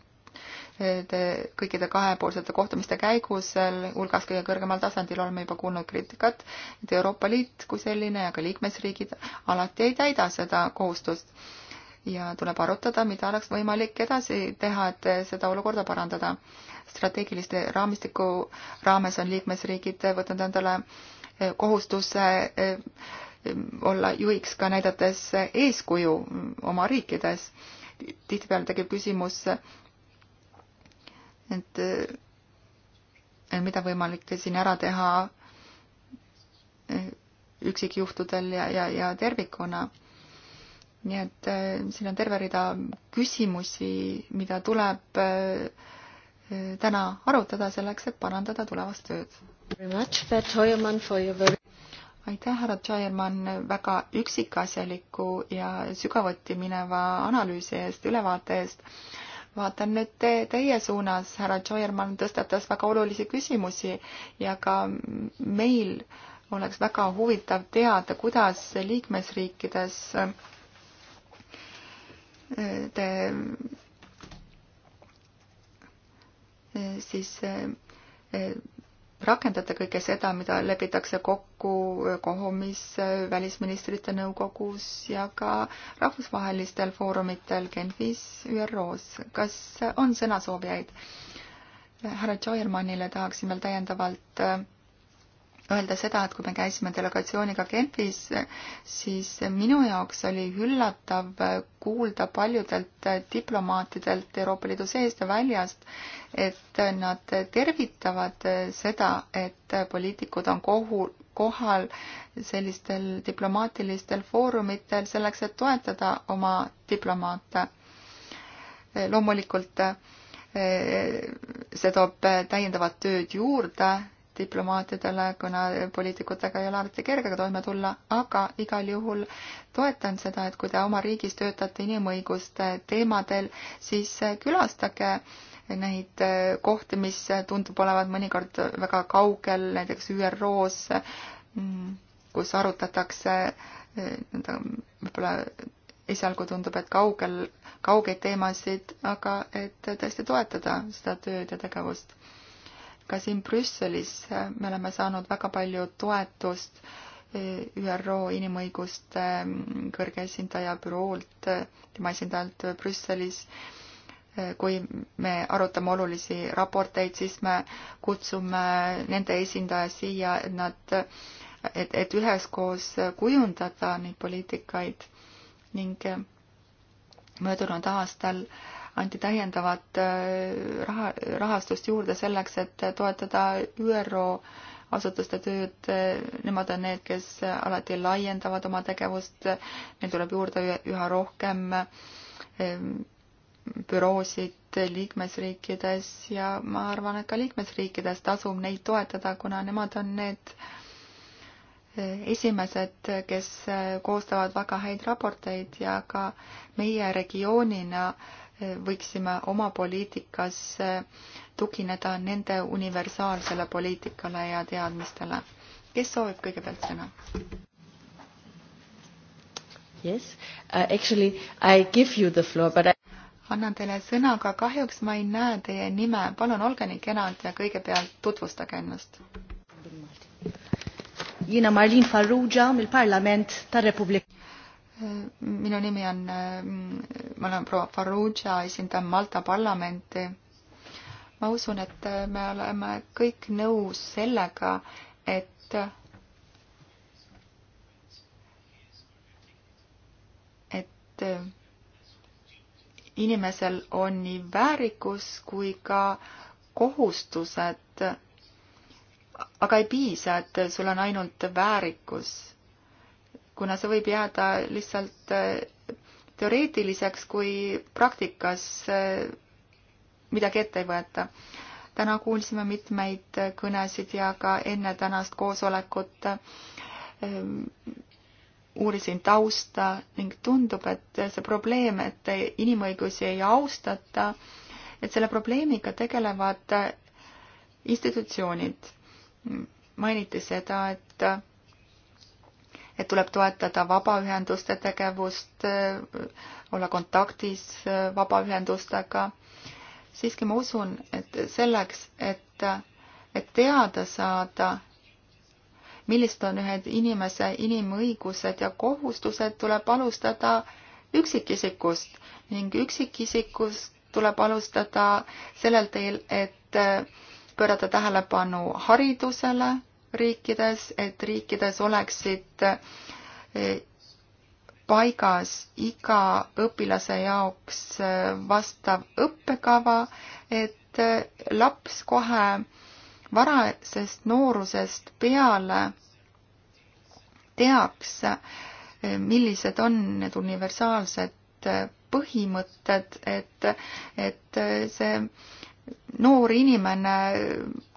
kõikide kahepoolsete kohtumiste käigus, hulgas kõige kõrgemal tasandil oleme juba kuulnud kriitikat, et Euroopa Liit kui selline ja ka liikmesriigid alati ei täida seda kohustust. ja tuleb arutada, mida oleks võimalik edasi teha, et seda olukorda parandada. strateegiliste raamistiku raames on liikmesriigid võtnud endale eh, kohustuse eh, olla juhiks ka näidates eeskuju oma riikides. tihtipeale tekib küsimus, et eh, mida võimalik siin ära teha eh, üksikjuhtudel ja, ja, ja tervikuna. nii et eh, siin on terve rida küsimusi, mida tuleb täna arutada selleks, et parandada tulevast tööd. aitäh, härra Tšaiermann, väga üksikasjaliku ja sügavuti mineva analüüsi eest, ülevaate eest vaatan nüüd te, teie suunas, härra Joermann tõstatas väga olulisi küsimusi ja ka meil oleks väga huvitav teada, kuidas liikmesriikides eh, te eh, siis eh, rakendate kõike seda, mida lepitakse kokku Kohomis, Välisministrite Nõukogus ja ka rahvusvahelistel foorumitel Genfis, ÜRO-s. kas on sõnasoovijaid? härra Joermannile tahaksin veel täiendavalt öelda seda, et kui me käisime delegatsiooniga Genfis, siis minu jaoks oli üllatav kuulda paljudelt diplomaatidelt Euroopa Liidu seest ja väljast, et nad tervitavad seda, et poliitikud on kohu, kohal sellistel diplomaatilistel foorumitel selleks, et toetada oma diplomaate. loomulikult eh, see toob täiendavat tööd juurde diplomaatidele, kuna poliitikutega ei ole alati kerge toime tulla, aga igal juhul toetan seda, et kui te oma riigis töötate inimõiguste teemadel, siis külastage neid kohti, mis tundub olevat mõnikord väga kaugel, näiteks ÜRO-s, kus arutatakse võib-olla esialgu tundub, et kaugel, kaugeid teemasid, aga et tõesti toetada seda tööd ja tegevust ka siin Brüsselis äh, me oleme saanud väga palju toetust äh, ÜRO inimõiguste mm, kõrge esindaja büroolt, äh, tema esindajalt Brüsselis. kui me arutame olulisi raporteid, siis me kutsume nende esindaja siia, et nad, et, et üheskoos kujundada neid poliitikaid ning möödunud aastal äh, anti täiendavat äh, raha, rahastust juurde selleks, et toetada ÜRO asutuste tööd, nemad on need, kes alati laiendavad oma tegevust, neil tuleb juurde üha rohkem ähm, büroosid liikmesriikides ja ma arvan, et ka liikmesriikides tasub neid toetada, kuna nemad on need äh, esimesed, kes äh, koostavad väga häid raporteid ja ka meie regioonina äh, võiksime oma poliitikas tugineda nende universaalsele poliitikale ja teadmistele. kes soovib kõigepealt sõna? Yes, uh, actually I give you the floor, but I annan teile sõna, aga kahjuks ma ei näe teie nime. palun olge nii kenad ja kõigepealt tutvustage ennast. Jina Marlin Farrugia, mil parlament ta Republik- minu nimi on, mm, ma olen proua Farrugia, esindan Malta parlamenti. ma usun, et me oleme kõik nõus sellega, et et inimesel on nii väärikus kui ka kohustused, aga ei piisa, et sul on ainult väärikus kuna see võib jääda lihtsalt äh, teoreetiliseks, kui praktikas äh, midagi ette ei võeta. täna kuulsime mitmeid äh, kõnesid ja ka enne tänast koosolekut uurisin tausta ning tundub, et see probleem, et inimõigusi ei austata, et selle probleemiga tegelevad institutsioonid. mainiti seda, et et tuleb toetada vabaühenduste tegevust, äh, olla kontaktis äh, vabaühendustega. siiski ma usun, et selleks, et, et teada saada, millised on ühed inimese inimõigused ja kohustused, tuleb alustada üksikisikust ning üksikisikust tuleb alustada sellel teel, et äh, pöörata tähelepanu haridusele riikides, et riikides oleksid eh, paigas iga õpilase jaoks eh, vastav õppekava, et eh, laps kohe varasest noorusest peale teaks, millised on need universaalsed põhimõtted, et, et see noor inimene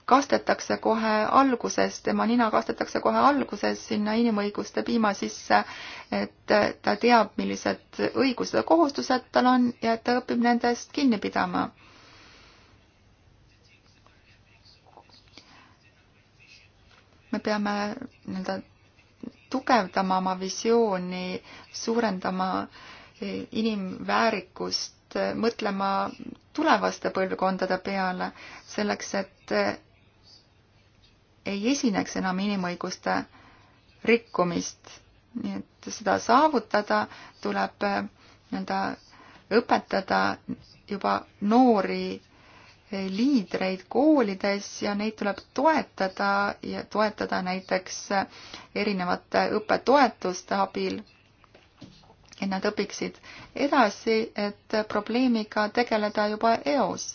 kastetakse kohe alguses, tema nina kastetakse kohe alguses sinna inimõiguste piima sisse, et ta teab, millised õigused ja kohustused tal on ja et ta õpib nendest kinni pidama. me peame nii-öelda tugevdama oma visiooni, suurendama inimväärikust, mõtlema tulevaste põlvkondade peale, selleks et ei esineks enam inimõiguste rikkumist. nii et seda saavutada tuleb eh, nii-öelda õpetada juba noori eh, liidreid koolides ja neid tuleb toetada ja toetada näiteks eh, erinevate õppetoetuste abil, et nad õpiksid edasi, et probleemiga tegeleda juba eos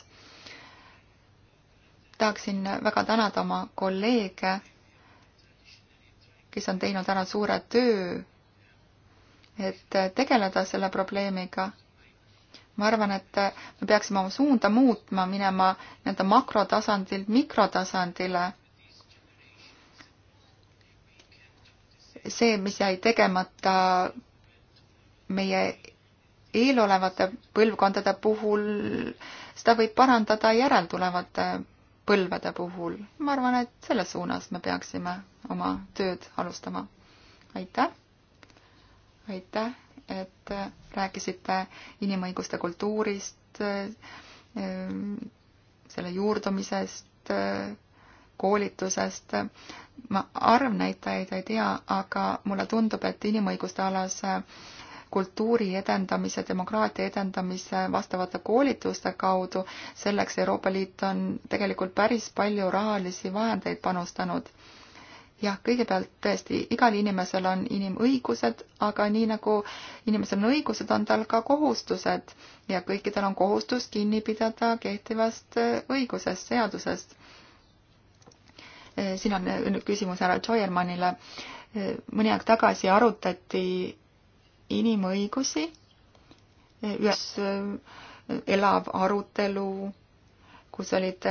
tahaksin väga tänada oma kolleege, kes on teinud ära suure töö, et tegeleda selle probleemiga. ma arvan, et me peaksime oma suunda muutma, minema nii-öelda makrotasandilt mikrotasandile. see, mis jäi tegemata meie eelolevate põlvkondade puhul, seda võib parandada järeltulevate põlvede puhul. ma arvan, et selles suunas me peaksime oma tööd alustama. aitäh! aitäh, et rääkisite inimõiguste kultuurist, selle juurdumisest, koolitusest. ma arvnäitajaid ei tea, aga mulle tundub, et inimõiguste alase äh, kultuuri edendamise, demokraatia edendamise vastavate koolituste kaudu. selleks Euroopa Liit on tegelikult päris palju rahalisi vahendeid panustanud jah, kõigepealt tõesti, igal inimesel on inimõigused, aga nii nagu inimesel on õigused, on tal ka kohustused ja kõikidel on kohustus kinni pidada kehtivast õigusest, seadusest. siin on nüüd küsimus härra Joyermanile. mõni aeg tagasi arutati inimõigusi, ühes äh, elav arutelu, kus olid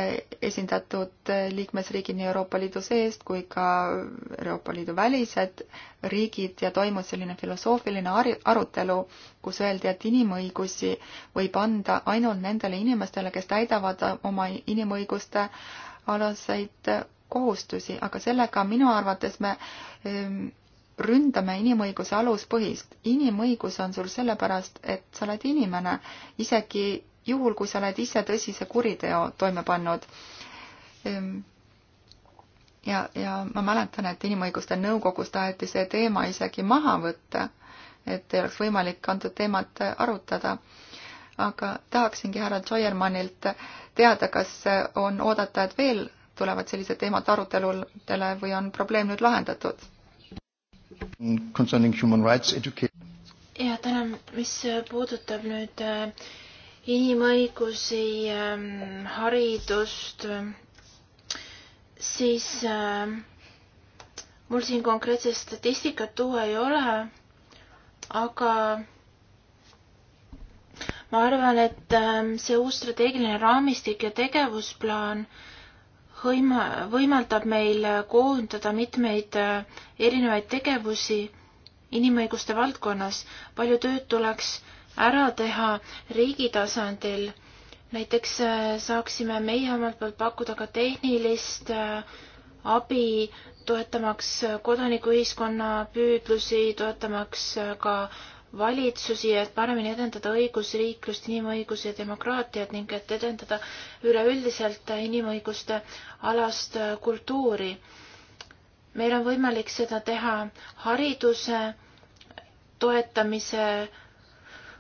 esindatud liikmesriigid nii Euroopa Liidu seest kui ka Euroopa Liidu välised riigid ja toimus selline filosoofiline arutelu, kus öeldi, et inimõigusi võib anda ainult nendele inimestele, kes täidavad oma inimõiguste alaseid kohustusi, aga sellega minu arvates me ehm, ründame inimõiguse aluspõhist. inimõigus on sul sellepärast, et sa oled inimene, isegi juhul, kui sa oled ise tõsise kuriteo toime pannud. Ehm, ja, ja ma mäletan, et Inimõiguste Nõukogus taheti see teema isegi maha võtta, et ei oleks võimalik antud teemat arutada. aga tahaksingi härra Joyermanilt teada, kas on oodata, et veel tulevad sellised teemad aruteludele või on probleem nüüd lahendatud? ja tänan, mis puudutab nüüd äh, inimõigusi, ähm, haridust, siis äh, mul siin konkreetset statistikat tuua ei ole, aga ma arvan, et äh, see uus strateegiline raamistik ja tegevusplaan äh, hõima-, võimaldab meil koondada mitmeid äh, erinevaid tegevusi inimõiguste valdkonnas. palju tööd tuleks ära teha riigi tasandil. näiteks äh, saaksime meie omalt poolt pakkuda ka tehnilist äh, abi, toetamaks kodanikuühiskonna püüdlusi, toetamaks ka valitsusi, et paremini edendada õigusriiklust, inimõigusi ja demokraatiat ning et edendada üleüldiselt inimõiguste alast kultuuri. meil on võimalik seda teha hariduse toetamise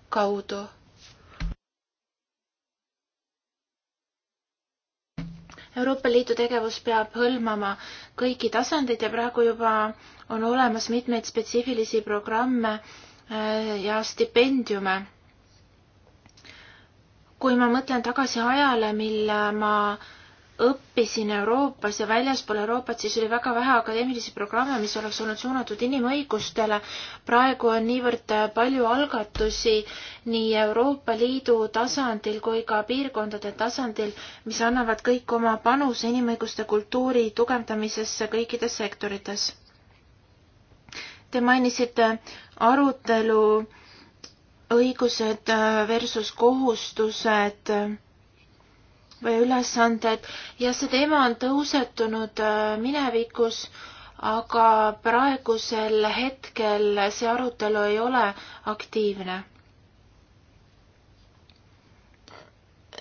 kaudu. Euroopa Liidu tegevus peab hõlmama kõiki tasandeid ja praegu juba on olemas mitmeid spetsiifilisi programme Äh, ja stipendiume. kui ma mõtlen tagasi ajale, mil ma õppisin Euroopas ja väljaspool Euroopat, siis oli väga vähe akadeemilisi programme, mis oleks olnud suunatud inimõigustele. praegu on niivõrd palju algatusi nii Euroopa Liidu tasandil kui ka piirkondade tasandil, mis annavad kõik oma panuse inimõiguste kultuuri tugevdamisesse kõikides sektorites. Te mainisite arutelu õigused äh, versus kohustused äh, või ülesanded ja see teema on tõusetunud äh, minevikus, aga praegusel hetkel see arutelu ei ole aktiivne.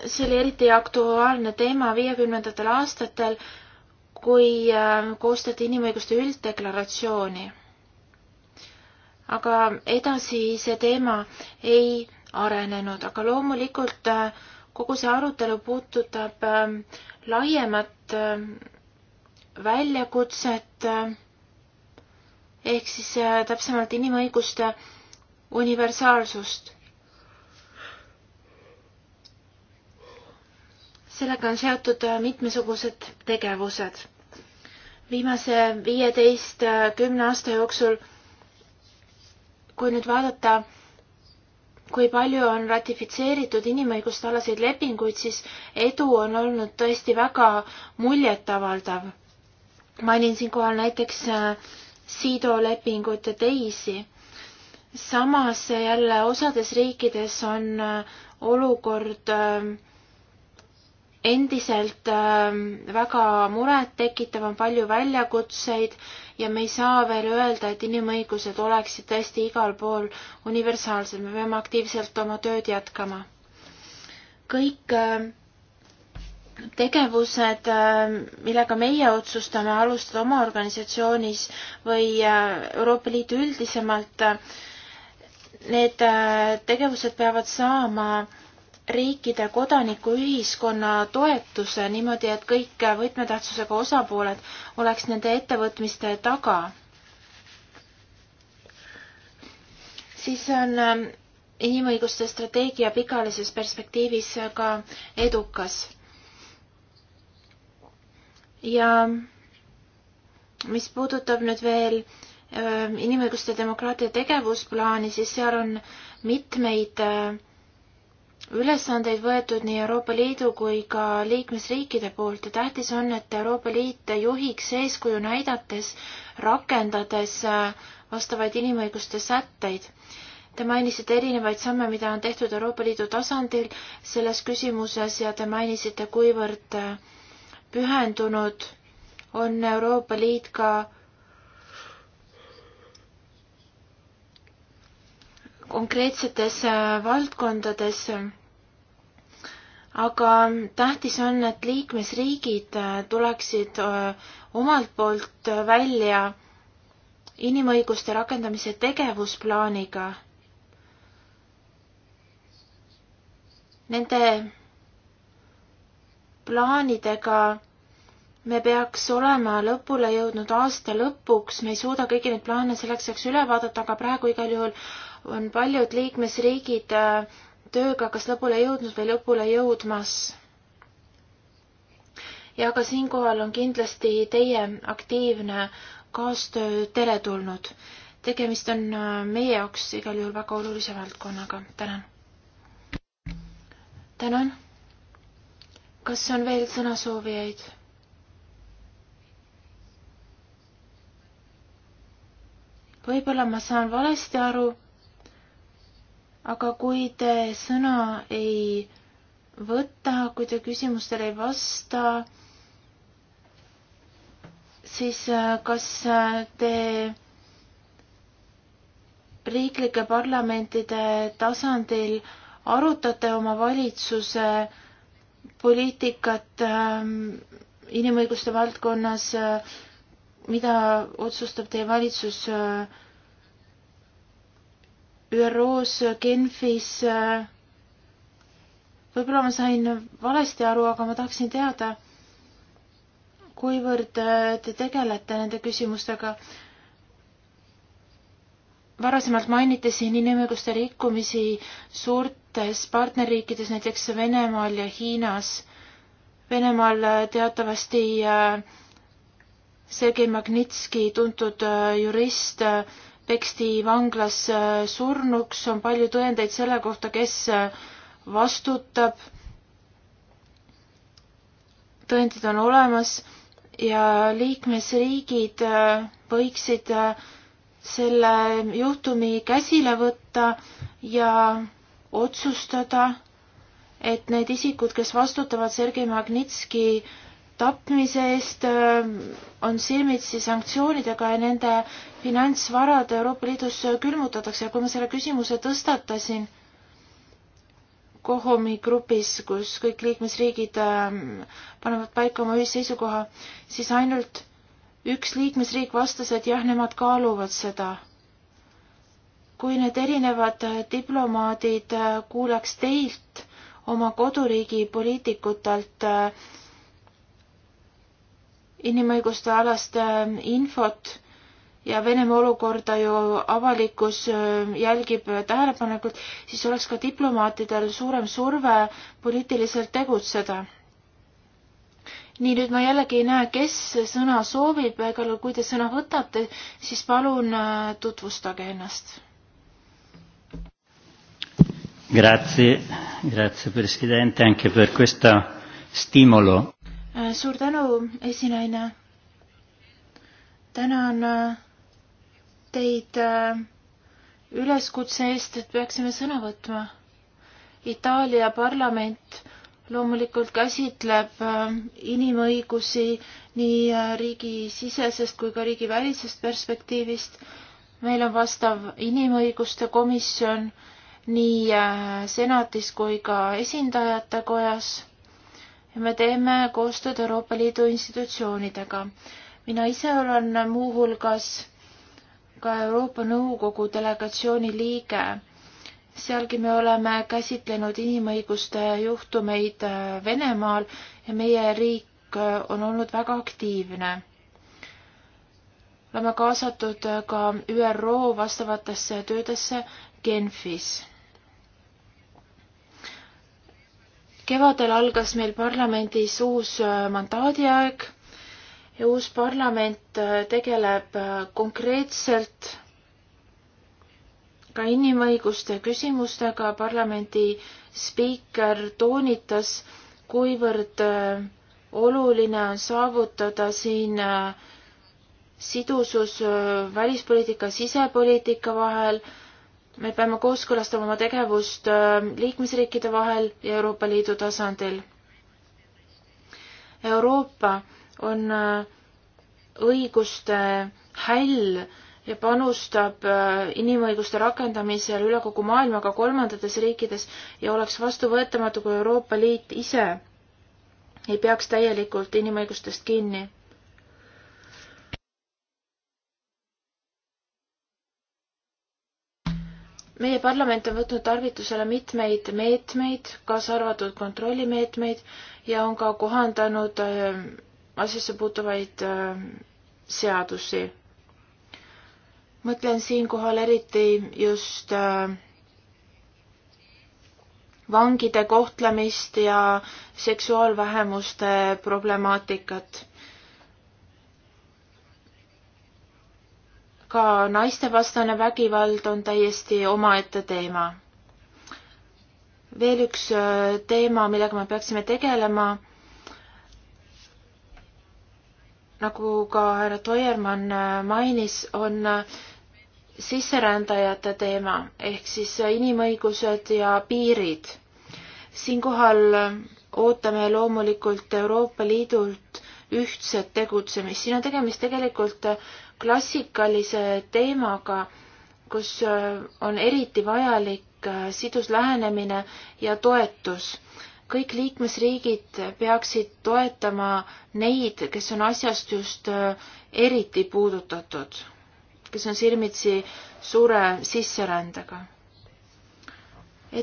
see oli eriti aktuaalne teema viiekümnendatel aastatel, kui koostati inimõiguste ülddeklaratsiooni aga edasi see teema ei arenenud, aga loomulikult äh, kogu see arutelu puudutab äh, laiemat äh, väljakutset ehk siis täpsemalt inimõiguste universaalsust. sellega on seotud mitmesugused tegevused. viimase viieteist, kümne aasta jooksul kui nüüd vaadata, kui palju on ratifitseeritud inimõiguste alaseid lepinguid, siis edu on olnud tõesti väga muljetavaldav. mainin siinkohal näiteks äh, Sido lepingut ja teisi. samas jälle osades riikides on äh, olukord ähm, endiselt ähm, väga murettekitav, on palju väljakutseid ja me ei saa veel öelda, et inimõigused oleksid tõesti igal pool universaalsed, me peame aktiivselt oma tööd jätkama. kõik äh, tegevused, äh, millega meie otsustame alustada oma organisatsioonis või äh, Euroopa Liidu üldisemalt, need tegevused peavad saama riikide kodanikuühiskonna toetuse niimoodi, et kõik võtmetähtsusega osapooled oleks nende ettevõtmiste taga. siis on ähm, inimõiguste strateegia pikaajalises perspektiivis ka edukas. ja mis puudutab nüüd veel ähm, inimõiguste demokraatia tegevusplaani, siis seal on mitmeid äh, ülesandeid võetud nii Euroopa Liidu kui ka liikmesriikide poolt ja tähtis on, et Euroopa Liit juhiks eeskuju näidates, rakendades äh, vastavaid inimõiguste sätteid. Te mainisite erinevaid samme, mida on tehtud Euroopa Liidu tasandil selles küsimuses ja te mainisite, kuivõrd äh, pühendunud on Euroopa Liit ka konkreetsetes äh, valdkondades aga tähtis on, et liikmesriigid äh, tuleksid äh, omalt poolt äh, välja inimõiguste rakendamise tegevusplaaniga. Nende plaanidega me peaks olema lõpule jõudnud aasta lõpuks, me ei suuda kõiki neid plaane selleks ajaks üle vaadata, aga praegu igal juhul on paljud liikmesriigid äh, tööga kas lõpule jõudnud või lõpule jõudmas. ja ka siinkohal on kindlasti teie aktiivne kaastöö teretulnud. tegemist on äh, meie jaoks igal juhul väga olulise valdkonnaga. tänan. tänan. kas on veel sõnasoovijaid? võib-olla ma saan valesti aru aga kui te sõna ei võta, kui te küsimustele ei vasta, siis äh, kas äh, te riiklike parlamentide tasandil arutate oma valitsuse poliitikat ähm, inimõiguste valdkonnas, äh, mida otsustab teie valitsus äh, ÜRO-s Genfis. Äh, võib-olla ma sain valesti aru, aga ma tahaksin teada, kuivõrd äh, te tegelete nende küsimustega. varasemalt mainiti siin inimõiguste rikkumisi suurtes partnerriikides, näiteks Venemaal ja Hiinas. Venemaal äh, teatavasti Sergei Magnitski, tuntud jurist, peksti vanglas äh, surnuks, on palju tõendeid selle kohta, kes äh, vastutab. tõendid on olemas ja liikmesriigid äh, võiksid selle juhtumi käsile võtta ja otsustada, et need isikud, kes vastutavad Sergei Magnitski tapmise eest äh, on silmitsi sanktsioonidega ja nende finantsvarad Euroopa Liidus külmutatakse ja kui ma selle küsimuse tõstatasin Kohomi grupis, kus kõik liikmesriigid äh, panevad paika oma ühisseisukoha, siis ainult üks liikmesriik vastas, et jah, nemad kaaluvad seda. kui need erinevad diplomaadid äh, kuuleks teilt, oma koduriigi poliitikutelt inimõiguste alast ähm, infot ja Venemaa olukorda ju avalikkus ähm, jälgib äh, tähelepanelikult, siis oleks ka diplomaatidel suurem surve poliitiliselt tegutseda. nii, nüüd ma jällegi ei näe, kes sõna soovib, aga kui te sõna võtate, siis palun äh, tutvustage ennast. Grazie, grazie Presidente anche per questa stimolo Äh, suur tänu, esinaine. tänan äh, teid äh, üleskutse eest, et peaksime sõna võtma. Itaalia parlament loomulikult käsitleb inimõigusi nii riigisisesest kui ka riigivälisest perspektiivist. meil on vastav inimõiguste komisjon nii senatis kui ka esindajate kojas ja me teeme koostööd Euroopa Liidu institutsioonidega. mina ise olen muuhulgas ka Euroopa Nõukogu delegatsiooni liige. sealgi me oleme käsitlenud inimõiguste juhtumeid äh, Venemaal ja meie riik äh, on olnud väga aktiivne. oleme kaasatud äh, ka ÜRO vastavatesse töödesse Genfis kevadel algas meil parlamendis uus äh, mandaadiaeg ja uus parlament äh, tegeleb äh, konkreetselt ka inimõiguste küsimustega. parlamendi spiiker toonitas, kuivõrd oluline on saavutada siin sidusus välispoliitika, sisepoliitika vahel me peame kooskõlastama oma tegevust äh, liikmesriikide vahel ja Euroopa Liidu tasandil. Euroopa on äh, õiguste häll ja panustab äh, inimõiguste rakendamisel üle kogu maailma ka kolmandates riikides ja oleks vastuvõetamatu, kui Euroopa Liit ise ei peaks täielikult inimõigustest kinni meie parlament on võtnud tarvitusele mitmeid meetmeid, kaasa arvatud kontrollimeetmeid ja on ka kohandanud äh, asjasse puutuvaid äh, seadusi. mõtlen siinkohal eriti just äh, vangide kohtlemist ja seksuaalvähemuste problemaatikat ka naistevastane vägivald on täiesti omaette teema. veel üks äh, teema, millega me peaksime tegelema, nagu ka härra Toiermann äh, mainis, on äh, sisserändajate teema ehk siis inimõigused ja piirid. siinkohal ootame loomulikult Euroopa Liidult ühtset tegutsemist, siin on tegemist tegelikult klassikalise teemaga, kus äh, on eriti vajalik äh, sidus lähenemine ja toetus. kõik liikmesriigid peaksid toetama neid, kes on asjast just äh, eriti puudutatud, kes on silmitsi suure sisserändega.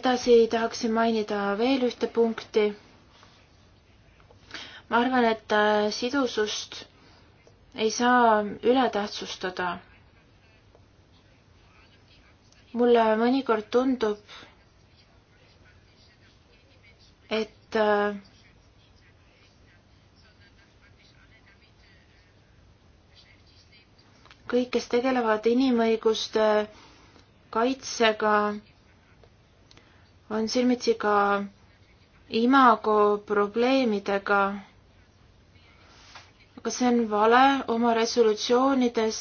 edasi tahaksin mainida veel ühte punkti. ma arvan, et sidusust ei saa üle tähtsustada. mulle mõnikord tundub, et äh, kõik, kes tegelevad inimõiguste kaitsega, on silmitsi ka imago probleemidega ka see on vale, oma resolutsioonides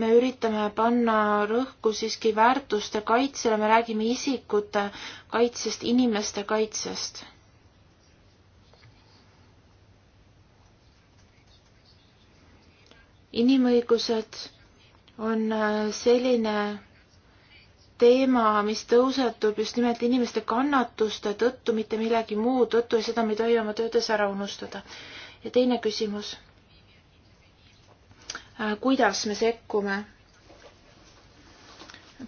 me üritame panna rõhku siiski väärtuste kaitsele, me räägime isikute kaitsest, inimeste kaitsest. inimõigused on äh, selline teema, mis tõusetub just nimelt inimeste kannatuste tõttu, mitte millegi muu tõttu ja seda me ei tohi oma töödes ära unustada. ja teine küsimus Äh, kuidas me sekkume.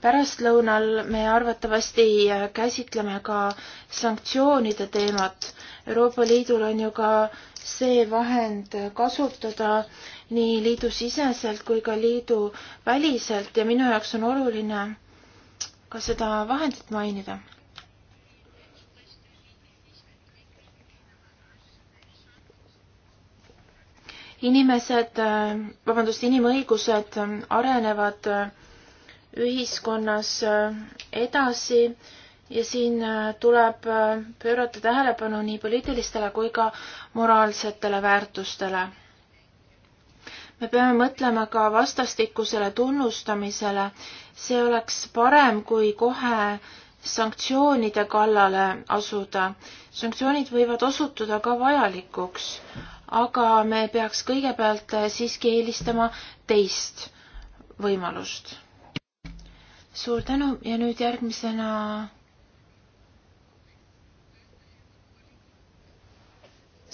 pärastlõunal me arvatavasti äh, käsitleme ka sanktsioonide teemat. Euroopa Liidul on ju ka see vahend äh, kasutada nii liidusiseselt kui ka liidu väliselt ja minu jaoks on oluline ka seda vahendit mainida inimesed, vabandust, inimõigused arenevad äh, ühiskonnas äh, edasi ja siin äh, tuleb pöörata tähelepanu nii poliitilistele kui ka moraalsetele väärtustele. me peame mõtlema ka vastastikusele tunnustamisele, see oleks parem kui kohe sanktsioonide kallale asuda. sanktsioonid võivad osutuda ka vajalikuks, aga me peaks kõigepealt äh, siiski eelistama teist võimalust. suur tänu ja nüüd järgmisena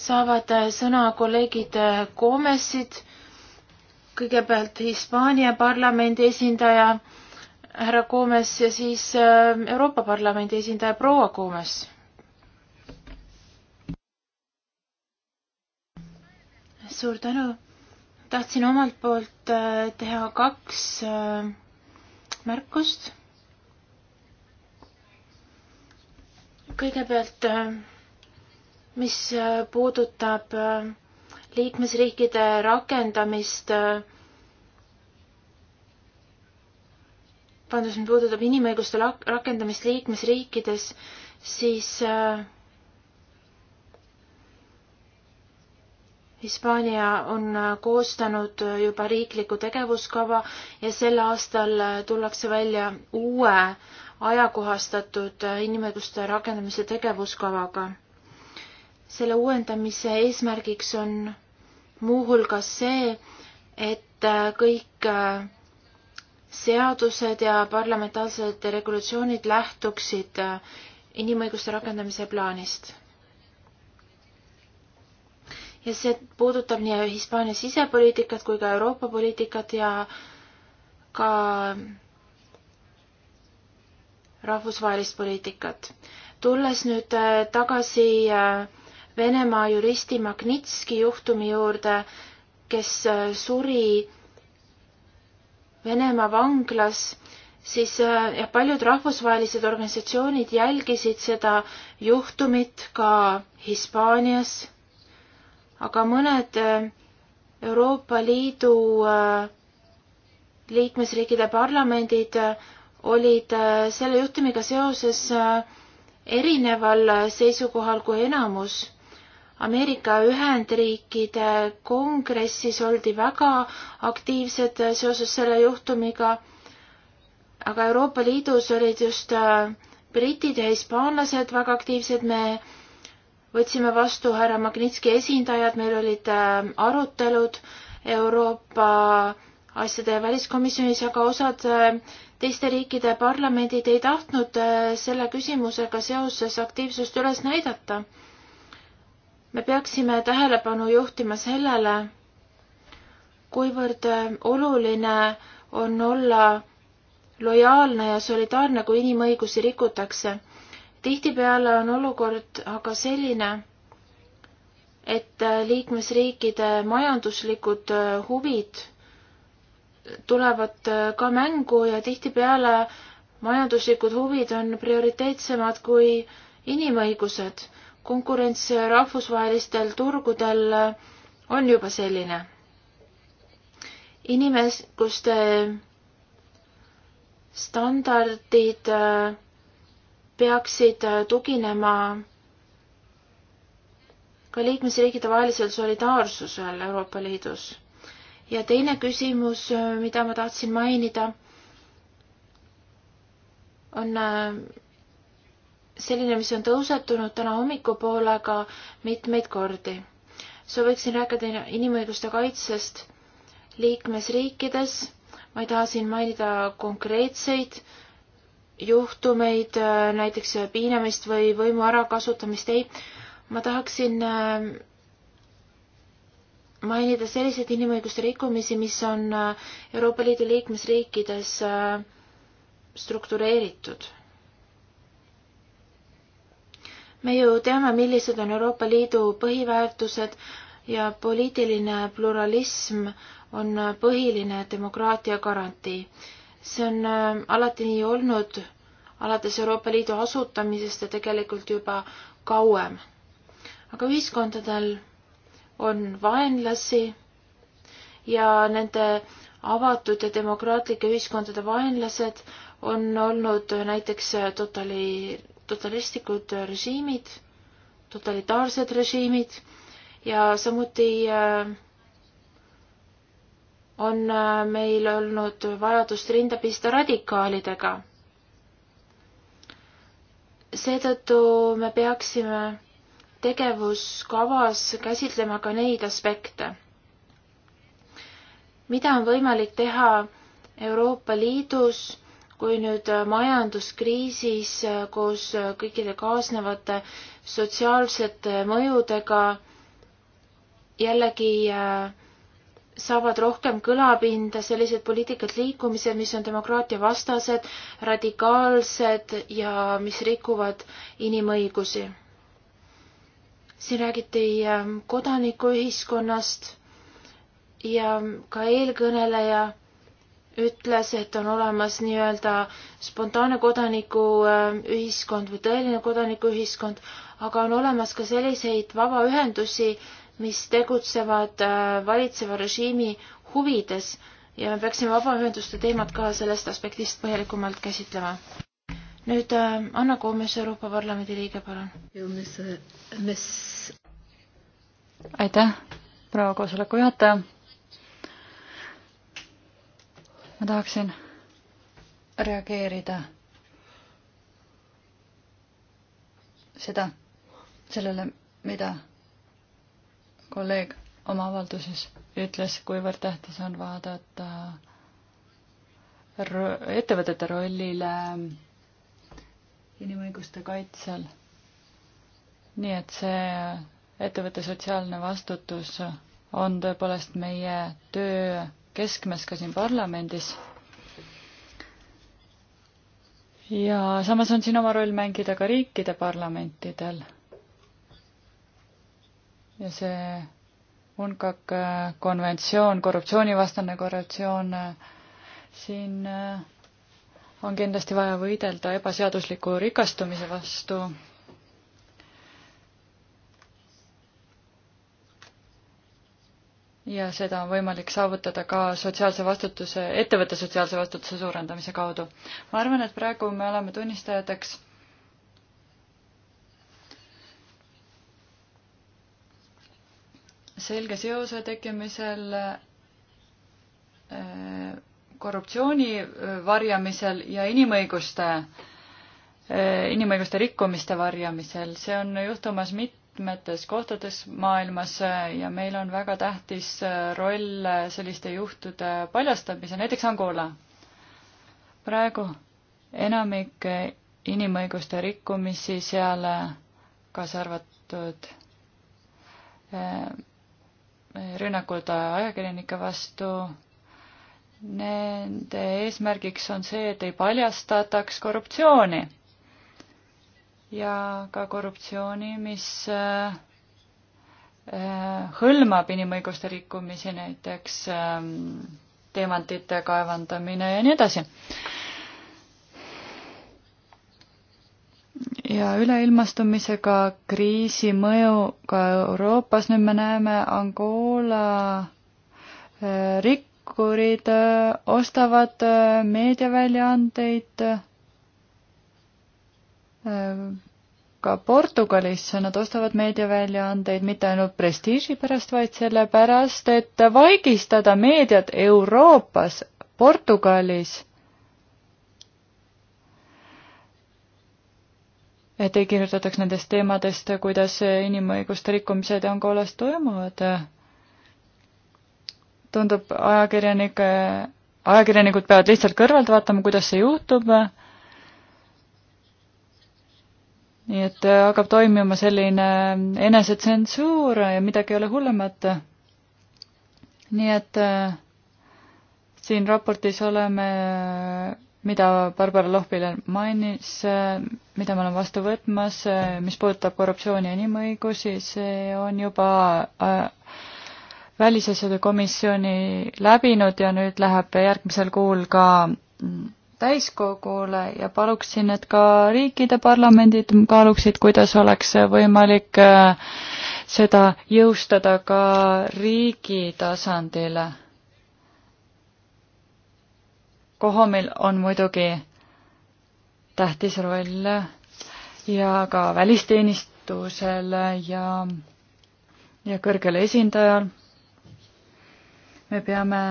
saavad äh, sõna kolleegid äh, Gomesid, kõigepealt Hispaania parlamendi esindaja härra Gomes ja siis Euroopa Parlamendi esindaja proua Gomes suur tänu. tahtsin omalt poolt äh, teha kaks äh, märkust. kõigepealt, äh, mis puudutab liikmesriikide rakendamist, vabandust, mis puudutab inimõiguste rakendamist liikmesriikides, siis äh, Hispaania on äh, koostanud äh, juba riikliku tegevuskava ja sel aastal äh, tullakse välja uue ajakohastatud inimõiguste rakendamise tegevuskavaga. selle uuendamise eesmärgiks on muuhulgas see, et kõik seadused ja parlamentaarsed regulatsioonid lähtuksid inimõiguste rakendamise plaanist ja see puudutab nii Hispaania sisepoliitikat kui ka Euroopa poliitikat ja ka rahvusvahelist poliitikat. tulles nüüd äh, tagasi äh, Venemaa juristi Magnitski juhtumi juurde, kes äh, suri Venemaa vanglas, siis jah, paljud rahvusvahelised organisatsioonid jälgisid seda juhtumit ka Hispaanias aga mõned äh, Euroopa Liidu äh, liikmesriikide parlamendid äh, olid selle juhtumiga seoses erineval seisukohal kui enamus. Ameerika Ühendriikide kongressis oldi väga aktiivsed seoses selle juhtumiga, aga Euroopa Liidus olid just britid ja hispaanlased väga aktiivsed, me võtsime vastu härra Magnitski esindajad, meil olid ähm, arutelud Euroopa asjade väliskomisjonis, aga osad ähm, teiste riikide parlamendid ei tahtnud äh, selle küsimusega seoses aktiivsust üles näidata. me peaksime tähelepanu juhtima sellele, kuivõrd ähm, oluline on olla lojaalne ja solidaarne, kui inimõigusi rikutakse tihtipeale on olukord aga selline, et liikmesriikide majanduslikud äh, huvid tulevad äh, ka mängu ja tihtipeale majanduslikud huvid on prioriteetsemad kui inimõigused. konkurents rahvusvahelistel turgudel äh, on juba selline. inimõiguste standardid äh, peaksid äh, tuginema ka liikmesriikide vahelisel solidaarsusel Euroopa Liidus. ja teine küsimus, äh, mida ma tahtsin mainida, on äh, selline, mis on tõusetunud täna hommikupoole ka mitmeid kordi. sooviksin rääkida inimõiguste kaitsest liikmesriikides. ma ei taha siin mainida konkreetseid juhtumeid, äh, näiteks äh, piinamist või võimu ärakasutamist, ei. ma tahaksin äh, mainida selliseid inimõiguste rikkumisi, mis on Euroopa Liidu liikmesriikides struktureeritud. me ju teame, millised on Euroopa Liidu põhiväärtused ja poliitiline pluralism on põhiline demokraatia garantii see on ähm, alati nii olnud, alates Euroopa Liidu asutamisest ja tegelikult juba kauem. aga ühiskondadel on vaenlasi ja nende avatud ja demokraatlike ühiskondade vaenlased on olnud näiteks totali-, totalistlikud režiimid, totalitaarsed režiimid ja samuti äh, on äh, meil olnud vajadust rinda pista radikaalidega. seetõttu me peaksime tegevuskavas käsitlema ka neid aspekte. mida on võimalik teha Euroopa Liidus, kui nüüd majanduskriisis äh, koos äh, kõikide kaasnevate sotsiaalsete mõjudega jällegi äh, saavad rohkem kõlapinda sellised poliitikad liikumised, mis on demokraatia vastased, radikaalsed ja mis rikuvad inimõigusi. siin räägiti ähm, kodanikuühiskonnast ja ka eelkõneleja ütles, et on olemas nii-öelda spontaanne kodanikuühiskond ähm, või tõeline kodanikuühiskond, aga on olemas ka selliseid vabaühendusi, mis tegutsevad äh, valitseva režiimi huvides ja me peaksime vabaühenduste teemat ka sellest aspektist põhjalikumalt käsitlema. nüüd äh, Anna Koomes, Euroopa Parlamendi liige, palun. Äh, aitäh, proua koosoleku juhataja. ma tahaksin reageerida seda, sellele, mida kolleeg oma avalduses ütles, kuivõrd tähtis on vaadata äh, ettevõtete rollile inimõiguste kaitsel. nii et see ettevõtte sotsiaalne vastutus on tõepoolest meie töö keskmes ka siin parlamendis. ja samas on siin oma roll mängida ka riikide parlamentidel ja see UNCAC äh, konventsioon, korruptsioonivastane korruptsioon, äh, siin äh, on kindlasti vaja võidelda ebaseadusliku rikastumise vastu. ja seda on võimalik saavutada ka sotsiaalse vastutuse, ettevõtte sotsiaalse vastutuse suurendamise kaudu. ma arvan, et praegu me oleme tunnistajateks selge seose tekkimisel eh, korruptsiooni eh, varjamisel ja inimõiguste, eh, inimõiguste rikkumiste varjamisel, see on juhtumas mitmetes kohtades maailmas ja meil on väga tähtis roll selliste juhtude paljastamisel, näiteks Angola. praegu enamik inimõiguste rikkumisi seal, kaasa arvatud rünnakud ajakirjanike vastu. Nende eesmärgiks on see, et ei paljastataks korruptsiooni ja ka korruptsiooni, mis äh, äh, hõlmab inimõiguste rikkumisi, näiteks ähm, teemantide kaevandamine ja nii edasi ja üleilmastumisega kriisi mõju ka Euroopas, nüüd me näeme Angola äh, rikkurid äh, ostavad äh, meediaväljaandeid ka Portugalisse, nad ostavad meediaväljaandeid mitte ainult prestiiži pärast, vaid sellepärast, et vaigistada meediat Euroopas, Portugalis et ei kirjutataks nendest teemadest, kuidas inimõiguste rikkumised Angolas toimuvad. tundub, ajakirjanike, ajakirjanikud peavad lihtsalt kõrvalt vaatama, kuidas see juhtub. nii et hakkab toimima selline enesetsensuur ja midagi ei ole hullemat. nii et äh, siin raportis oleme mida Barbara Lohbilen mainis, mida me oleme vastu võtmas, mis puudutab korruptsiooni ja inimõigusi, see on juba äh, välisasjade komisjoni läbinud ja nüüd läheb järgmisel kuul ka mm, täiskogule ja paluksin, et ka riikide parlamendid kaaluksid, kuidas oleks võimalik äh, seda jõustada ka riigi tasandile Kohomil on muidugi tähtis roll ja ka välisteenistusel ja, ja kõrgel esindajal. me peame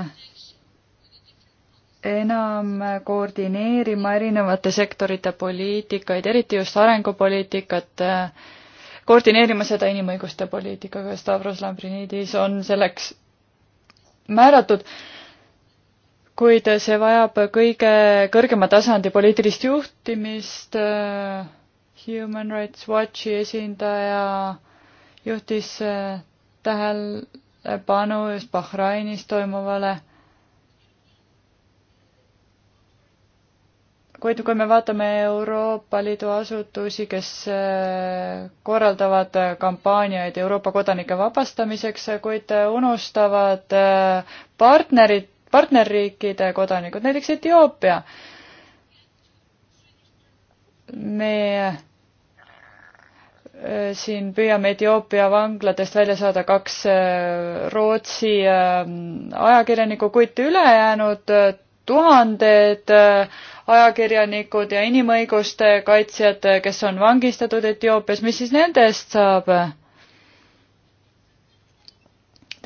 enam koordineerima erinevate sektorite poliitikaid, eriti just arengupoliitikat, koordineerima seda inimõiguste poliitikaga, Stavros Lambrinidis on selleks määratud kuid see vajab kõige kõrgema tasandi poliitilist juhtimist. Äh, Human Rights Watchi esindaja juhtis äh, tähelepanu just Bahrainis toimuvale. kuid kui me vaatame Euroopa Liidu asutusi, kes äh, korraldavad kampaaniaid Euroopa kodanike vabastamiseks, kuid unustavad partnerid partnerriikide kodanikud, näiteks Etioopia. me eh, siin püüame Etioopia vanglatest välja saada kaks eh, Rootsi eh, ajakirjanikku, kuid ülejäänud tuhanded ajakirjanikud ja inimõiguste kaitsjad, kes on vangistatud Etioopias, mis siis nende eest saab?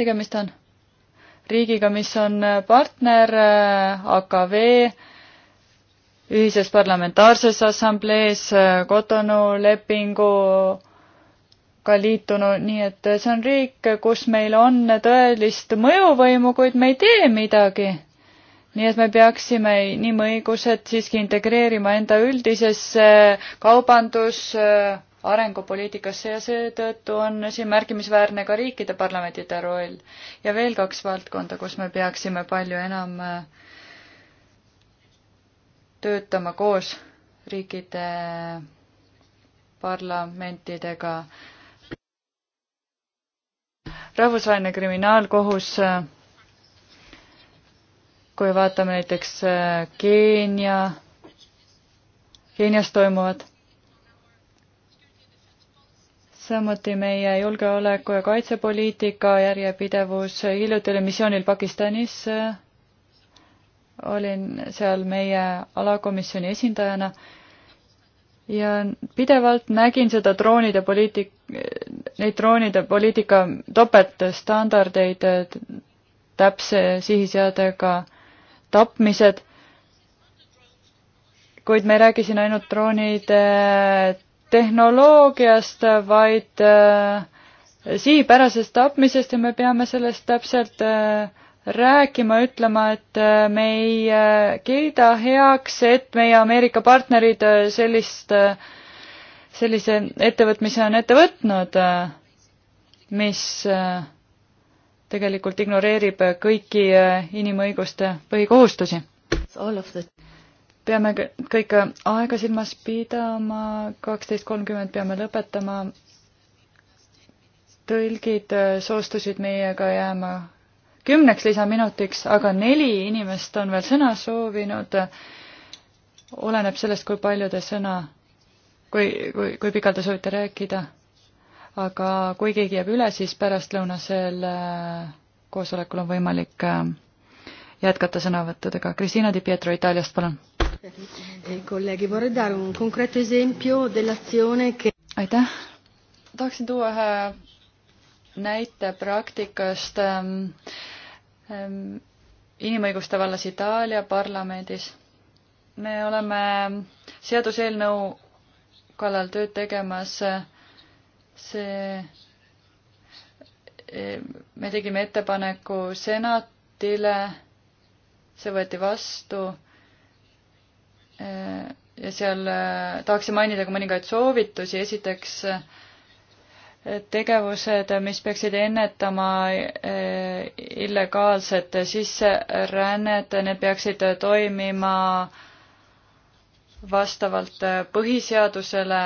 tegemist on riigiga, mis on partner äh, AKV ühises parlamentaarses assamblees äh, Cotonou lepinguga liitunud, nii et äh, see on riik, kus meil on tõelist mõjuvõimu, kuid me ei tee midagi. nii et me peaksime inimõigused siiski integreerima enda üldisesse kaubandus- arengupoliitikasse ja seetõttu on siin märkimisväärne ka riikide parlamentide roll. ja veel kaks valdkonda, kus me peaksime palju enam äh, töötama koos riikide parlamentidega. rahvusvaheline kriminaalkohus, äh, kui vaatame näiteks äh, Keenia, Keenias toimuvat, samuti meie julgeoleku ja kaitsepoliitika järjepidevus. hiljuti olin missioonil Pakistanis, olin seal meie alakomisjoni esindajana ja pidevalt nägin seda droonide poliitik-, neid droonide poliitika topeltstandardeid, täpse sihiseadega tapmised, kuid me ei räägi siin ainult droonide tehnoloogiast, vaid äh, sihipärasest tapmisest ja me peame sellest täpselt äh, rääkima, ütlema, et äh, me ei kiida heaks, et meie Ameerika partnerid sellist, sellise ettevõtmise on ette võtnud, mis tegelikult ignoreerib kõiki inimõiguste põhikohustusi peame kõike aega silmas pidama, kaksteist kolmkümmend peame lõpetama. tõlgid äh, soostusid meiega jääma kümneks lisaminutiks, aga neli inimest on veel sõna soovinud. oleneb sellest, kui palju te sõna, kui, kui, kui pikalt te soovite rääkida. aga kui keegi jääb üle, siis pärastlõunasel äh, koosolekul on võimalik äh, jätkata sõnavõttudega. Kristiina Di Pietro Itaaliast, palun Eh, aitäh, tahaksin tuua ühe näite praktikast ähm, inimõiguste vallas Itaalia parlamendis. me oleme seaduseelnõu kallal tööd tegemas. see, ehm, me tegime ettepaneku senatile, see võeti vastu Äh, ja seal äh, tahaksin mainida ka mõningaid soovitusi, esiteks äh, tegevused, mis peaksid ennetama illegaalset sisserännet, need peaksid toimima vastavalt põhiseadusele.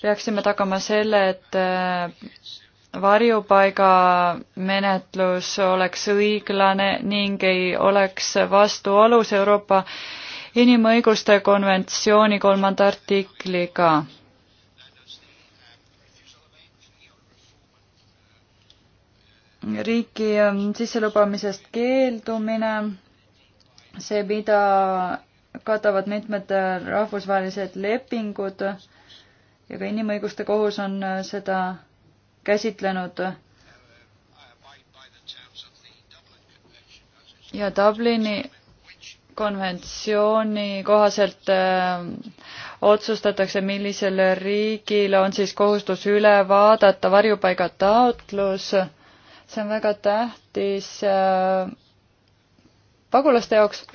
peaksime tagama selle, et varjupaigamenetlus oleks õiglane ning ei oleks vastuolus Euroopa inimõiguste konventsiooni kolmanda artikliga. riiki ähm, sisselubamisest keeldumine, see, mida katavad mitmed äh, rahvusvahelised lepingud ja ka inimõiguste kohus on äh, seda käsitlenud ja Dublini konventsiooni kohaselt äh, otsustatakse, millisel riigil on siis kohustus üle vaadata varjupaigataotlus. see on väga tähtis äh, pagulaste jaoks,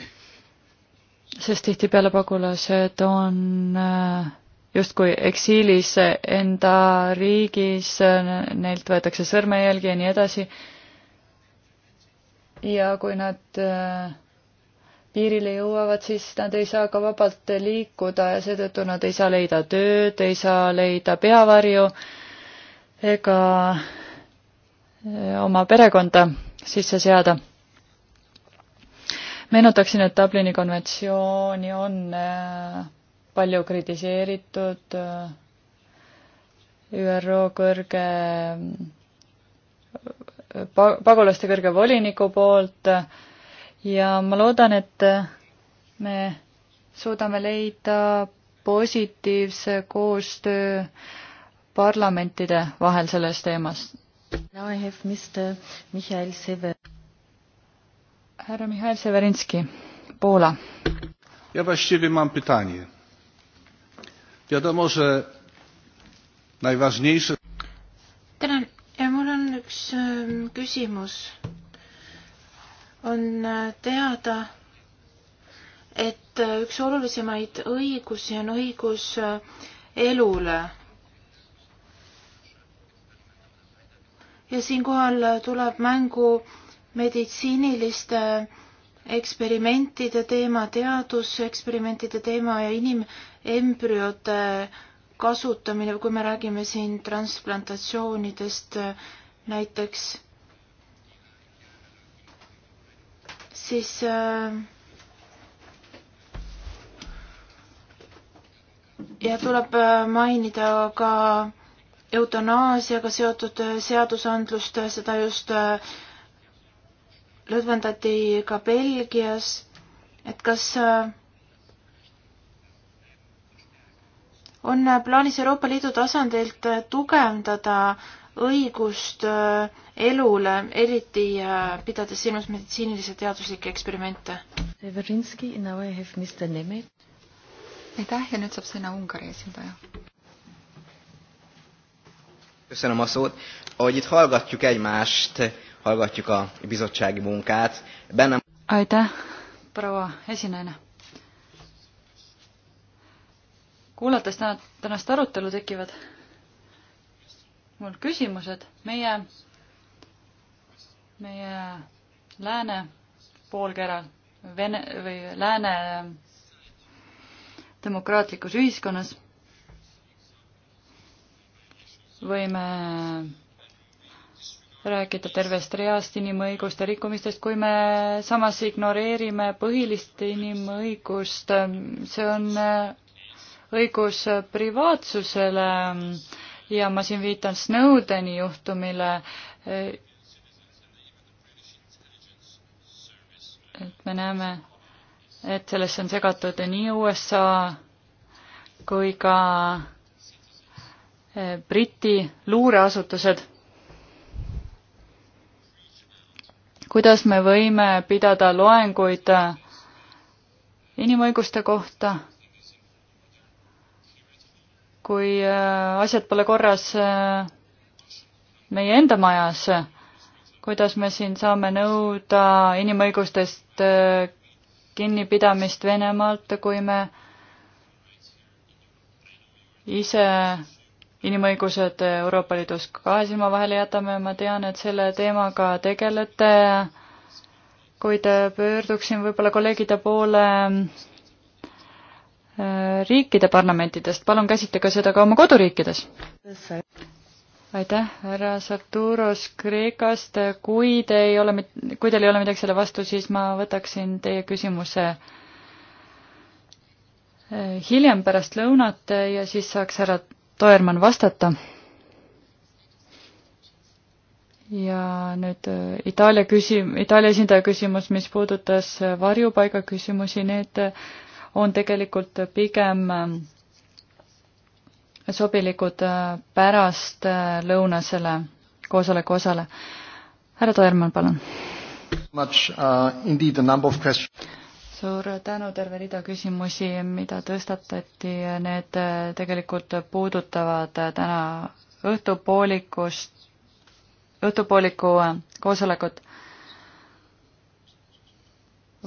sest tihtipeale pagulased on äh, justkui eksiilis enda riigis, neilt võetakse sõrmejälgi ja nii edasi. ja kui nad äh, piirile jõuavad, siis nad ei saa ka vabalt liikuda ja seetõttu nad ei saa leida tööd, ei saa leida peavarju ega äh, oma perekonda sisse seada. meenutaksin, et Dublini konventsiooni on äh, palju kritiseeritud. ÜRO kõrge, pagulaste kõrge voliniku poolt ja ma loodan, et me suudame leida positiivse koostöö parlamentide vahel selles teemas. Now I have Mr Mihhail Sever. härra Mihhail Severinski, Poola. ja właściwie mam pytanie Wiadomo, że najważniejsze... Tänan. Ja mul on üks küsimus. On e, teada, et e, üks olulisemaid õigusi on õigus e, elule. Ja siinkohal tuleb mängu meditsiiniliste õigusi eksperimentide teema, teaduseksperimentide teema ja inimembrüode kasutamine, kui me räägime siin transplantatsioonidest näiteks, siis äh, ja tuleb äh, mainida ka eutanaasiaga seotud äh, seadusandlust, seda just äh, lõdvendati ka Belgias, et kas äh, on plaanis Euroopa Liidu tasandilt tugevdada õigust äh, elule, eriti äh, pidades silmas meditsiinilisi teaduslikke eksperimente? aitäh ja nüüd saab sõna Ungari esindaja. köszönöm a szót. Ahogy itt hallgatjuk egymást, hallgatjuk a bizottsági munkát. Bennem... aitäh, proua esinaine. kuulates täna, tänast arutelu tekivad mul küsimused. meie, meie lääne poolkeral, Vene või lääne demokraatlikus ühiskonnas võime rääkida tervest reast inimõiguste rikkumistest, kui me samas ignoreerime põhilist inimõigust, see on äh, õigus privaatsusele ja ma siin viitan Snowdeni juhtumile, äh, et me näeme, et sellesse on segatud nii USA kui ka äh, Briti luureasutused kuidas me võime pidada loenguid äh, inimõiguste kohta, kui äh, asjad pole korras äh, meie enda majas, kuidas me siin saame nõuda inimõigustest kinnipidamist Venemaalt, kui me ise inimõigused Euroopa Liidus kahe silma vahele jätame, ma tean, et selle teemaga tegelete, kuid pöörduksin võib-olla kolleegide poole äh, riikide parlamentidest, palun käsitlege seda ka oma koduriikides. aitäh, härra Sarturos Kreekast, kui te ei ole, kui teil ei ole midagi selle vastu, siis ma võtaksin teie küsimuse äh, hiljem pärast lõunat ja siis saaks härra Toermann vastata. ja nüüd äh, Itaalia küsim-, Itaalia esindaja küsimus, mis puudutas äh, varjupaiga küsimusi, need äh, on tegelikult pigem sobilikud pärast lõunasele koosoleku osale. härra Toermann, palun. Much, uh, indeed, a number of questions suur tänu, terve rida küsimusi, mida tõstatati, need äh, tegelikult puudutavad äh, täna õhtupoolikust, õhtupooliku äh, koosolekut.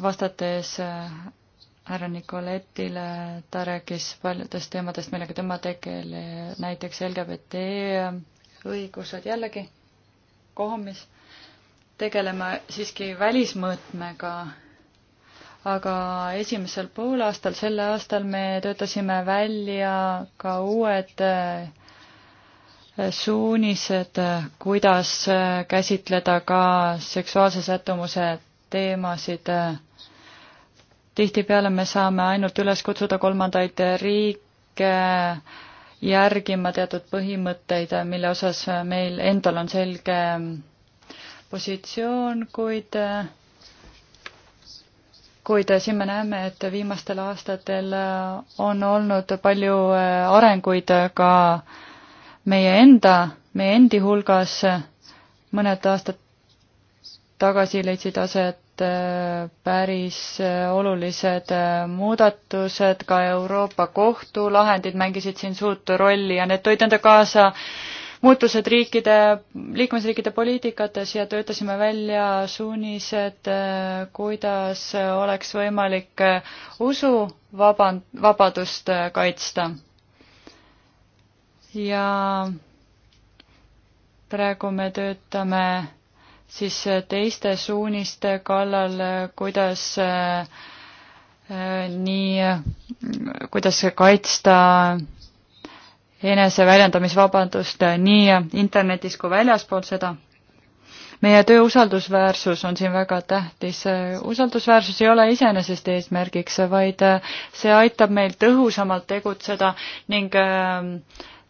vastates härra Nicoletile, ta rääkis paljudest teemadest, millega tema tegeleb, näiteks LGBT õigused jällegi, kohumis, tegeleme siiski välismõõtmega aga esimesel poolaastal, sel aastal me töötasime välja ka uued äh, suunised, kuidas äh, käsitleda ka seksuaalse sättumuse teemasid. tihtipeale me saame ainult üles kutsuda kolmandaid riike äh, järgima teatud põhimõtteid, mille osas meil endal on selge positsioon, kuid kuid siin me näeme, et viimastel aastatel on olnud palju äh, arenguid ka meie enda, meie endi hulgas. mõned aastad tagasi leidsid aset äh, päris äh, olulised muudatused, ka Euroopa Kohtu lahendid mängisid siin suurt rolli ja need tõid enda kaasa äh, muutused riikide, liikmesriikide poliitikates ja töötasime välja suunised, kuidas oleks võimalik usuvaba, vabadust kaitsta. ja praegu me töötame siis teiste suuniste kallal, kuidas eh, nii, kuidas kaitsta eneseväljendamisvabadust nii internetis kui väljaspool seda. meie töö usaldusväärsus on siin väga tähtis. usaldusväärsus ei ole iseenesest eesmärgiks, vaid see aitab meil tõhusamalt tegutseda ning ähm,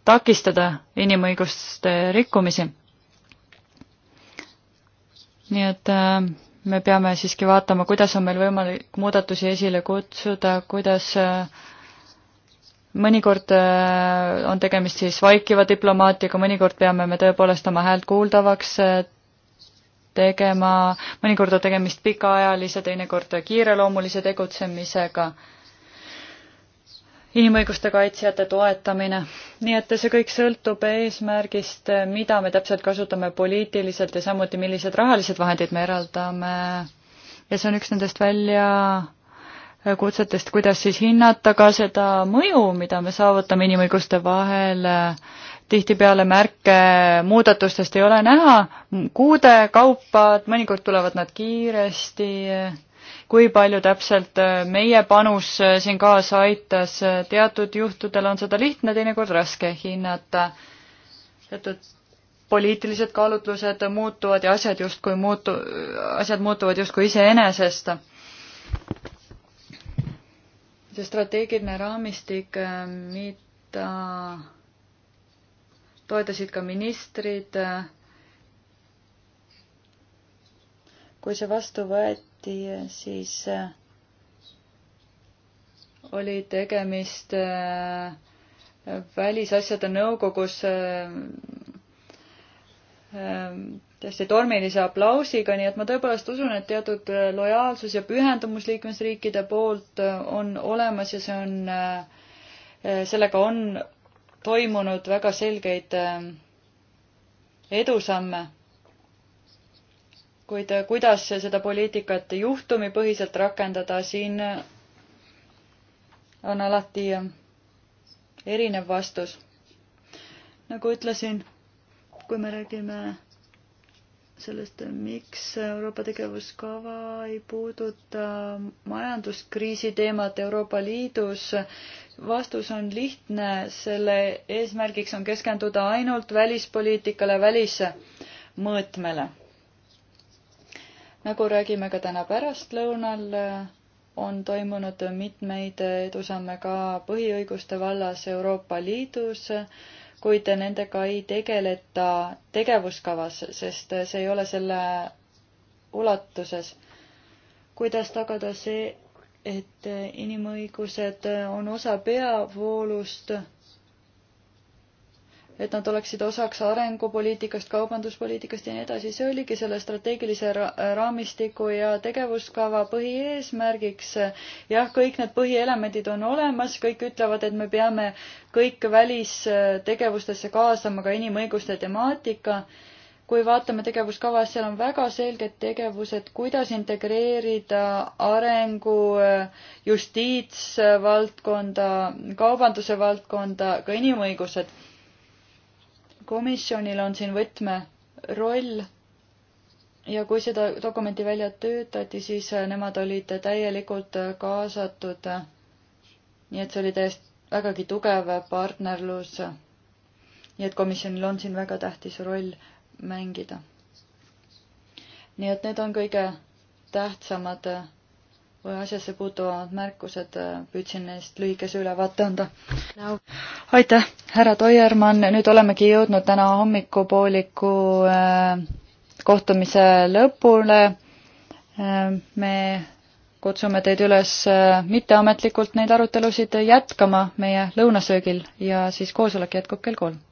takistada inimõiguste rikkumisi. nii et äh, me peame siiski vaatama, kuidas on meil võimalik muudatusi esile kutsuda, kuidas äh, mõnikord äh, on tegemist siis vaikiva diplomaatiaga, mõnikord peame me tõepoolest oma häält kuuldavaks äh, tegema, mõnikord on tegemist pikaajalise, teinekord kiireloomulise tegutsemisega, inimõiguste kaitsjate toetamine, nii et see kõik sõltub eesmärgist, mida me täpselt kasutame poliitiliselt ja samuti, millised rahalised vahendid me eraldame. ja see on üks nendest välja kutsetest, kuidas siis hinnata ka seda mõju, mida me saavutame inimõiguste vahel. tihtipeale märke muudatustest ei ole näha, kuude kaupa, mõnikord tulevad nad kiiresti. kui palju täpselt meie panus siin kaasa aitas, teatud juhtudel on seda lihtne, teinekord raske hinnata. teatud poliitilised kaalutlused muutuvad ja asjad justkui muutu-, asjad muutuvad justkui iseenesest see strateegiline raamistik, äh, mida toetasid ka ministrid, äh, kui see vastu võeti, siis äh, oli tegemist välisasjade nõukogus Ehm, täiesti tormilise aplausiga, nii et ma tõepoolest usun, et teatud äh, lojaalsus ja pühendumus liikmesriikide poolt äh, on olemas ja see on, äh, sellega on toimunud väga selgeid edusamme. kuid kuidas seda poliitikat juhtumipõhiselt rakendada, siin on alati erinev vastus. nagu ütlesin kui me räägime sellest, miks Euroopa tegevuskava ei puuduta majanduskriisi teemat Euroopa Liidus, vastus on lihtne, selle eesmärgiks on keskenduda ainult välispoliitikale, välismõõtmele. nagu räägime ka täna pärastlõunal, on toimunud mitmeid edusamme ka põhiõiguste vallas Euroopa Liidus kuid nendega ei tegeleta tegevuskavas, sest see ei ole selle ulatuses. kuidas tagada see, et inimõigused on osa peavoolust et nad oleksid osaks arengupoliitikast, kaubanduspoliitikast ja nii edasi, see oligi selle strateegilise raamistiku ja tegevuskava põhieesmärgiks. jah, kõik need põhielemendid on olemas, kõik ütlevad, et me peame kõik välistegevustesse kaasama ka inimõiguste temaatika. kui vaatame tegevuskava, siis seal on väga selged tegevused, kuidas integreerida arengu, justiitsvaldkonda, kaubanduse valdkonda, ka inimõigused komisjonil on siin võtmeroll ja kui seda dokumenti välja töötati, siis nemad olid täielikult kaasatud. nii et see oli täiesti vägagi tugev partnerlus. nii et komisjonil on siin väga tähtis roll mängida. nii et need on kõige tähtsamad asjasse puutuvad märkused, püüdsin neist lühikese ülevaate anda no.. aitäh, härra Toiermann, nüüd olemegi jõudnud täna hommikupooliku äh, kohtumise lõpule. Äh, me kutsume teid üles äh, mitteametlikult neid arutelusid jätkama meie lõunasöögil ja siis koosolek jätkub kell kolm.